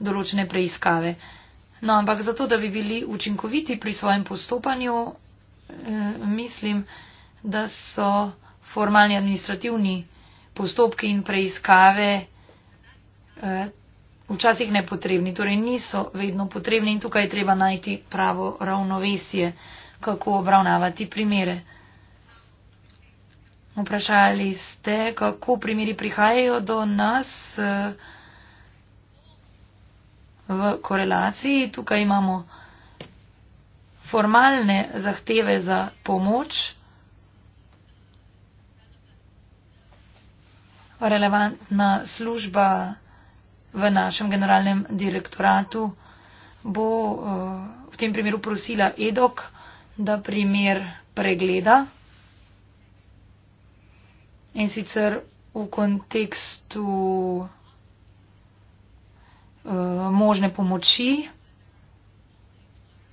določene preiskave. No, ampak zato, da bi bili učinkoviti pri svojem postopanju, eh, mislim, da so formalni administrativni postopki in preiskave eh, včasih nepotrebni, torej niso vedno potrebni in tukaj je treba najti pravo ravnovesje, kako obravnavati primere. Vprašali ste, kako primeri prihajajo do nas eh, v korelaciji. Tukaj imamo formalne zahteve za pomoč, relevantna služba v našem generalnem direktoratu, bo eh, v tem primeru prosila Edok, da primer pregleda in sicer v kontekstu eh, možne pomoči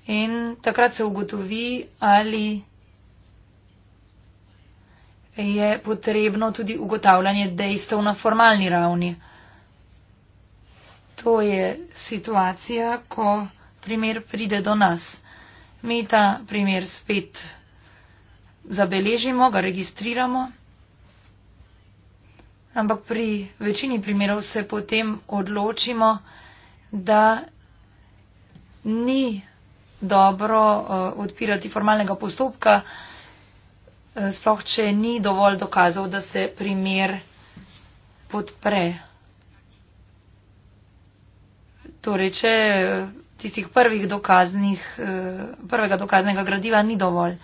in takrat se ugotovi, ali je potrebno tudi ugotavljanje dejstev na formalni ravni to je situacija, ko primer pride do nas. Mi ta primer spet zabeležimo, ga registriramo, ampak pri večini primerov se potem odločimo, da ni dobro uh, odpirati formalnega postopka, uh, sploh če ni dovolj dokazov, da se primer podpre. Torej, če eh, tistih prvih dokaznih, eh, prvega dokaznega gradiva ni dovolj.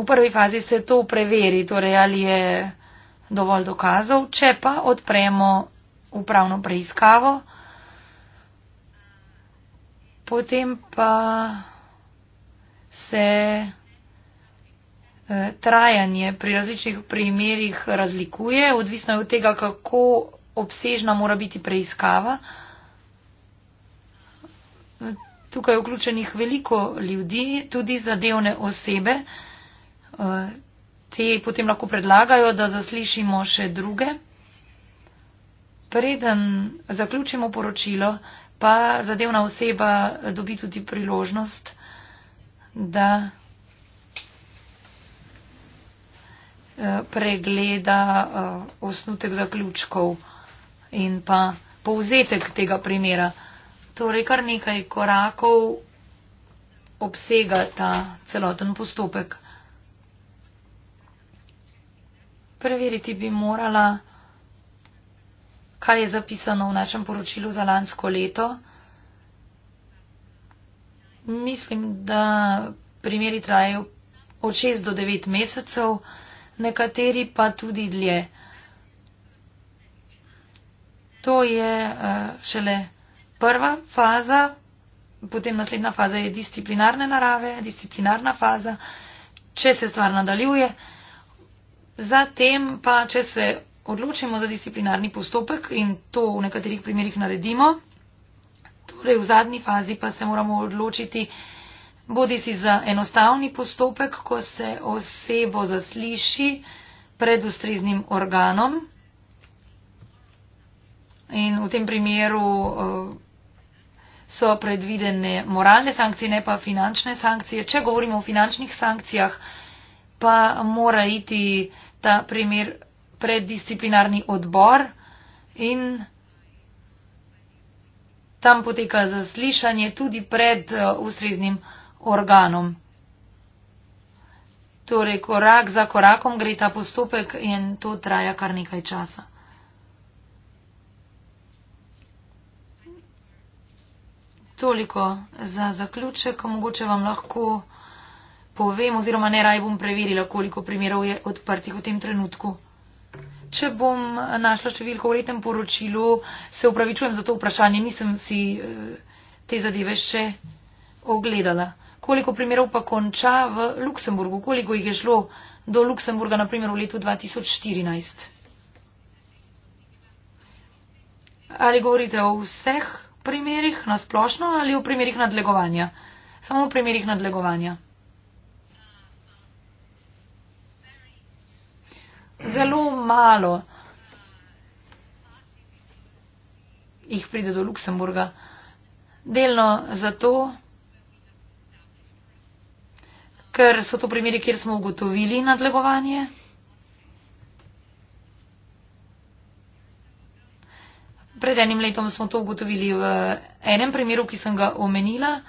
V prvi fazi se to preveri, torej ali je dovolj dokazov. Če pa odpremo upravno preiskavo, potem pa se eh, trajanje pri različnih primerjih razlikuje, odvisno je od tega, kako obsežna mora biti preiskava tukaj vključenih veliko ljudi, tudi zadevne osebe. Eh, te potem lahko predlagajo, da zaslišimo še druge. Preden zaključimo poročilo, pa zadevna oseba dobi tudi priložnost, da eh, pregleda eh, osnutek zaključkov in pa povzetek tega primera. Torej, kar nekaj korakov obsega ta celoten postopek. Preveriti bi morala, kaj je zapisano v našem poročilu za lansko leto. Mislim, da primeri trajajo od 6 do 9 mesecev, nekateri pa tudi dlje. To je uh, šele prva faza, potem naslednja faza je disciplinarne narave, disciplinarna faza, če se stvar nadaljuje. Zatem pa, če se odločimo za disciplinarni postopek in to v nekaterih primerjih naredimo, torej v zadnji fazi pa se moramo odločiti bodi si za enostavni postopek, ko se osebo zasliši pred ustreznim organom. In v tem primeru eh, so predvidene moralne sankcije, ne pa finančne sankcije. Če govorimo o finančnih sankcijah, pa mora iti ta primer preddisciplinarni odbor in tam poteka zaslišanje tudi pred eh, ustreznim organom. Torej, korak za korakom gre ta postopek in to traja kar nekaj časa. Toliko za zaključek, mogoče vam lahko povem oziroma ne raj bom preverila, koliko primerov je odprtih v tem trenutku. Če bom našla številko v letem poročilu, se upravičujem za to vprašanje, nisem si eh, te zadeve še ogledala. Koliko primerov pa konča v Luksemburgu, koliko jih je šlo do Luksemburga, na primer v letu 2014? Ali govorite o vseh? primerih na splošno ali v primerih nadlegovanja? Samo v primerih nadlegovanja. Zelo malo jih pride do Luksemburga. Delno zato, ker so to primeri, kjer smo ugotovili nadlegovanje. pred enim letom smo to ugotovili v enem primeru, ki sem ga omenila.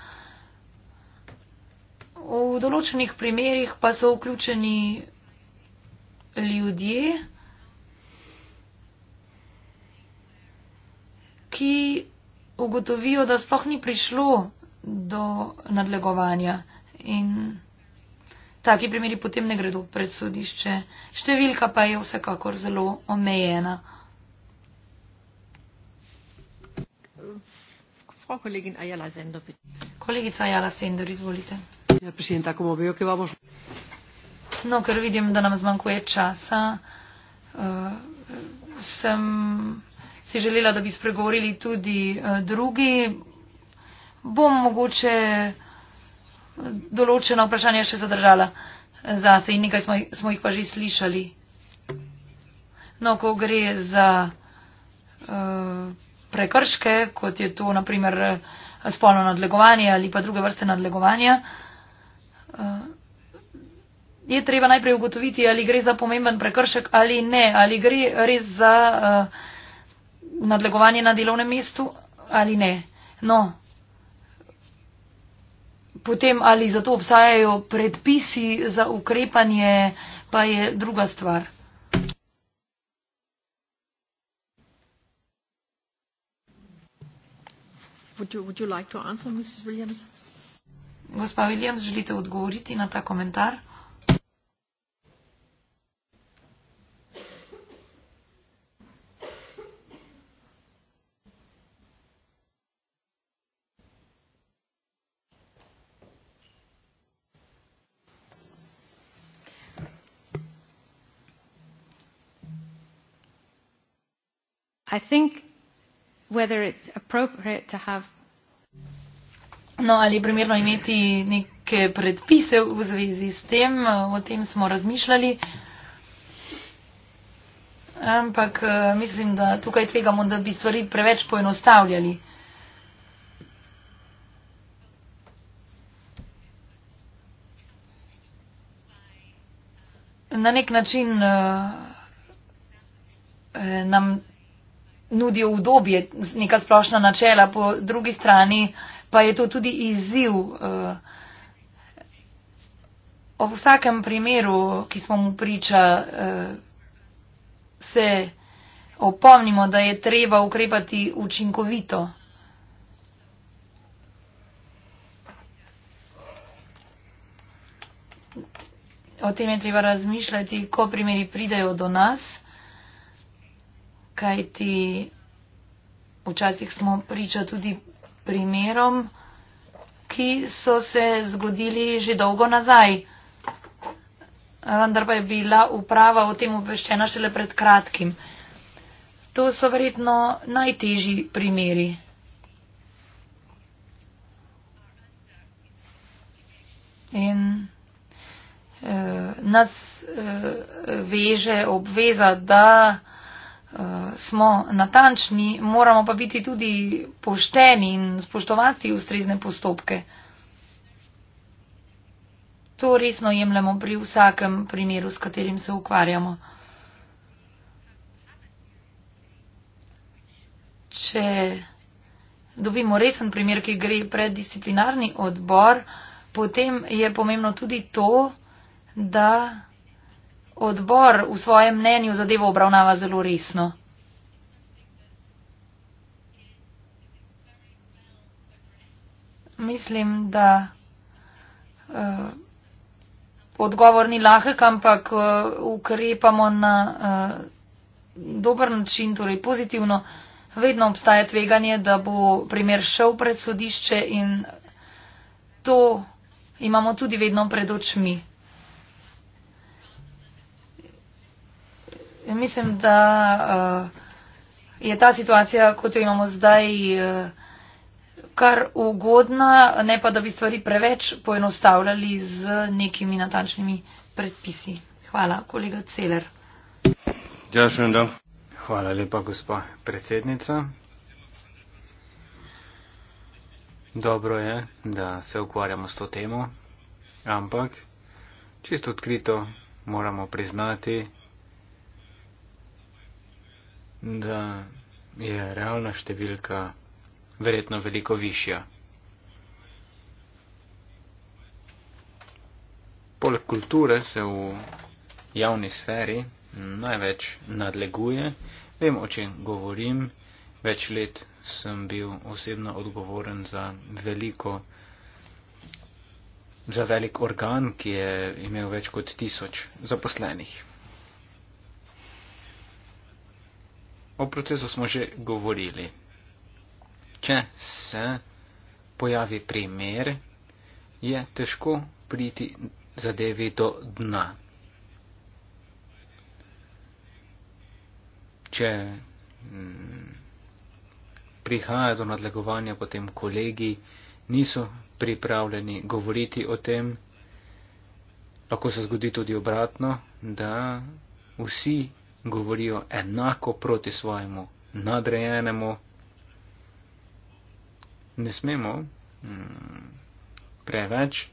V določenih primerjih pa so vključeni ljudje, ki ugotovijo, da sploh ni prišlo do nadlegovanja in taki primeri potem ne gredo pred sodišče. Številka pa je vsekakor zelo omejena. Gospa kolegin Ajala Sendor, bitte. Kolegica Ajala Sendor, izvolite. Ja, presidenta, como veo que vamos... No, ker vidim, da nam zmanjkuje časa, uh, sem si želela, da bi spregovorili tudi uh, drugi. Bom mogoče eh, določena vprašanja še zadržala za se in nekaj smo, smo jih pa že slišali. No, ko gre za uh, prekrške, kot je to naprimer spolno nadlegovanje ali pa druge vrste nadlegovanja, eh, je treba najprej ugotoviti, ali gre za pomemben prekršek ali ne, ali gre res za eh, nadlegovanje na delovnem mestu ali ne. No, potem ali zato obstajajo predpisi za ukrepanje, pa je druga stvar. Would you, would you like to answer, Mrs. Williams? Gospa Williams, želite odgovoriti na ta komentar? I think whether it's appropriate to have No, ali je primerno imeti neke predpise v zvezi s tem, o tem smo razmišljali. Ampak eh, mislim, da tukaj tvegamo, da bi stvari preveč poenostavljali. Na nek način eh, eh, nam nudijo udobje, neka splošna načela, po drugi strani pa je to tudi izziv. Eh, o vsakem primeru, ki smo mu priča, eh, se opomnimo, da je treba ukrepati učinkovito. O tem je treba razmišljati, ko primeri pridejo do nas kaj ti včasih smo priča tudi primerom, ki so se zgodili že dolgo nazaj. Vendar pa je bila uprava o tem obveščena šele pred kratkim. To so verjetno najtežji primeri. In eh, nas eh, veže obveza, da uh, smo natančni, moramo pa biti tudi pošteni in spoštovati ustrezne postopke. To resno jemljemo pri vsakem primeru, s katerim se ukvarjamo. Če dobimo resen primer, ki gre pred disciplinarni odbor, potem je pomembno tudi to, da odbor v svojem mnenju zadevo obravnava zelo resno. Mislim, da uh, odgovor ni lahek, ampak uh, ukrepamo na uh, dober način, torej pozitivno. Vedno obstaja tveganje, da bo primer šel pred sodišče in to imamo tudi vedno pred očmi. mislim, da uh, je ta situacija, kot jo imamo zdaj, uh, kar ugodna, ne pa da bi stvari preveč poenostavljali z nekimi natančnimi predpisi. Hvala, kolega Celer. Ja, Hvala lepa, gospa predsednica. Dobro je, da se ukvarjamo s to temo, ampak čisto odkrito moramo priznati, da je realna številka verjetno veliko višja. Poleg kulture se v javni sferi največ nadleguje. Vem, o čem govorim. Več let sem bil osebno odgovoren za veliko, za velik organ, ki je imel več kot tisoč zaposlenih. O procesu smo že govorili. Če se pojavi primer, je težko priti zadevi do dna. Če mm, prihaja do nadlegovanja, potem kolegi niso pripravljeni govoriti o tem. Lahko se zgodi tudi obratno, da vsi govorijo enako proti svojemu nadrejenemu. Ne smemo mm, preveč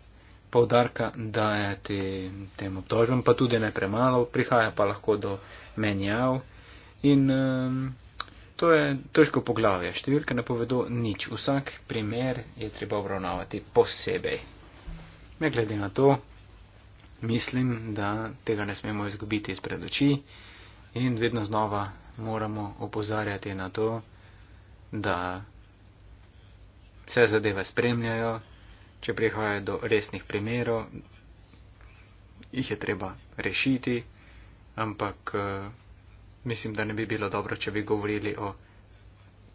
povdarka dajati tem obtožbam, pa tudi ne premalo, prihaja pa lahko do menjav. In mm, to je težko poglavje. Številke ne povedo nič. Vsak primer je treba obravnavati posebej. Ne glede na to, mislim, da tega ne smemo izgubiti iz pred oči. In vedno znova moramo opozarjati na to, da vse zadeve spremljajo, če prihaja do resnih primerov, jih je treba rešiti, ampak eh, mislim, da ne bi bilo dobro, če bi govorili o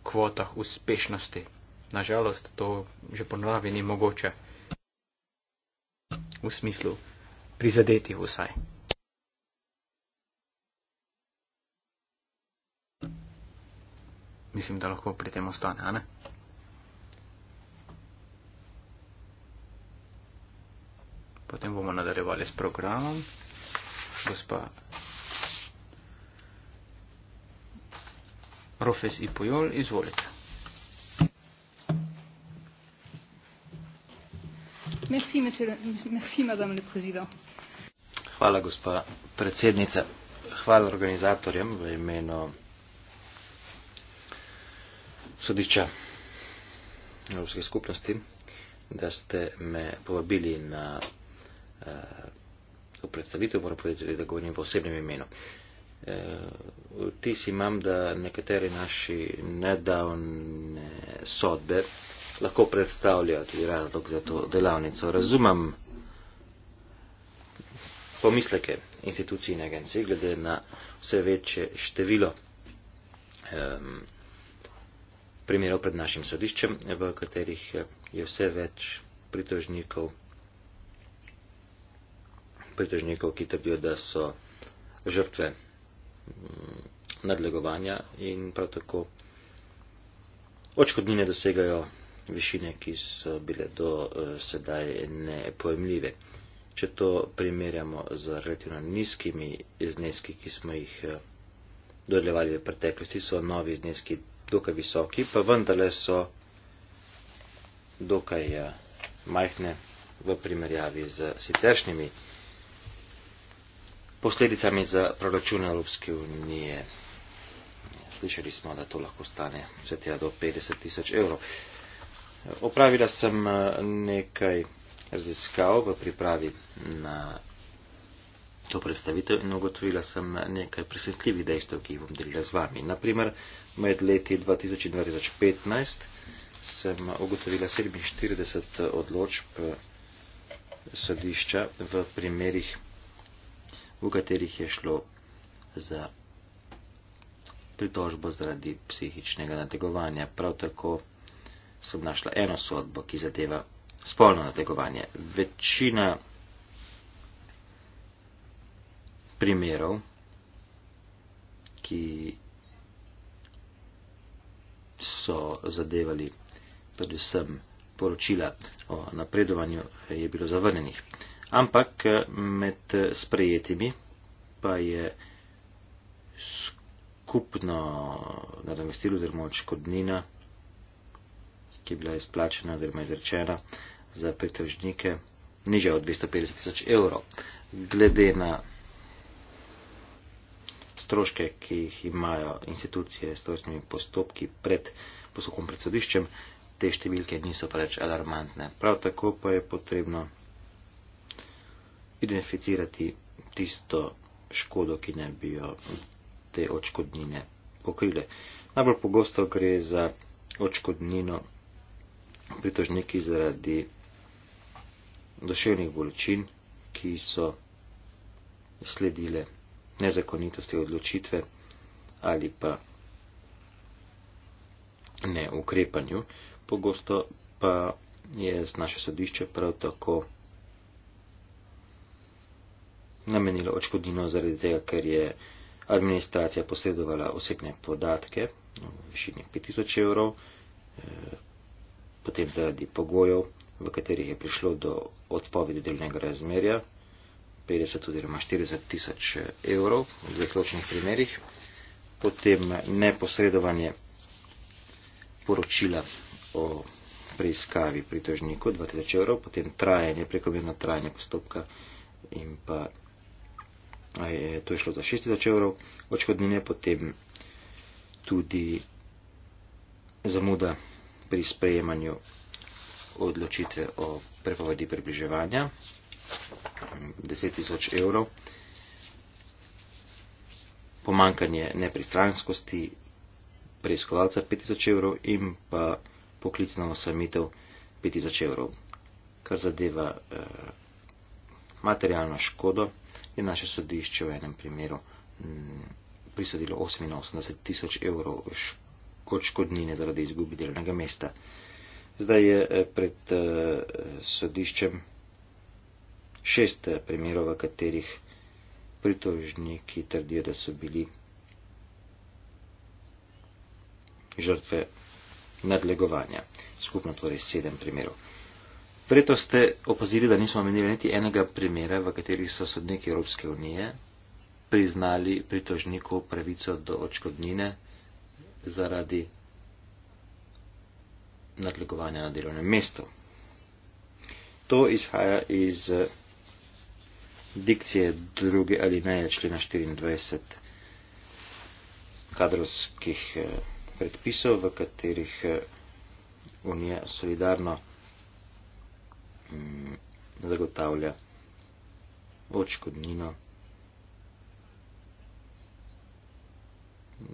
kvotah uspešnosti. Nažalost, to že po naravi ni mogoče v smislu prizadeti vsaj. mislim, da lahko pri tem ostane, a ne? Potem bomo nadaljevali s programom. Gospa Rofes Ipujol, izvolite. Merci, monsieur, merci, madame le président. Hvala, gospa predsednica. Hvala organizatorjem v imenu sodiča Evropske skupnosti, da ste me povabili na uh, predstavitev, moram povedati, da govorim v osebnem imenu. Eh, vtis uh, imam, da nekateri naši nedavne sodbe lahko predstavljajo tudi razlog za to delavnico. Razumem pomisleke institucij in agencij glede na vse večje število. Um, primerov pred našim sodiščem, v katerih je vse več pritožnikov, pritožnikov ki trdijo, da so žrtve mm, nadlegovanja in prav tako očkodnine dosegajo višine, ki so bile do eh, sedaj nepojemljive. Če to primerjamo z relativno nizkimi zneski, ki smo jih eh, dodeljevali v preteklosti, so novi zneski dokaj visoki, pa vendarle so dokaj eh, majhne v primerjavi z siceršnjimi posledicami za proračune Evropske unije. Slišali smo, da to lahko stane vse tja do 50 tisoč evrov. Opravila sem eh, nekaj raziskav v pripravi na to predstavitev in ugotovila sem nekaj presenetljivih dejstev, ki jih bom delila z vami. Naprimer, med leti 2000 in 2015 sem ugotovila 47 odločb sodišča v primerih, v katerih je šlo za pritožbo zaradi psihičnega nategovanja. Prav tako sem našla eno sodbo, ki zadeva spolno nategovanje. Večina primerov, ki so zadevali predvsem poročila o napredovanju, je bilo zavrnenih. Ampak eh, med sprejetimi pa je skupno nadomestilo oziroma odškodnina, ki je bila izplačena oziroma izrečena za pritožnike, nižja od 250 tisoč evrov. Glede na stroške, ki jih imajo institucije s tovrstnimi postopki pred poslokom pred sodiščem, te številke niso preveč alarmantne. Prav tako pa je potrebno identificirati tisto škodo, ki ne bi jo te očkodnine pokrile. Najbolj pogosto gre za očkodnino pritožniki zaradi duševnih bolečin, ki so sledile nezakonitosti odločitve ali pa ne ukrepanju, pogosto pa je z naše sodišče prav tako namenilo očkodino zaradi tega, ker je administracija posredovala osebne podatke v višini 5000 evrov, eh, potem zaradi pogojev, v katerih je prišlo do odpovedi delnega razmerja, 50 oziroma 40 tisoč evrov v dveh ločnih primerih, potem neposredovanje poročila o preiskavi pritožniku 2000 evrov, potem trajanje, prekomerno trajanje postopka in pa je, to je šlo za 6000 evrov, očkodnine potem tudi zamuda pri sprejemanju odločitve o prepovedi približevanja. 10 tisoč evrov, pomankanje nepristranskosti preiskovalca 5 tisoč evrov in pa poklicna osamitev 5 tisoč evrov. Kar zadeva eh, materialno škodo, je naše sodišče v enem primeru mm, prisodilo 88 tisoč evrov kot škodnine zaradi izgubi delovnega mesta. Zdaj je eh, pred eh, sodiščem šest eh, primerov, v katerih pritožniki trdijo, da so bili žrtve nadlegovanja. Skupno torej sedem primerov. Preto ste opazili, da nismo omenili niti enega primera, v katerih so sodniki Evropske unije priznali pritožniku pravico do očkodnine zaradi nadlegovanja na delovnem mestu. To izhaja iz dikcije druge ali neje člena 24 kadrovskih eh, predpisov, v katerih eh, Unija solidarno mm, zagotavlja očkodnino mm,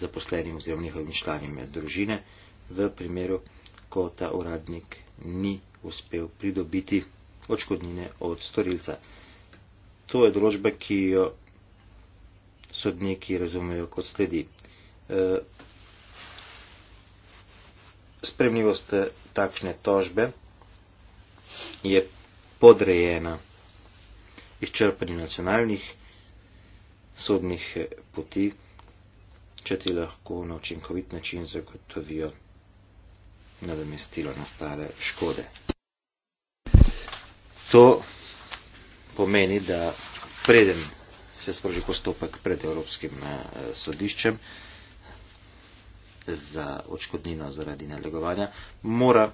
zaposlenim oziroma njihovim članim družine v primeru, ko ta uradnik ni uspel pridobiti očkodnine od storilca. To je določba, ki jo sodniki razumejo kot sledi. E, spremljivost takšne tožbe je podrejena izčrpanju nacionalnih sodnih poti, če ti lahko na učinkovit način zagotovijo nadomestilo nastale škode. To pomeni, da preden se sproži postopek pred Evropskim eh, sodiščem za očkodnino zaradi nalegovanja, mora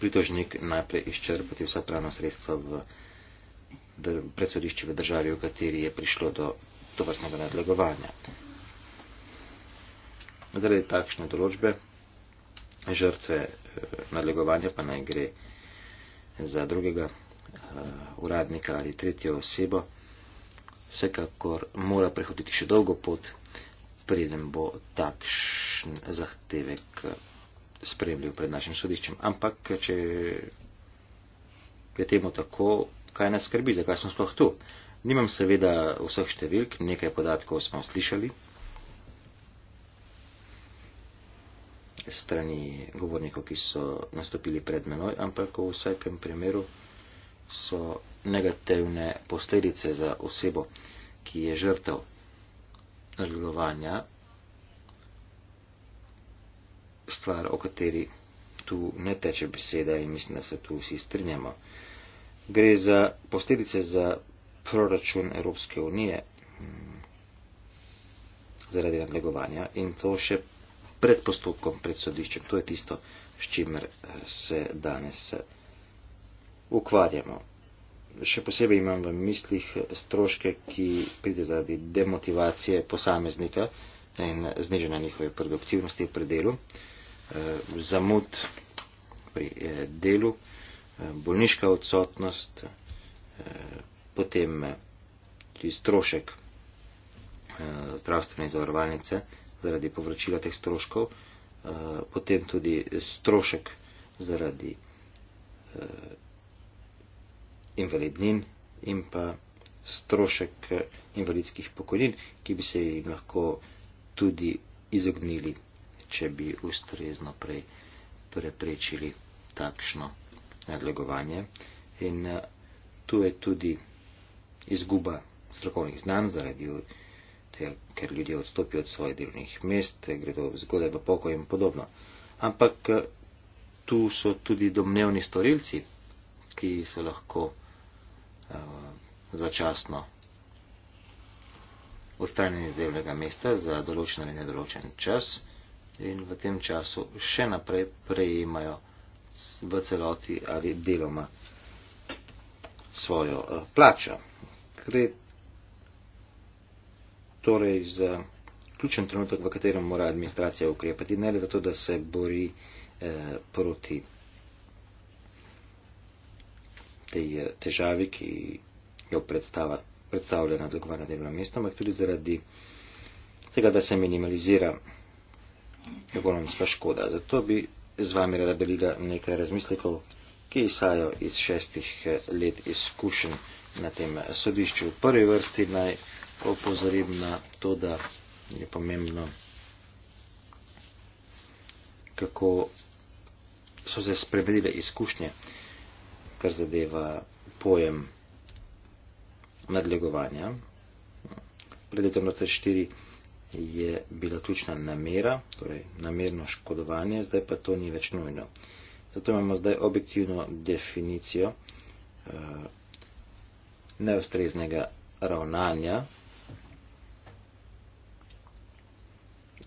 pritožnik najprej izčrpati vsa pravna sredstva v predsodišči v državi, v kateri je prišlo do tovrstnega nadlegovanja. Zaradi takšne določbe žrtve eh, nadlegovanja pa naj gre za drugega uh, uradnika ali tretjo osebo. Vsekakor mora prehoditi še dolgo pot, preden bo takšen zahtevek eh, spremljal pred našim sodiščem. Ampak, če je temu tako, kaj nas skrbi, zakaj smo sploh tu? Nimam seveda vseh številk, nekaj podatkov smo slišali. strani govornikov, ki so nastopili pred menoj, ampak v vsakem primeru so negativne posledice za osebo, ki je žrtev žalovanja, stvar, o kateri tu ne teče beseda in mislim, da se tu vsi strinjamo. Gre za posledice za proračun Evropske unije mm, zaradi nadlegovanja in to še pred postopkom, pred sodiščem. To je tisto, s čimer eh, se danes eh, ukvarjamo. Še posebej imam v mislih eh, stroške, ki pride zaradi demotivacije posameznika in znižena njihove produktivnosti pri delu, zamud pri delu, bolniška odsotnost, potem tudi strošek zdravstvene zavarovalnice, zaradi povračila teh stroškov, eh, potem tudi strošek zaradi eh, invalidnin in pa strošek eh, invalidskih pokojnin, ki bi se jih lahko tudi izognili, če bi ustrezno prej preprečili takšno nadlegovanje. In tu je tudi izguba strokovnih znanj zaradi odločitev, ker ljudje odstopijo od svojih delovnih mest, gredo zgodaj v pokoj in podobno. Ampak eh, tu so tudi domnevni storilci, ki se lahko uh, začasno odstranijo iz delovnega mesta za določen ali nedoločen čas in v tem času še naprej prejemajo v celoti ali deloma svojo uh, plačo. Kret torej za ključen trenutek, v katerem mora administracija ukrepati, ne le zato, da se bori eh, proti tej eh, težavi, ki jo predstava, predstavlja nadlegovana delovna mesta, ampak tudi zaradi tega, da se minimalizira ekonomska škoda. Zato bi z vami rada delila nekaj razmislekov, ki izhajajo iz šestih eh, let izkušenj na tem eh, sodišču. V prvi vrsti naj opozorim na to, da je pomembno, kako so se spremenile izkušnje, kar zadeva pojem nadlegovanja. Pred letom 2004 je bila ključna namera, torej namerno škodovanje, zdaj pa to ni več nujno. Zato imamo zdaj objektivno definicijo eh, neustreznega ravnanja,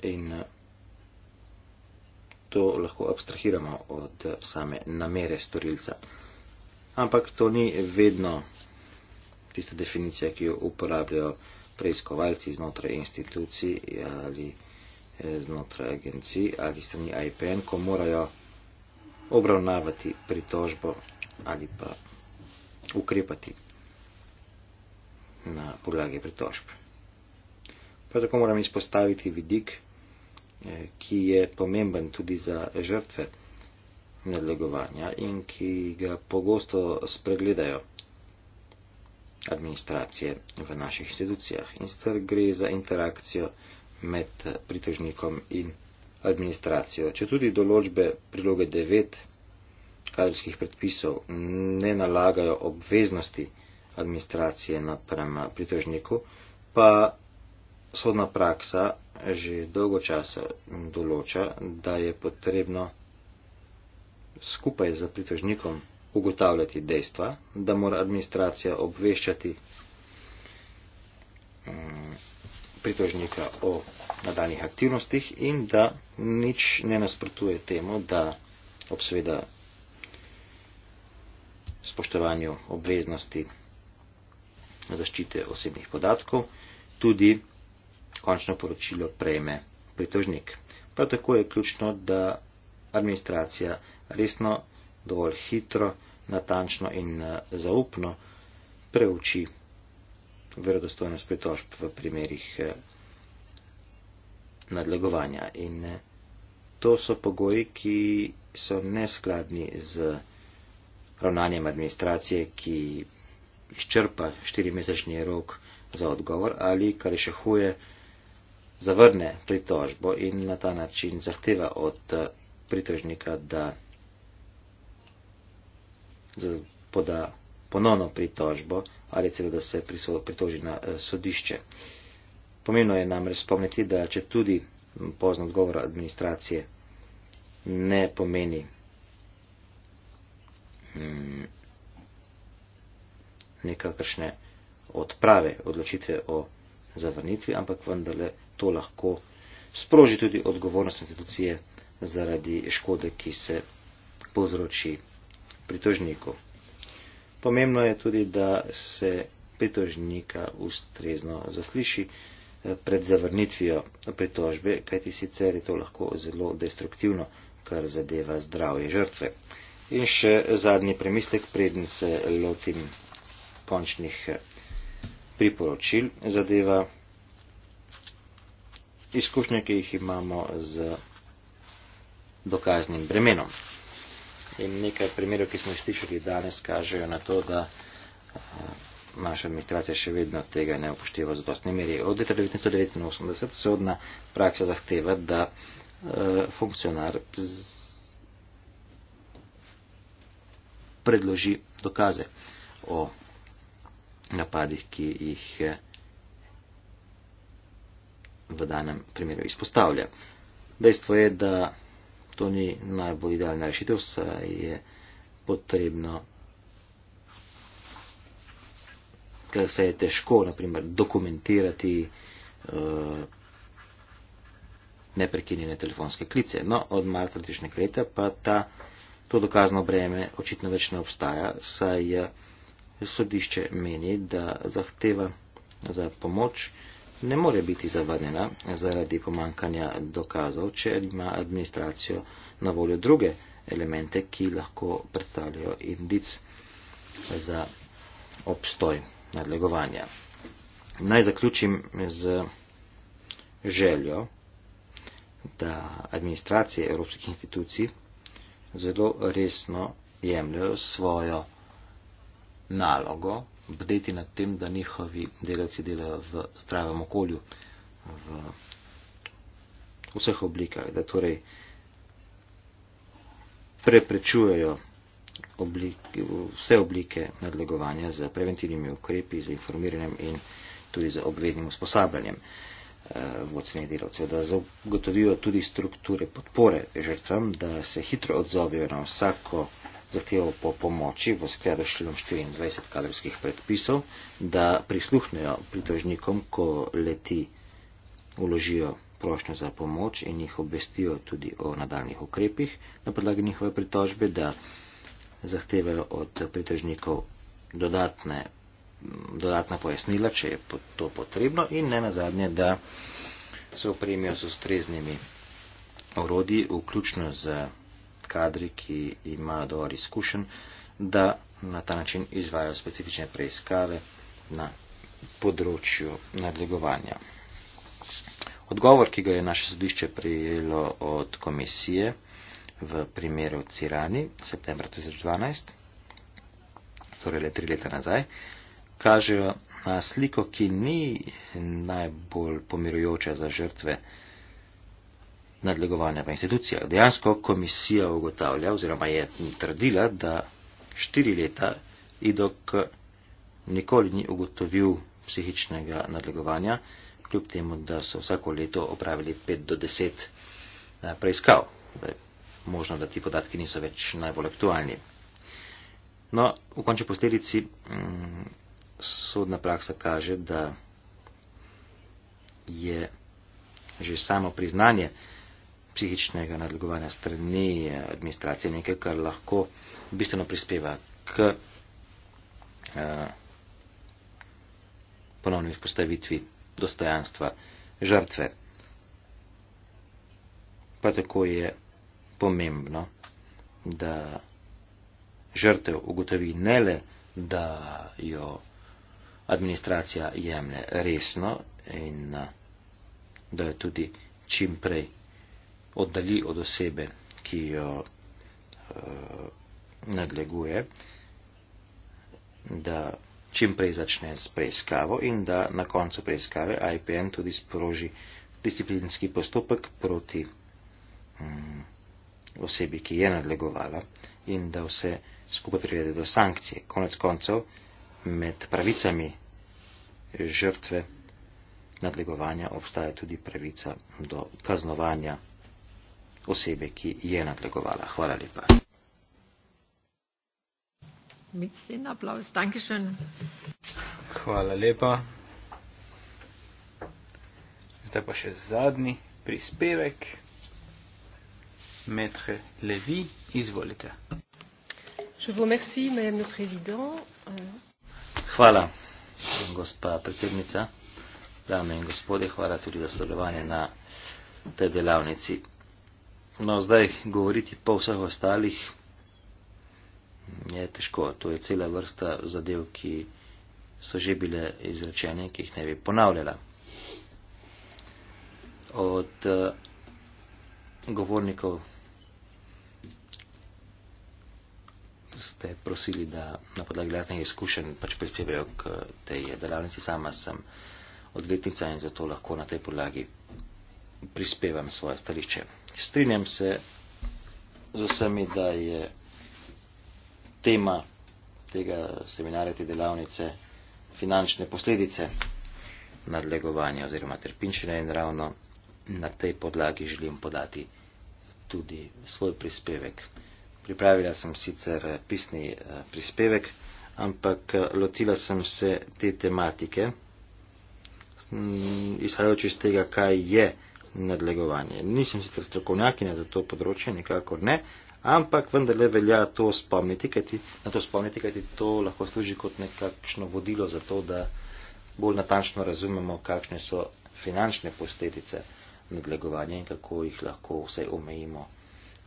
in eh, to lahko abstrahiramo od same namere storilca. Ampak to ni vedno tista definicija, ki jo uporabljajo preiskovalci znotraj institucij ali eh, znotraj agencij ali strani IPN, ko morajo obravnavati pritožbo ali pa ukrepati na podlagi pritožb. Prav tako moram izpostaviti vidik, Eh, ki je pomemben tudi za žrtve nadlegovanja in ki ga pogosto spregledajo administracije v naših institucijah. In sicer gre za interakcijo med pritožnikom in administracijo. Če tudi določbe priloge 9 kadrovskih predpisov ne nalagajo obveznosti administracije napram pritožniku, pa sodna praksa že dolgo časa določa, da je potrebno skupaj z pritožnikom ugotavljati dejstva, da mora administracija obveščati mm, pritožnika o nadaljnih aktivnostih in da nič ne nasprotuje temu, da ob sveda spoštovanju obveznosti zaščite osebnih podatkov, tudi končno poročilo prejme pritožnik. Prav tako je ključno, da administracija resno, dovolj hitro, natančno in eh, zaupno preuči verodostojnost pritožb v primerih eh, nadlegovanja. In eh, to so pogoji, ki so neskladni z ravnanjem administracije, ki izčrpa štirimesečni rok za odgovor ali, kar je še huje, zavrne pritožbo in na ta način zahteva od eh, pritožnika, da poda ponovno pritožbo ali celo da se pritoži na eh, sodišče. Pomembno je namreč spomniti, da če tudi pozno odgovor administracije ne pomeni hmm, nekakršne odprave odločitve o zavrnitvi, ampak vendarle to lahko sproži tudi odgovornost institucije zaradi škode, ki se povzroči pritožniku. Pomembno je tudi, da se pritožnika ustrezno zasliši eh, pred zavrnitvijo pritožbe, kajti sicer je to lahko zelo destruktivno, kar zadeva zdravje žrtve. In še zadnji premislek, preden se lotim končnih eh, priporočil zadeva izkušnje, ki jih imamo z dokaznim bremenom. In nekaj primerov, ki smo jih slišali danes, kažejo na to, da eh, naša administracija še vedno tega ne upošteva za dostne meri. Od leta 1989 sodna praksa zahteva, da uh, funkcionar z... predloži dokaze o napadih, ki jih eh, v danem primeru izpostavlja. Dejstvo je, da to ni najbolj idealna rešitev, saj je potrebno, ker se je težko, naprimer, dokumentirati uh, neprekinjene telefonske klice. No, od marca letošnjega leta pa ta, to dokazno breme očitno več ne obstaja, saj je uh, sodišče meni, da zahteva za pomoč ne more biti zavrnjena zaradi pomankanja dokazov, če ima administracijo na voljo druge elemente, ki lahko predstavljajo indic za obstoj nadlegovanja. Naj zaključim z željo, da administracije evropskih institucij zelo resno jemljajo svojo nalogo bdeti nad tem, da njihovi delavci delajo v zdravem okolju, v vseh oblikah, da torej preprečujejo oblik, vse oblike nadlegovanja z preventivnimi ukrepi, z informiranjem in tudi z obveznim usposabljanjem eh, vodstvenih delavcev, da zagotovijo tudi strukture podpore žrtvam, da se hitro odzovejo na vsako zahtevo po pomoči v skladu s številom 24 kadrovskih predpisov, da prisluhnejo pritožnikom, ko leti uložijo prošnjo za pomoč in jih obvestijo tudi o nadaljnih ukrepih na podlagi njihove pritožbe, da zahtevajo od pritožnikov dodatne, dodatna pojasnila, če je to potrebno in ne nazadnje, da se opremijo z ustreznimi orodji, vključno z kadri, ki imajo dovolj izkušen, da na ta način izvajo specifične preiskave na področju nadlegovanja. Odgovor, ki ga je naše sodišče prijelo od komisije v primeru Cirani septembra 2012, torej le tri leta nazaj, kažejo na sliko, ki ni najbolj pomirujoča za žrtve nadlegovanja v institucijah. Dejansko komisija ugotavlja oziroma je trdila, da štiri leta Idok nikoli ni ugotovil psihičnega nadlegovanja, kljub temu, da so vsako leto opravili 5 do 10 eh, preiskav. Možno, da ti podatki niso več najbolj aktualni. No, v končni posledici mm, sodna praksa kaže, da je že samo priznanje, psihičnega nadlegovanja strani eh, administracije, nekaj, kar lahko bistveno prispeva k eh, ponovni vzpostavitvi dostojanstva žrtve. Pa tako je pomembno, da žrtev ugotovi ne le, da jo administracija jemne resno in eh, da jo tudi čim prej oddalji od osebe, ki jo uh, nadleguje, da čim prej začne s preiskavo in da na koncu preiskave IPN tudi sproži disciplinski postopek proti um, osebi, ki je nadlegovala in da vse skupaj privede do sankcije. Konec koncev med pravicami žrtve nadlegovanja obstaja tudi pravica do kaznovanja osebe, ki je nadlegovala. Hvala lepa. Hvala lepa. Zdaj pa še zadnji prispevek. Maître Levy, izvolite. Hvala, gospa predsednica, dame in gospode, hvala tudi za sodelovanje na tej delavnici. No, zdaj govoriti pa o vseh ostalih je težko. To je cela vrsta zadev, ki so že bile izrečene, ki jih ne bi ponavljala. Od uh, govornikov ste prosili, da na podlagi lastnih izkušenj pač prispevajo k tej delavnici. Sama sem odvetnica in zato lahko na tej podlagi prispevam svoje stališče. Strinjam se z vsemi, da je tema tega seminarja, te delavnice, finančne posledice nadlegovanja oziroma trpinčenja in ravno na tej podlagi želim podati tudi svoj prispevek. Pripravila sem sicer eh, pisni eh, prispevek, ampak eh, lotila sem se te tematike, mm, izhajajoč iz tega, kaj je nadlegovanje. Nisem sicer strokovnjakinja za to področje, nikakor ne, ampak vendarle velja to spomniti, ti, na to spomniti, kajti to lahko služi kot nekakšno vodilo za to, da bolj natančno razumemo, kakšne so finančne posledice nadlegovanja in kako jih lahko vse omejimo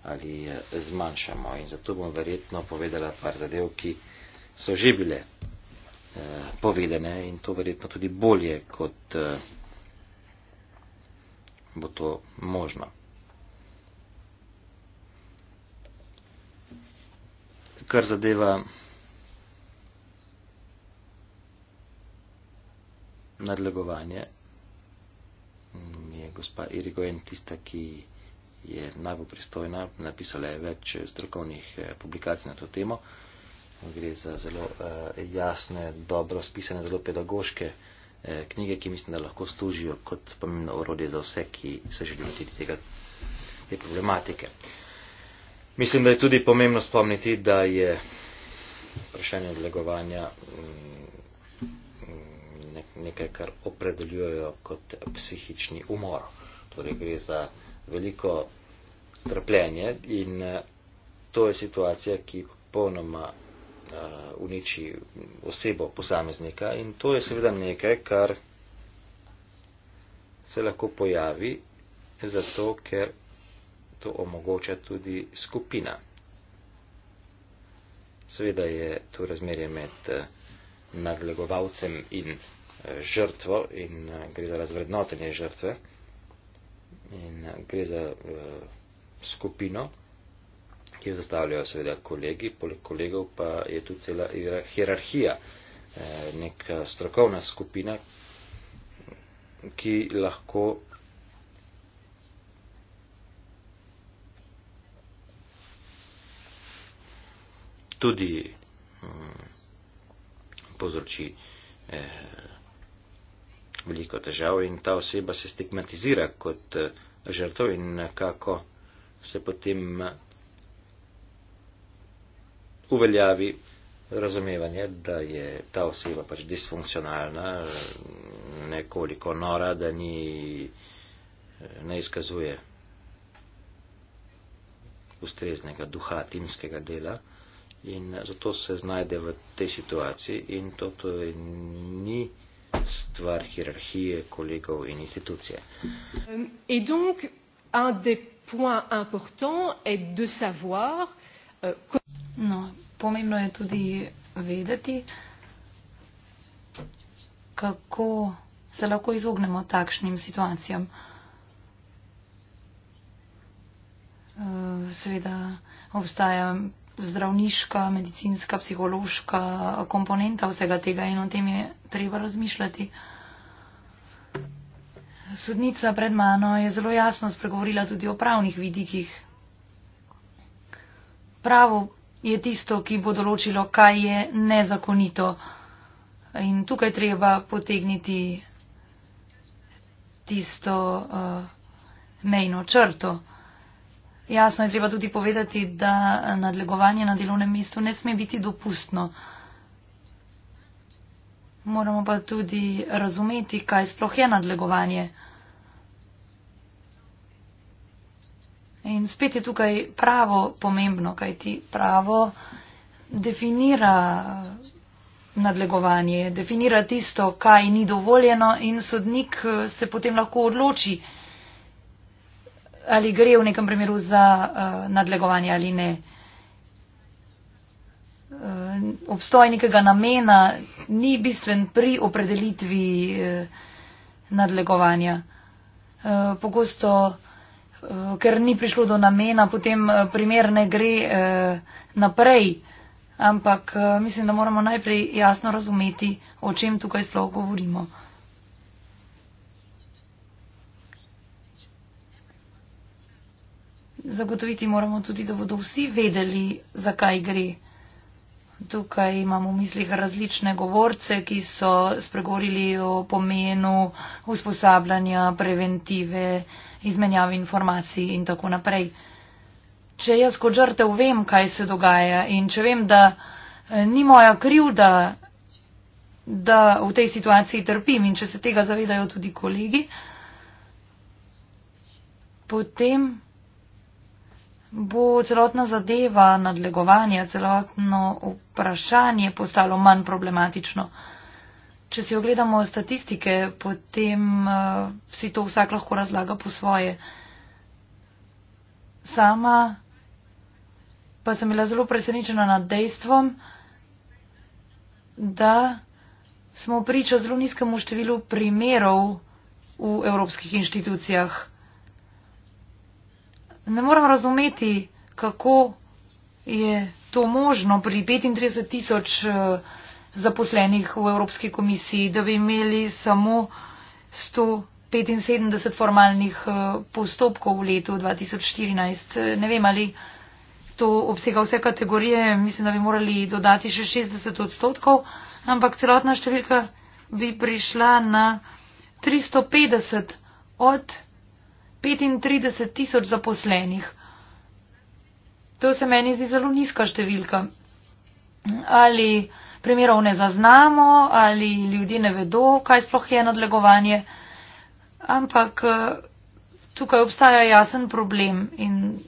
ali eh, zmanjšamo. In zato bom verjetno povedala par zadev, ki so že bile eh, povedene in to verjetno tudi bolje kot. Eh, bo to možno. Kar zadeva nadlegovanje, je gospa Irigoen tista, ki je najbolj pristojna, napisala je več strokovnih eh, publikacij na to temo. Gre za zelo eh, jasne, dobro spisane, zelo pedagoške. Eh, knjige, ki mislim, da lahko služijo kot pomembno orodje za vse, ki se želijo tudi tega, te problematike. Mislim, da je tudi pomembno spomniti, da je vprašanje odlegovanja mm, mm, nekaj, kar opredeljujejo kot psihični umor. Torej gre za veliko trpljenje in eh, to je situacija, ki popolnoma Eh, uniči osebo posameznika in to je seveda nekaj, kar se lahko pojavi, zato ker to omogoča tudi skupina. Seveda je to razmerje med eh, nadlegovalcem in eh, žrtvo in gre za razvrednotenje žrtve in gre za skupino ki jo zastavljajo seveda kolegi, poleg kolegov pa je tu cela hierarhija, eh, neka strokovna skupina, ki lahko tudi mm, povzroči eh, veliko težav in ta oseba se stigmatizira kot eh, žrtov in kako se potem uveljavi razumevanje, da je ta oseba pač disfunkcionalna, nekoliko nora, da ni, ne izkazuje ustreznega duha timskega dela in zato se znajde v tej situaciji in to torej ni stvar hierarhije kolegov in institucije. In um, donc, un des points importants est de savoir euh, No, pomembno je tudi vedeti, kako se lahko izognemo takšnim situacijam. Eh, seveda obstaja zdravniška, medicinska, psihološka komponenta vsega tega in o tem je treba razmišljati. Sodnica pred mano je zelo jasno spregovorila tudi o pravnih vidikih. Pravo je tisto, ki bo določilo, kaj je nezakonito. In tukaj treba potegniti tisto uh, mejno črto. Jasno je treba tudi povedati, da nadlegovanje na delovnem mestu ne sme biti dopustno. Moramo pa tudi razumeti, kaj sploh je nadlegovanje. In spet je tukaj pravo pomembno, kaj ti pravo definira nadlegovanje, definira tisto, kaj ni dovoljeno in sodnik eh, se potem lahko odloči, ali gre v nekem primeru za uh, nadlegovanje ali ne. Eh, obstoj nekega namena ni bistven pri opredelitvi nadlegovanja. Pogosto Eh, ker ni prišlo do namena, potem eh, primer ne gre eh, naprej. Ampak mislim, da moramo najprej jasno razumeti, o čem tukaj sploh govorimo. Zagotoviti moramo tudi, da bodo vsi vedeli, zakaj gre. Tukaj imamo v mislih različne govorce, ki so spregovorili o pomenu usposabljanja, preventive, izmenjave informacij in tako naprej. Če jaz kot žrtev vem, kaj se dogaja in če vem, da eh, ni moja krivda, da v tej situaciji trpim in če se tega zavedajo tudi kolegi, potem bo celotna zadeva nadlegovanja, celotno vprašanje postalo manj problematično. Če si ogledamo statistike, potem uh, si to vsak lahko razlaga po svoje. Sama pa sem bila zelo presenečena nad dejstvom, da smo priča zelo nizkemu številu primerov v evropskih inštitucijah ne moram razumeti, kako je to možno pri 35 tisoč eh, zaposlenih v Evropski komisiji, da bi imeli samo 175 formalnih eh, postopkov v letu 2014. Ne vem, ali to obsega vse kategorije, mislim, da bi morali dodati še 60 odstotkov, ampak celotna številka bi prišla na 350 od 35 tisoč zaposlenih. To se meni zdi zelo nizka številka. Ali primerov ne zaznamo, ali ljudje ne vedo, kaj sploh je nadlegovanje, ampak eh, tukaj obstaja jasen problem in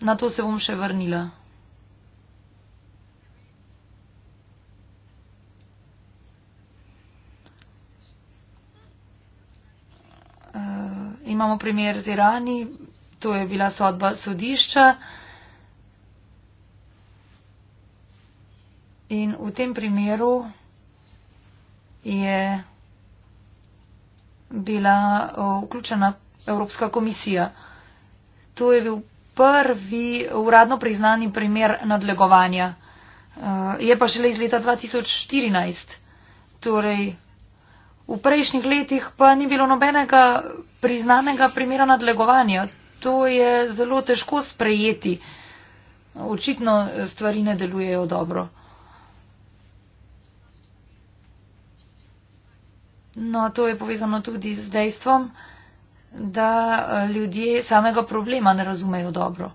na to se bom še vrnila. Imamo primer z Irani, to je bila sodba sodišča. In v tem primeru je bila vključena Evropska komisija. To je bil prvi uradno priznani primer nadlegovanja. E, je pa šele iz leta 2014. Torej, V prejšnjih letih pa ni bilo nobenega priznanega primera nadlegovanja. To je zelo težko sprejeti. Očitno stvari ne delujejo dobro. No, to je povezano tudi z dejstvom, da eh, ljudje samega problema ne razumejo dobro.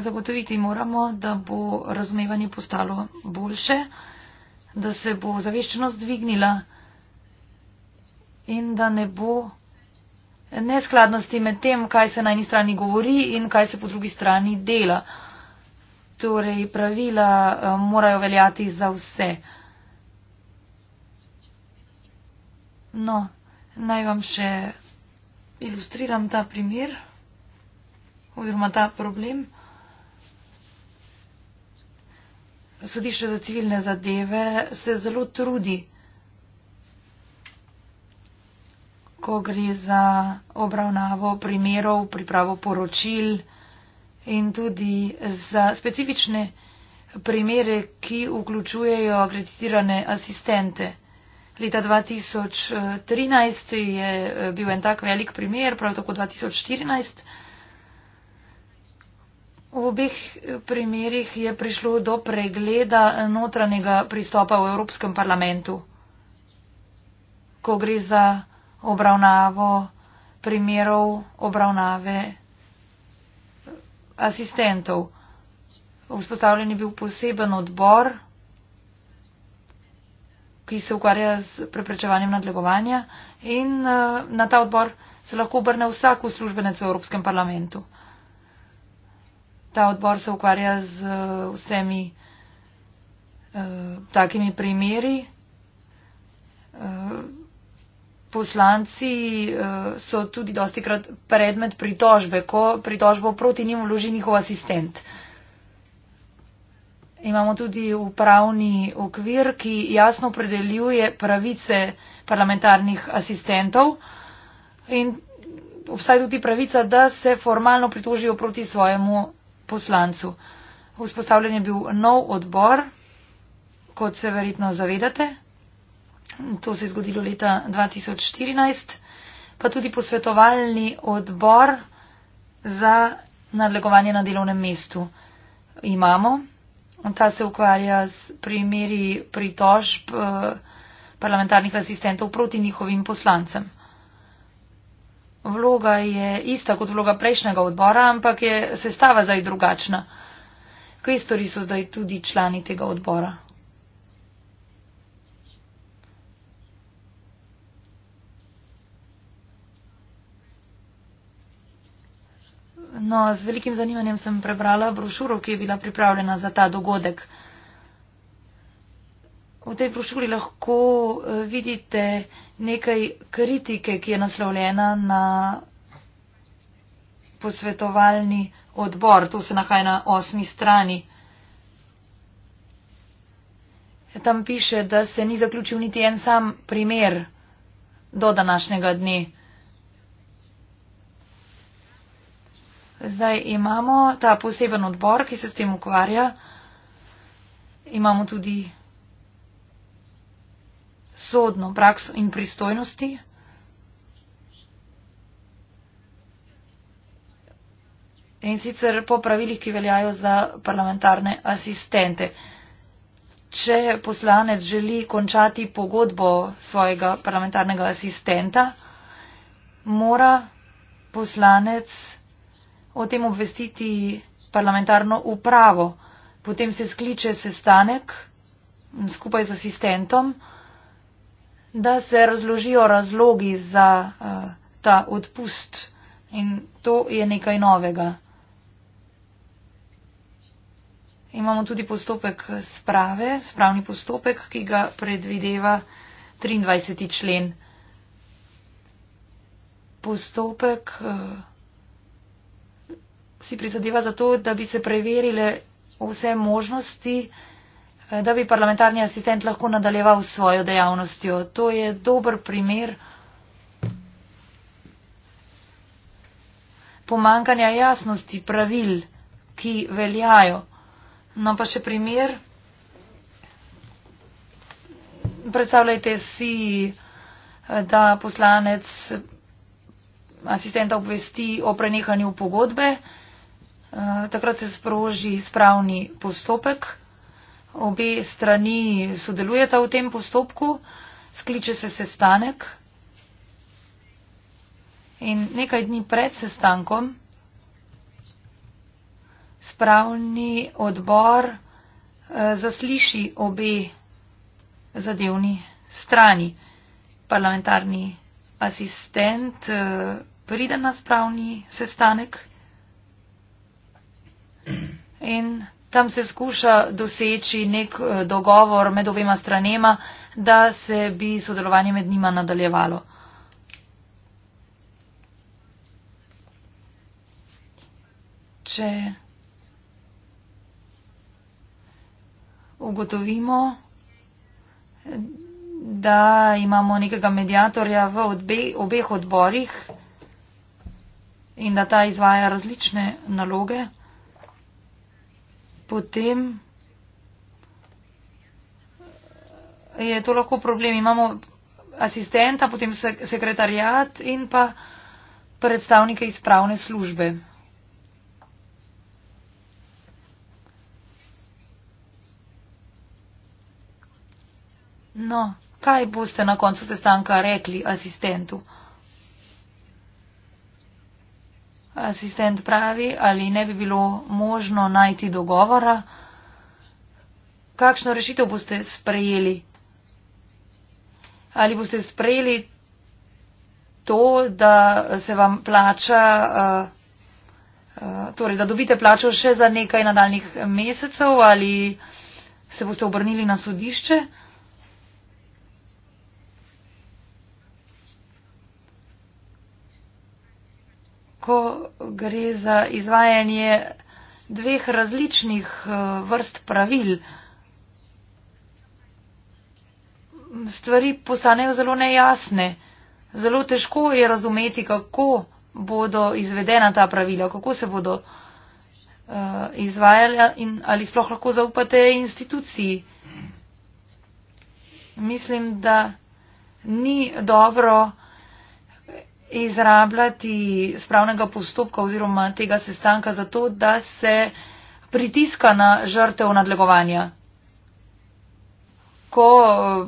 Zagotoviti moramo, da bo razumevanje postalo boljše, da se bo zaveščenost dvignila in da ne bo neskladnosti med tem, kaj se na eni strani govori in kaj se po drugi strani dela. Torej, pravila eh, morajo veljati za vse. No, naj vam še ilustriram ta primer oziroma ta problem. sodišče za civilne zadeve se zelo trudi, ko gre za obravnavo primerov, pripravo poročil in tudi za specifične primere, ki vključujejo akreditirane asistente. Leta 2013 je eh, bil en tak velik primer, prav tako 2014. V obih eh, primerjih je prišlo do pregleda notranjega pristopa v Evropskem parlamentu, ko gre za obravnavo primerov obravnave eh, asistentov. Vzpostavljen je bil poseben odbor, ki se ukvarja z preprečevanjem nadlegovanja in eh, na ta odbor se lahko obrne vsak uslužbenec v Evropskem parlamentu ta odbor se ukvarja z eh, vsemi uh, takimi primeri. Uh, poslanci uh, so tudi dosti krat predmet pritožbe, ko pritožbo proti njim vloži njihov asistent. Imamo tudi upravni okvir, ki jasno opredeljuje pravice parlamentarnih asistentov in obstaja tudi pravica, da se formalno pritožijo proti svojemu poslancu. Vzpostavljen je bil nov odbor, kot se verjetno zavedate. To se je zgodilo leta 2014, pa tudi posvetovalni odbor za nadlegovanje na delovnem mestu imamo. Ta se ukvarja z primeri pritožb eh, parlamentarnih asistentov proti njihovim poslancem. Vloga je ista kot vloga prejšnjega odbora, ampak je sestava zdaj drugačna. Kvestori so zdaj tudi člani tega odbora. No, z velikim zanimanjem sem prebrala brošuro, ki je bila pripravljena za ta dogodek. V tej brošuri lahko eh, vidite nekaj kritike, ki je naslovljena na posvetovalni odbor. To se nahaja na osmi strani. Tam piše, da se ni zaključil niti en sam primer do današnjega dne. Zdaj imamo ta poseben odbor, ki se s tem ukvarja. Imamo tudi sodno prakso in pristojnosti. In sicer po pravilih, ki veljajo za parlamentarne asistente. Če poslanec želi končati pogodbo svojega parlamentarnega asistenta, mora poslanec o tem obvestiti parlamentarno upravo. Potem se skliče sestanek skupaj z asistentom da se razložijo razlogi za uh, ta odpust. In to je nekaj novega. Imamo tudi postopek sprave, spravni postopek, ki ga predvideva 23. člen. Postopek uh, si prizadeva za to, da bi se preverile vse možnosti, uh, da bi parlamentarni asistent lahko nadaljeval s svojo dejavnostjo. To je dober primer pomankanja jasnosti pravil, ki veljajo. No pa še primer. Predstavljajte si, da poslanec asistenta obvesti o prenehanju pogodbe, eh, takrat se sproži spravni postopek obe strani sodelujeta v tem postopku, skliče se sestanek in nekaj dni pred sestankom spravni odbor eh, zasliši obe zadevni strani. Parlamentarni asistent eh, pride na spravni sestanek in tam se skuša doseči nek eh, dogovor med obema stranema, da se bi sodelovanje med njima nadaljevalo. Če ugotovimo, da imamo nekega medijatorja v odbe, obeh odborih in da ta izvaja različne naloge, potem je to lahko problem. Imamo asistenta, potem sekretarjat in pa predstavnike izpravne službe. No, kaj boste na koncu sestanka rekli asistentu? Asistent pravi, ali ne bi bilo možno najti dogovora. Kakšno rešitev boste sprejeli? Ali boste sprejeli to, da se vam plača, eh, eh, torej da dobite plačo še za nekaj nadaljnih mesecev ali se boste obrnili na sodišče? ko gre za izvajanje dveh različnih eh, vrst pravil, stvari postanejo zelo nejasne. Zelo težko je razumeti, kako bodo izvedena ta pravila, kako se bodo eh, izvajala in ali sploh lahko zaupate instituciji. Mislim, da ni dobro, izrabljati spravnega postopka oziroma tega sestanka za to, da se pritiska na žrtev nadlegovanja. Ko eh,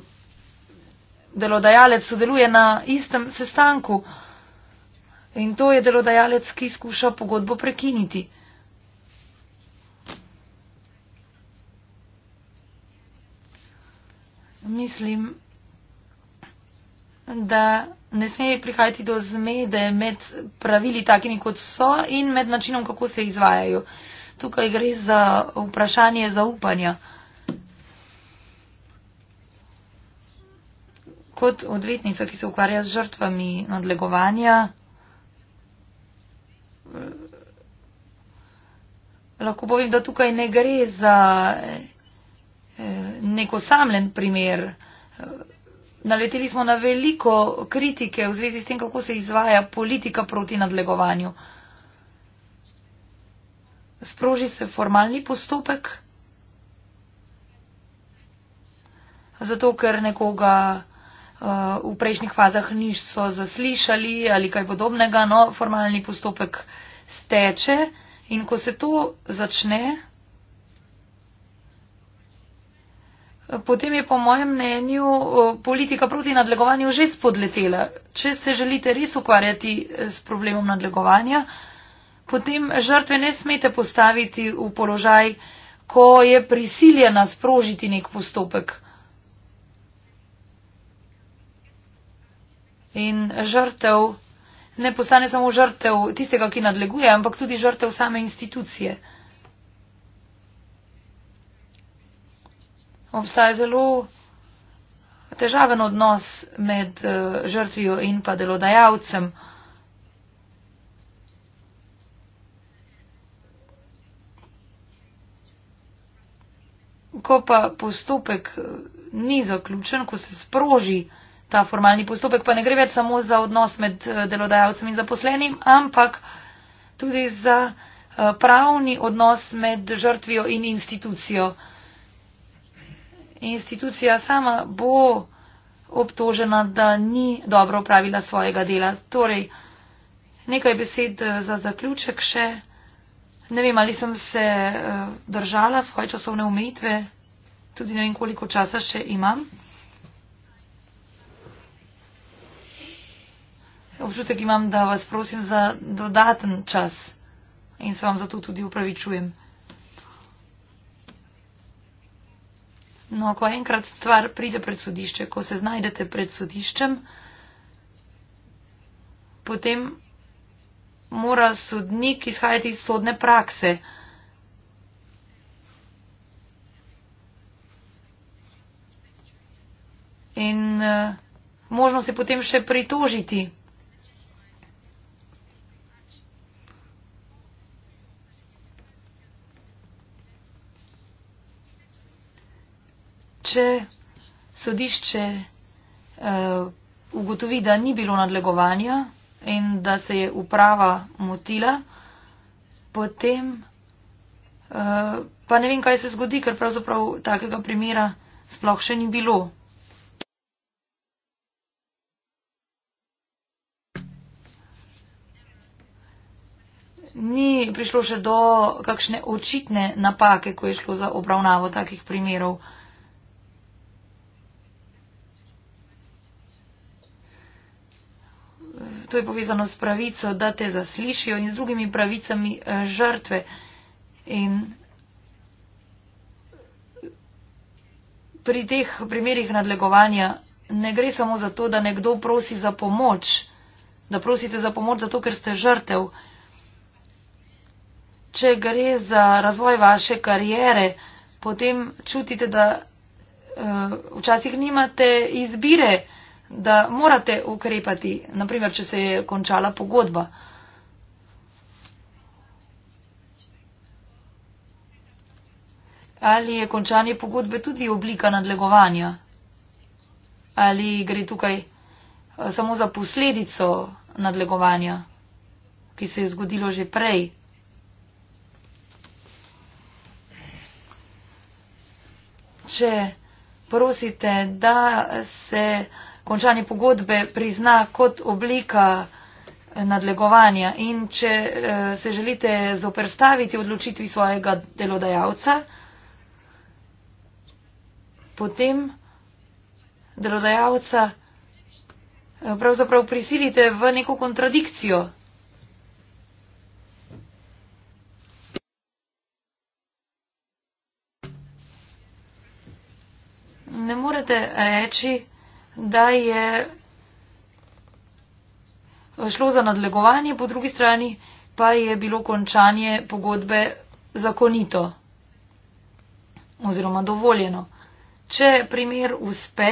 delodajalec sodeluje na istem sestanku in to je delodajalec, ki skuša pogodbo prekiniti. Mislim, da ne sme prihajati do zmede med pravili takimi, kot so in med načinom, kako se izvajajo. Tukaj gre za vprašanje zaupanja. Kot odvetnica, ki se ukvarja z žrtvami nadlegovanja, lahko povem, da tukaj ne gre za eh, nek osamljen primer naleteli smo na veliko kritike v zvezi s tem, kako se izvaja politika proti nadlegovanju. Sproži se formalni postopek, zato ker nekoga uh, v prejšnjih fazah niso zaslišali ali kaj podobnega, no formalni postopek steče in ko se to začne, potem je po mojem mnenju e, politika proti nadlegovanju že spodletela. Če se želite res ukvarjati e, s problemom nadlegovanja, potem žrtve ne smete postaviti v položaj, ko je prisiljena sprožiti nek postopek. In žrtev ne postane samo žrtev tistega, ki nadleguje, ampak tudi žrtev same institucije. obstaja zelo težaven odnos med eh, žrtvijo in pa delodajalcem. Ko pa postopek eh, ni zaključen, ko se sproži ta formalni postopek, pa ne gre več samo za odnos med eh, delodajalcem in zaposlenim, ampak tudi za pravni odnos med žrtvijo in institucijo institucija sama bo obtožena, da ni dobro upravila svojega dela. Torej, nekaj besed eh, za zaključek še. Ne vem, ali sem se eh, držala svoje časovne omejitve, tudi ne vem, koliko časa še imam. Občutek imam, da vas prosim za dodaten čas in se vam zato tudi upravičujem. No, ko enkrat stvar pride pred sodišče, ko se znajdete pred sodiščem, potem mora sodnik izhajati iz sodne prakse. In uh, eh, možno se potem še pritožiti. če sodišče uh, ugotovi, da ni bilo nadlegovanja in da se je uprava motila, potem uh, pa ne vem, kaj se zgodi, ker pravzaprav takega primera sploh še ni bilo. Ni prišlo še do kakšne očitne napake, ko je šlo za obravnavo takih primerov. to je povezano s pravico, da te zaslišijo in z drugimi pravicami eh, žrtve. In pri teh primerjih nadlegovanja ne gre samo za to, da nekdo prosi za pomoč, da prosite za pomoč zato, ker ste žrtev. Če gre za razvoj vaše karijere, potem čutite, da uh, včasih nimate izbire da morate ukrepati, naprimer, če se je končala pogodba. Ali je končanje pogodbe tudi oblika nadlegovanja? Ali gre tukaj eh, samo za posledico nadlegovanja, ki se je zgodilo že prej? Če prosite, da se končanje pogodbe prizna kot oblika nadlegovanja in če eh, se želite zoperstaviti odločitvi svojega delodajalca, potem delodajalca eh, pravzaprav prisilite v neko kontradikcijo. Ne morete reči, da je šlo za nadlegovanje, po drugi strani pa je bilo končanje pogodbe zakonito oziroma dovoljeno. Če primer uspe,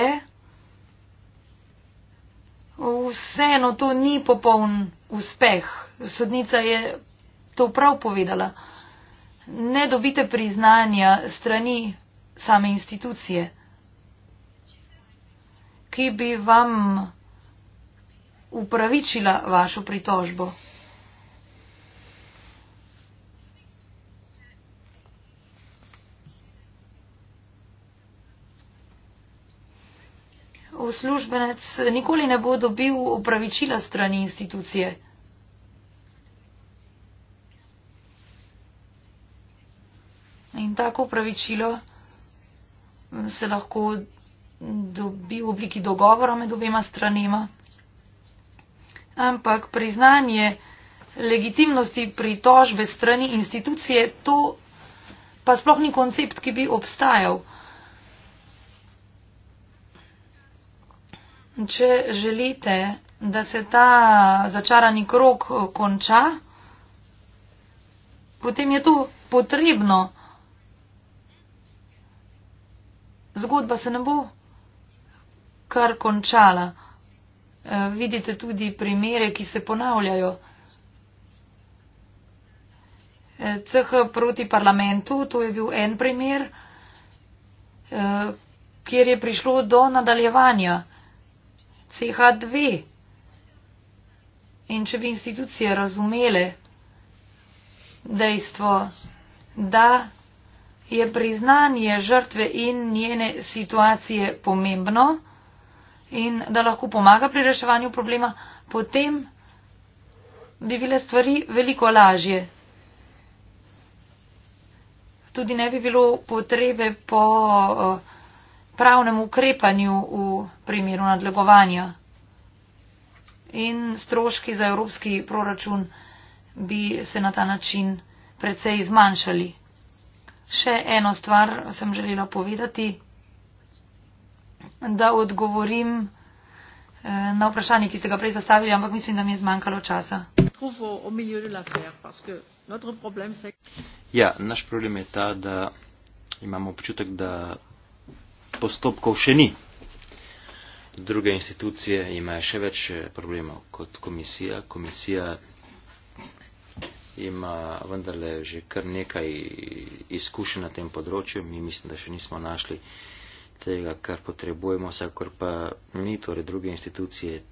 vseeno to ni popoln uspeh. Sodnica je to prav povedala. Ne dobite priznanja strani same institucije ki bi vam upravičila vašo pritožbo. Uslužbenec nikoli ne bo dobil upravičila strani institucije. In tako upravičilo se lahko dobi v obliki dogovora med obema stranima. Ampak priznanje legitimnosti pritožbe strani institucije, to pa sploh ni koncept, ki bi obstajal. Če želite, da se ta začarani krok konča, potem je to potrebno. Zgodba se ne bo kar končala. E, vidite tudi primere, ki se ponavljajo. E, CH proti parlamentu, to je bil en primer, e, kjer je prišlo do nadaljevanja. CH2. In če bi institucije razumele dejstvo, da je priznanje žrtve in njene situacije pomembno, in da lahko pomaga pri reševanju problema, potem bi bile stvari veliko lažje. Tudi ne bi bilo potrebe po eh, pravnem ukrepanju v primeru nadlegovanja. In stroški za evropski proračun bi se na ta način precej zmanjšali. Še eno stvar sem želela povedati da odgovorim eh, na vprašanje, ki ste ga prej zastavili, ampak mislim, da mi je zmanjkalo časa. Ja, naš problem je ta, da imamo občutek, da postopkov še ni. Druge institucije imajo še več eh, problemov kot komisija. Komisija ima vendarle že kar nekaj izkušenj na tem področju. Mi mislim, da še nismo našli tega, kar potrebujemo, vsakor pa mi, torej druge institucije,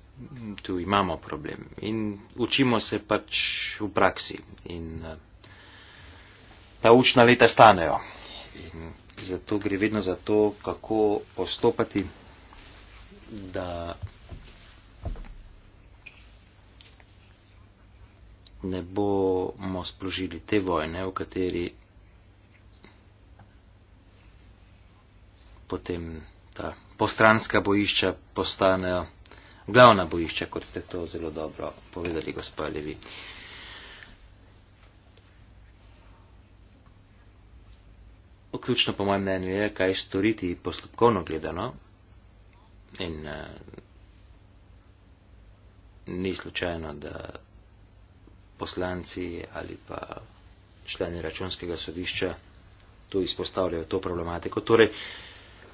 tu imamo problem. In učimo se pač v praksi in eh, ta učna leta stanejo. In zato gre vedno za to, kako postopati, da ne bomo splužili te vojne, v kateri potem ta postranska bojišča postanejo glavna bojišča, kot ste to zelo dobro povedali, gospod Levi. Oključno po mojem mnenju je, kaj storiti postopkovno gledano in eh, ni slučajno, da poslanci ali pa člani računskega sodišča tu izpostavljajo to problematiko. Torej, eh,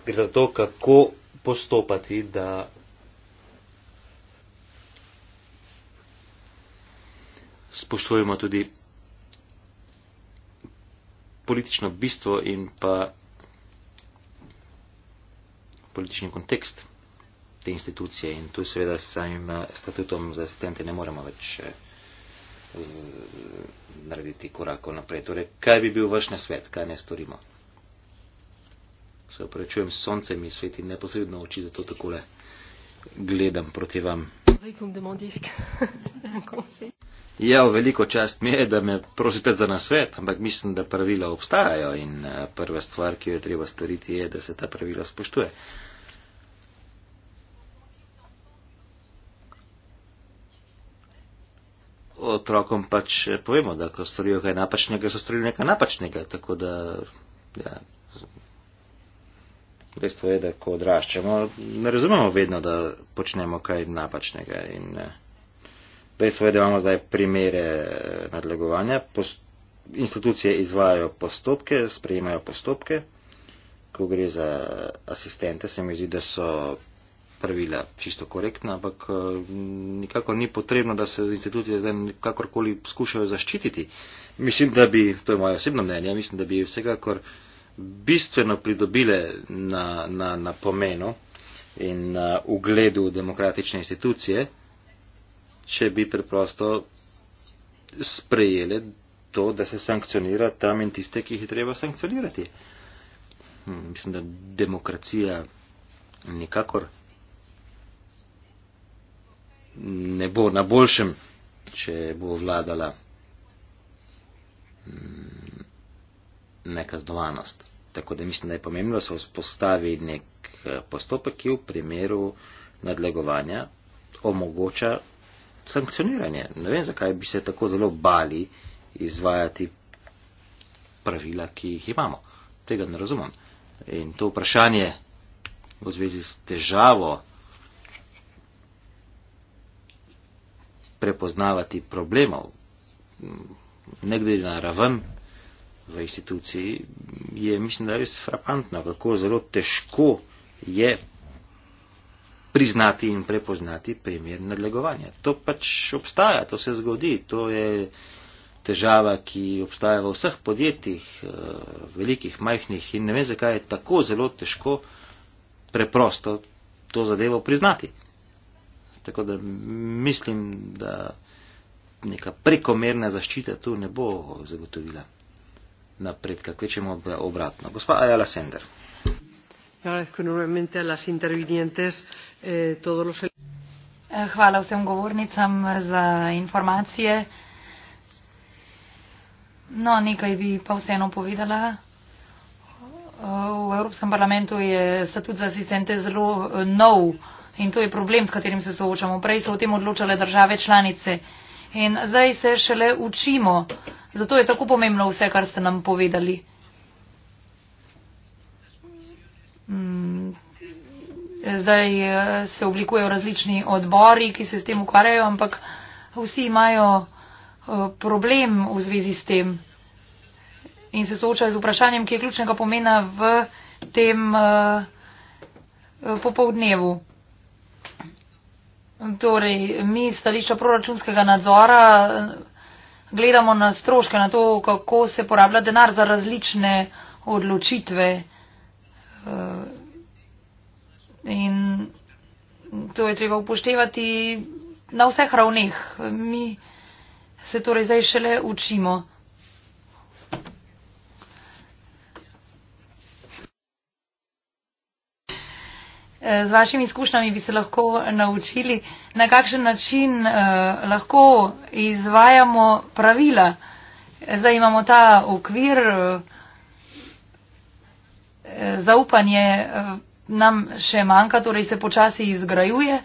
gre za to, kako postopati, da. Spoštujemo tudi politično bistvo in pa politični kontekst te institucije. In tu seveda s samim eh, statutom za asistente ne moremo več eh, z, narediti korakov naprej. Torej, kaj bi bil vaš nasvet, kaj ne storimo? se oprečujem s soncem in svetim neposredno oči, da to takole gledam proti vam. Ja, veliko čast mi je, da me prosite za nasvet, ampak mislim, da pravila obstajajo in eh, prva stvar, ki jo je treba storiti, je, da se ta pravila spoštuje. Otrokom pač eh, povemo, da ko storijo kaj napačnega, so storili nekaj napačnega, tako da ja, dejstvo je, da ko odraščamo, ne razumemo vedno, da počnemo kaj napačnega. In, eh, dejstvo je, da imamo zdaj primere eh, nadlegovanja. Institucije izvajajo postopke, sprejemajo postopke. Ko gre za asistente, se mi zdi, da so pravila čisto korektna, ampak eh, nikako ni potrebno, da se institucije zdaj kakorkoli skušajo zaščititi. Mislim, da bi, to je moje osebno mnenje, mislim, da bi vsekakor bistveno pridobile na, na, na pomenu in na uh, ugledu demokratične institucije, če bi preprosto sprejele to, da se sankcionira tam in tiste, ki jih je treba sankcionirati. Hm, mislim, da demokracija nikakor ne bo na boljšem, če bo vladala. Hmm nekaznovanost. Tako da mislim, da je pomembno, da se vzpostavi nek eh, postopek, ki v primeru nadlegovanja omogoča sankcioniranje. Ne vem, zakaj bi se tako zelo bali izvajati pravila, ki jih imamo. Tega ne razumem. In to vprašanje v zvezi s težavo prepoznavati problemov, ne glede na raven v instituciji, je mislim, da res frapantno, kako zelo težko je priznati in prepoznati primer nadlegovanja. To pač obstaja, to se zgodi, to je težava, ki obstaja v vseh podjetjih, eh, velikih, majhnih in ne vem, zakaj je tako zelo težko preprosto to zadevo priznati. Tako da mislim, da neka prekomerna zaščita tu ne bo zagotovila napredka, kje ćemo obratno. Gospa Ajala Sender. Ja, eh, eh, hvala vsem govornicam za informacije. No, nekaj bi pa vseeno povedala. V Evropskem parlamentu je statut za asistente zelo eh, nov in to je problem, s katerim se soočamo. Prej so o tem odločale države članice in zdaj se šele učimo. Zato je tako pomembno vse, kar ste nam povedali. Mm, zdaj eh, se oblikujejo različni odbori, ki se s tem ukvarjajo, ampak vsi imajo eh, problem v zvezi s tem in se soočajo z vprašanjem, ki je ključnega pomena v tem eh, popovdnevu. Torej, mi stališča proračunskega nadzora gledamo na stroške, na to, kako se porablja denar za različne odločitve. Eh, in to je treba upoštevati na vseh ravneh. Mi se torej zdaj šele učimo. z vašimi izkušnjami bi se lahko naučili, na kakšen način eh, lahko izvajamo pravila. Zdaj imamo ta okvir, eh, zaupanje eh, nam še manjka, torej se počasi izgrajuje.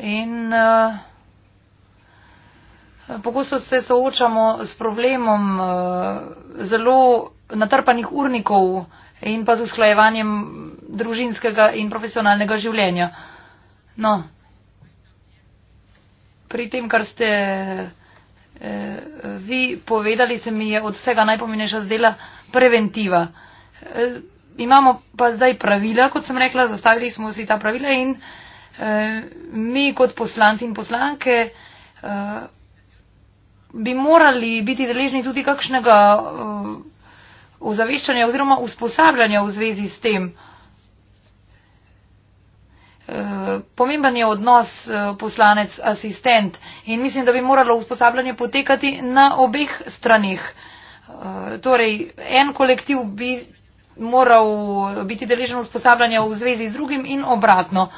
In eh, pogosto se soočamo s problemom eh, zelo natrpanih urnikov, in pa z usklajevanjem družinskega in profesionalnega življenja. No, pri tem, kar ste eh, vi povedali, se mi je od vsega najpomenejša zdela preventiva. Eh, imamo pa zdaj pravila, kot sem rekla, zastavili smo si ta pravila in eh, mi kot poslanci in poslanke eh, bi morali biti deležni tudi kakšnega. Eh, ozaveščanja oziroma usposabljanja v zvezi s tem. E, pomemben je odnos e, poslanec-asistent in mislim, da bi moralo usposabljanje potekati na obeh stranih. E, torej, en kolektiv bi moral biti deležen usposabljanja v zvezi z drugim in obratno.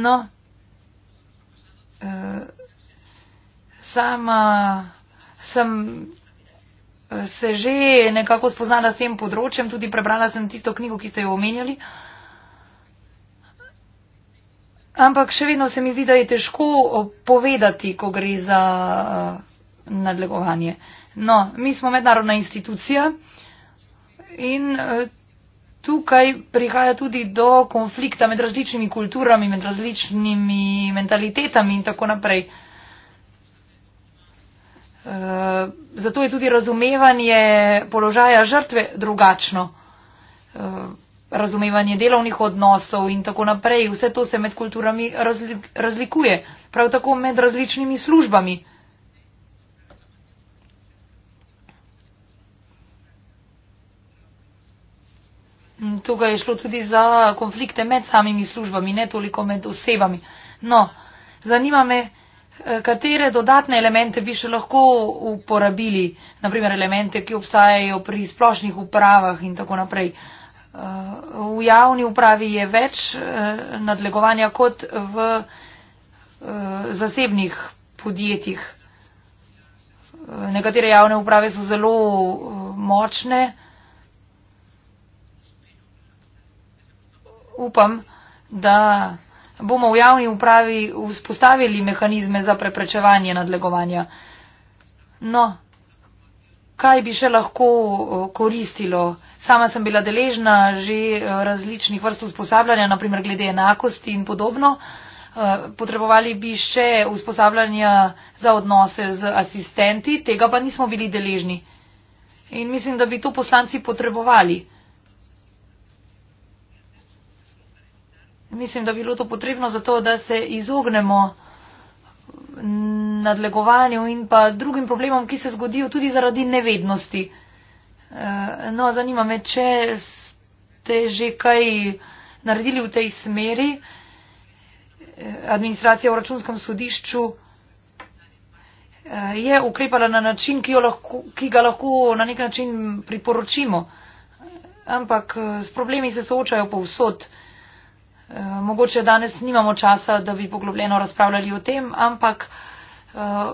No. Uh sama sem eh, se že nekako spoznala s tem področjem, tudi prebrala sem tisto knjigo, ki ste jo omenjali. Ampak še vedno se mi zdi, da je težko eh, povedati, ko gre za eh, nadlegovanje. No, mi smo mednarodna institucija in tukaj prihaja tudi do konflikta med različnimi kulturami, med različnimi mentalitetami in tako naprej. Eh, zato je tudi razumevanje položaja žrtve drugačno. Eh, razumevanje delovnih odnosov in tako naprej, vse to se med kulturami razlikuje, prav tako med različnimi službami. Tukaj je šlo tudi za konflikte med samimi službami, ne toliko med osebami. No, zanima me, Eh, katere dodatne elemente bi še lahko uporabili, naprimer elemente, ki obstajajo pri splošnih upravah in tako naprej? Eh, v javni upravi je več eh, nadlegovanja kot v zasebnih podjetjih. Nekatere javne uprave so zelo močne. Upam, da bomo v javni upravi vzpostavili mehanizme za preprečevanje nadlegovanja. No, kaj bi še lahko koristilo? Sama sem bila deležna že e, različnih vrst usposabljanja, naprimer glede enakosti in podobno. E, potrebovali bi še usposabljanja za odnose z asistenti, tega pa nismo bili deležni. In mislim, da bi to poslanci potrebovali. Mislim, da bi bilo to potrebno zato, da se izognemo nadlegovanju in pa drugim problemom, ki se zgodijo tudi zaradi nevednosti. Eh, no, zanima me, če ste že kaj naredili v tej smeri, eh, administracija v računskem sodišču eh, je ukrepala na način, ki, lahko, ki ga lahko na nek način priporočimo, ampak s problemi se soočajo povsod. Eh, mogoče danes nimamo časa, da bi poglobljeno razpravljali o tem, ampak eh,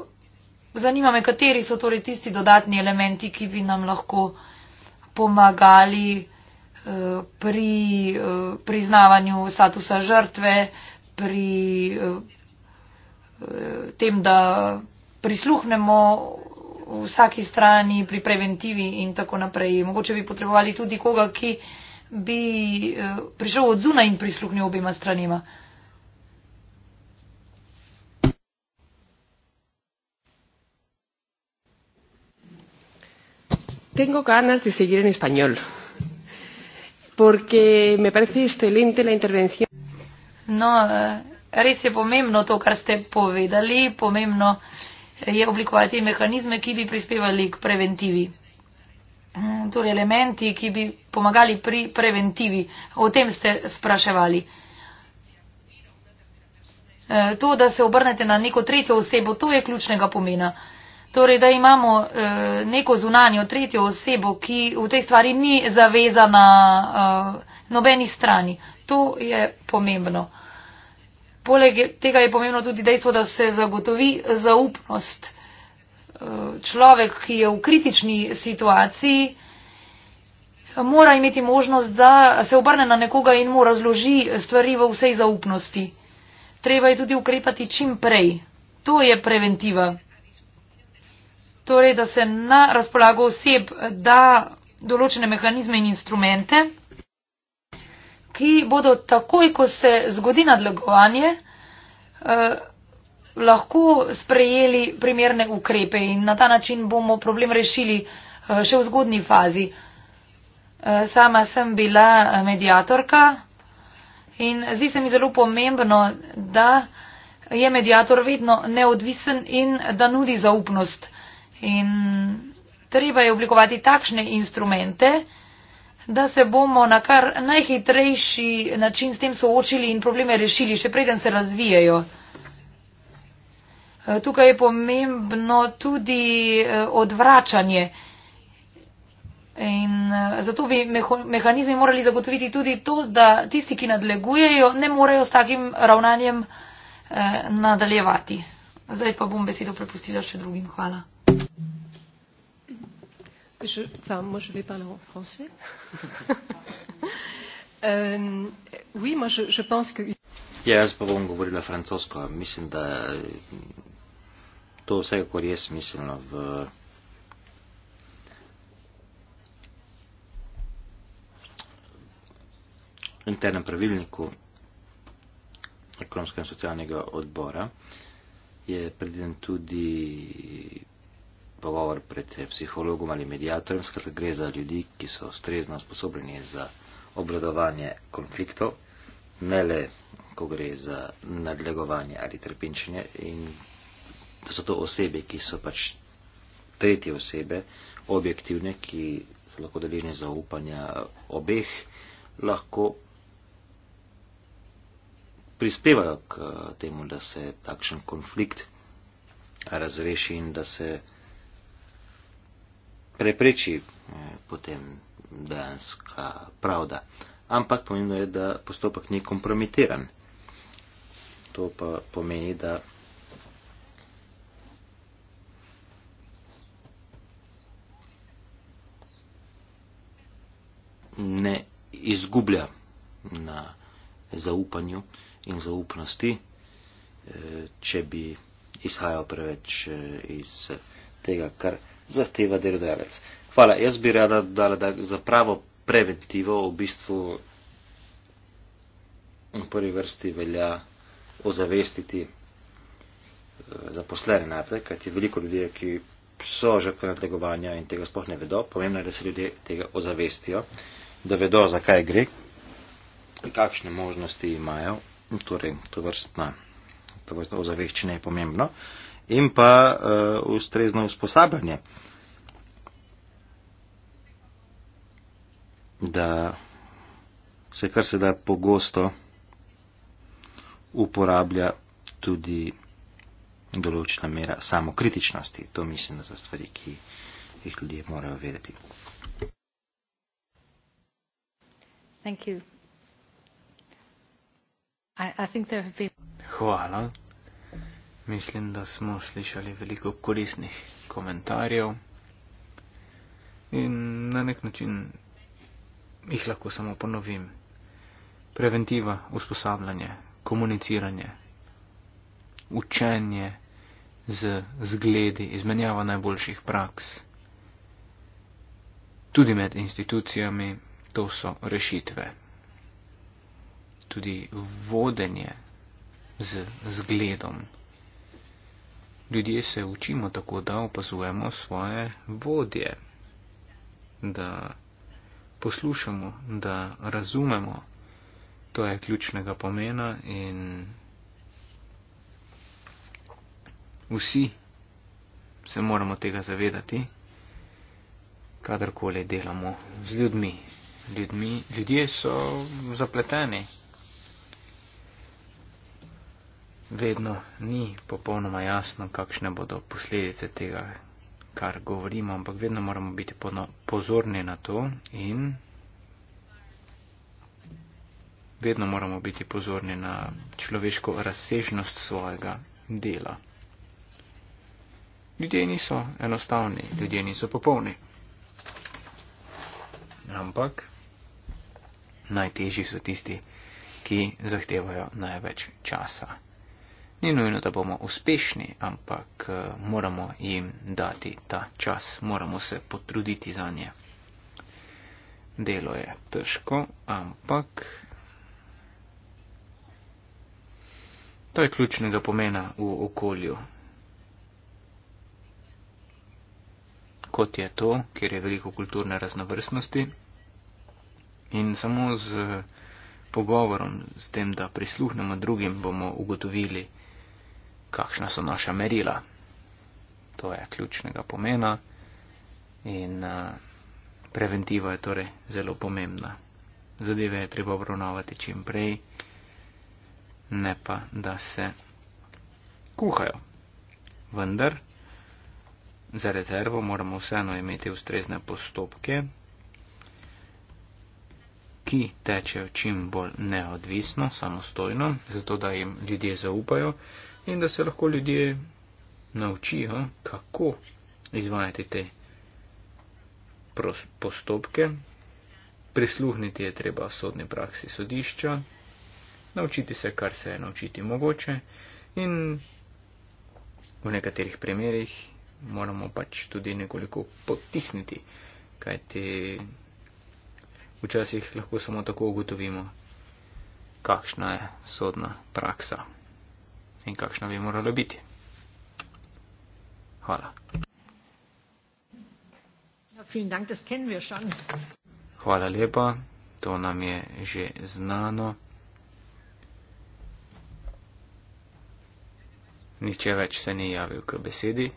zanima me, kateri so torej tisti dodatni elementi, ki bi nam lahko pomagali eh, pri priznavanju statusa žrtve, pri tem, da prisluhnemo vsaki strani pri preventivi in tako naprej. Mogoče bi potrebovali tudi koga, ki bi eh, prišel od zuna in prisluhnil obima stranima. Tengo ganas de seguir en español, porque me parece excelente la intervención. No, eh, res je pomembno to, kar ste povedali. Pomembno je oblikovati mehanizme, ki bi prispevali k preventivi. Mm, torej elementi, ki bi pomagali pri preventivi. O tem ste spraševali. E, to, da se obrnete na neko tretjo osebo, to je ključnega pomena. Torej, da imamo e, neko zunanjo tretjo osebo, ki v tej stvari ni zavezana e, nobeni strani. To je pomembno. Poleg tega je pomembno tudi dejstvo, da se zagotovi zaupnost človek, ki je v kritični situaciji, mora imeti možnost, da se obrne na nekoga in mu razloži stvari v vsej zaupnosti. Treba je tudi ukrepati čim prej. To je preventiva. Torej, da se na razpolago oseb da določene mehanizme in instrumente, ki bodo takoj, ko se zgodi nadlegovanje, eh, lahko sprejeli primerne ukrepe in na ta način bomo problem rešili eh, še v zgodni fazi. Eh, sama sem bila eh, medijatorka in zdi se mi zelo pomembno, da je medijator vedno neodvisen in da nudi zaupnost. In treba je oblikovati takšne instrumente, da se bomo na kar najhitrejši način s tem soočili in probleme rešili, še preden se razvijajo. Eh, tukaj je pomembno tudi eh, odvračanje. In eh, zato bi mehanizmi morali zagotoviti tudi to, da tisti, ki nadlegujejo, ne morejo s takim ravnanjem nadaljevati. Zdaj pa bom besedo prepustila še drugim. Hvala. Je, enfin, moi je vais parler en français. euh, oui, moi je, je pense que. Yes, ja, bon, vous voulez la francosco, mais c'est to vsekakor je smiselno v internem pravilniku ekonomskega in socialnega odbora je predviden tudi pogovor pred psihologom ali medijatorjem, skratka gre za ljudi, ki so ustrezno usposobljeni za obladovanje konfliktov, ne le ko gre za nadlegovanje ali trpinčenje in da so to osebe, ki so pač tretje osebe, objektivne, ki so lahko deležne zaupanja obeh, lahko prispevajo k eh, temu, da se takšen konflikt razreši in da se prepreči eh, potem dejanska pravda. Ampak pomeni, da postopek ni kompromitiran. To pa pomeni, da ne izgublja na zaupanju in zaupnosti, eh, če bi izhajal preveč eh, iz tega, kar zahteva delodajalec. Hvala, jaz bi rada dala da za pravo preventivo v bistvu v prvi vrsti velja ozavestiti eh, zaposlene najprej, kajti veliko ljudi, ki so žrtve nadlegovanja in tega sploh ne vedo, pomembno je, da se ljudje tega ozavestijo da vedo, zakaj gre, kakšne možnosti imajo, torej to vrstna, to vrstna ozaveščenje je pomembno, in pa uh, ustrezno usposabljanje, da se kar se da pogosto uporablja tudi določena mera samokritičnosti. To mislim, da so stvari, ki jih ljudje morajo vedeti. Hvala. Mislim, da smo slišali veliko korisnih komentarjev in na nek način jih lahko samo ponovim. Preventiva, usposabljanje, komuniciranje, učenje z zgledi, izmenjava najboljših praks, tudi med institucijami, to so rešitve. Tudi vodenje z zgledom. Ljudje se učimo tako, da opazujemo svoje vodje, da poslušamo, da razumemo. To je ključnega pomena in vsi se moramo tega zavedati, kadarkoli delamo z ljudmi ljudmi, ljudje so zapleteni. Vedno ni popolnoma jasno, kakšne bodo posledice tega, kar govorimo, ampak vedno moramo biti pozorni na to in vedno moramo biti pozorni na človeško razsežnost svojega dela. Ljudje niso enostavni, ljudje niso popolni. Ampak najtežji so tisti, ki zahtevajo največ časa. Ni nujno, da bomo uspešni, ampak eh, moramo jim dati ta čas, moramo se potruditi za nje. Delo je težko, ampak to je ključnega pomena v okolju. Kot je to, kjer je veliko kulturne raznovrstnosti, In samo z eh, pogovorom, z tem, da prisluhnemo drugim, bomo ugotovili, kakšna so naša merila. To je ključnega pomena in eh, preventiva je torej zelo pomembna. Zadeve je treba obravnavati čim prej, ne pa, da se kuhajo. Vendar, za rezervo moramo vseeno imeti ustrezne postopke, ki tečejo čim bolj neodvisno, samostojno, zato da jim ljudje zaupajo in da se lahko ljudje naučijo, kako izvajati te postopke. Prisluhniti je treba sodni praksi sodišča, naučiti se, kar se je naučiti mogoče in v nekaterih primerjih moramo pač tudi nekoliko potisniti, kajti včasih lahko samo tako ugotovimo, kakšna je sodna praksa in kakšna bi morala biti. Hvala. Ja, Hvala lepa, to nam je že znano. Nihče več se ni javil k besedi.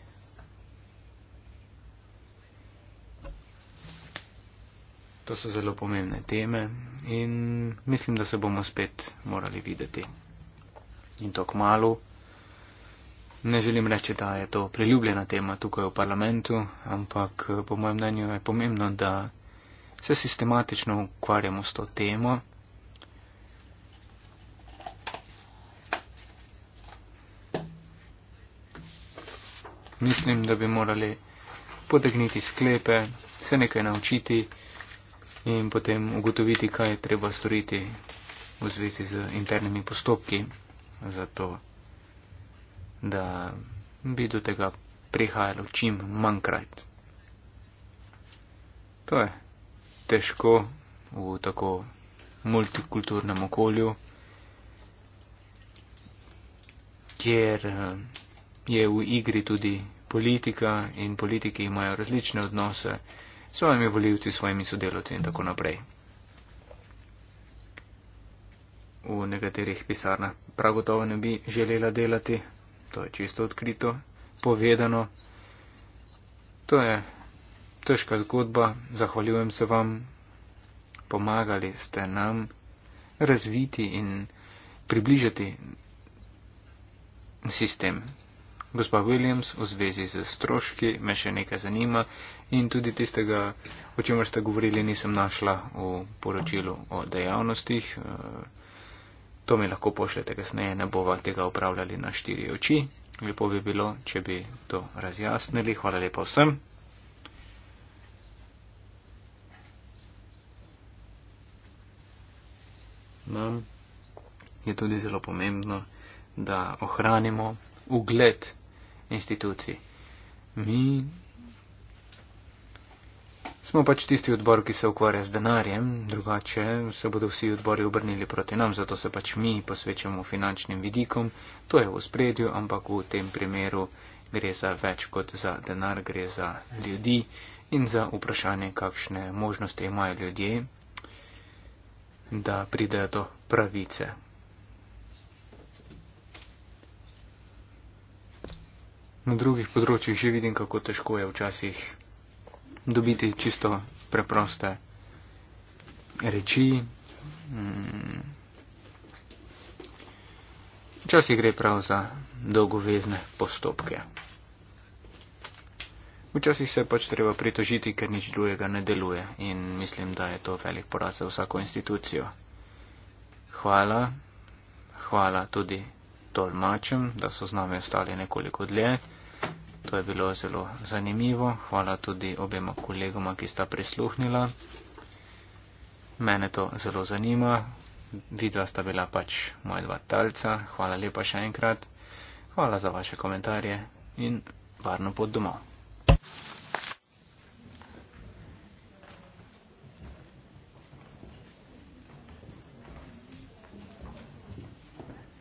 To so zelo pomembne teme in mislim, da se bomo spet morali videti. In to k malu. Ne želim reči, da je to priljubljena tema tukaj v parlamentu, ampak po mojem mnenju je pomembno, da se sistematično ukvarjamo s to temo. Mislim, da bi morali potegniti sklepe, se nekaj naučiti in potem ugotoviti, kaj je treba storiti v zvezi z internimi postopki, zato da bi do tega prihajalo čim manjkrat. To je težko v tako multikulturnem okolju, kjer eh, je v igri tudi politika in politiki imajo različne odnose svojimi voljivci, svojimi sodelavci in tako naprej. V nekaterih pisarnah prav gotovo ne bi želela delati, to je čisto odkrito povedano. To je težka zgodba, zahvaljujem se vam, pomagali ste nam razviti in približati sistem gospa Williams v zvezi z stroški, me še nekaj zanima in tudi tistega, o čemer ste govorili, nisem našla v poročilu o dejavnostih. Eh, to mi lahko pošljete kasneje, ne bova tega upravljali na štiri oči. Lepo bi bilo, če bi to razjasnili. Hvala lepa vsem. Nam je tudi zelo pomembno, da ohranimo ugled instituciji. Mi smo pač tisti odbor, ki se ukvarja z denarjem, drugače se bodo vsi odbori obrnili proti nam, zato se pač mi posvečamo finančnim vidikom, to je v spredju, ampak v tem primeru gre za več kot za denar, gre za ljudi in za vprašanje, kakšne možnosti imajo ljudje, da pridejo do pravice, na drugih področjih že vidim, kako težko je včasih dobiti čisto preproste reči. Mm. Včasih gre prav za dolgovezne postopke. Včasih se pač treba pritožiti, ker nič drugega ne deluje in mislim, da je to velik poraz za vsako institucijo. Hvala, hvala tudi tolmačem, da so z nami ostali nekoliko dlje. To je bilo zelo zanimivo. Hvala tudi obema kolegoma, ki sta prisluhnila. Mene to zelo zanima. Vidva sta bila pač moja dva talca. Hvala lepa še enkrat. Hvala za vaše komentarje in varno pot domov.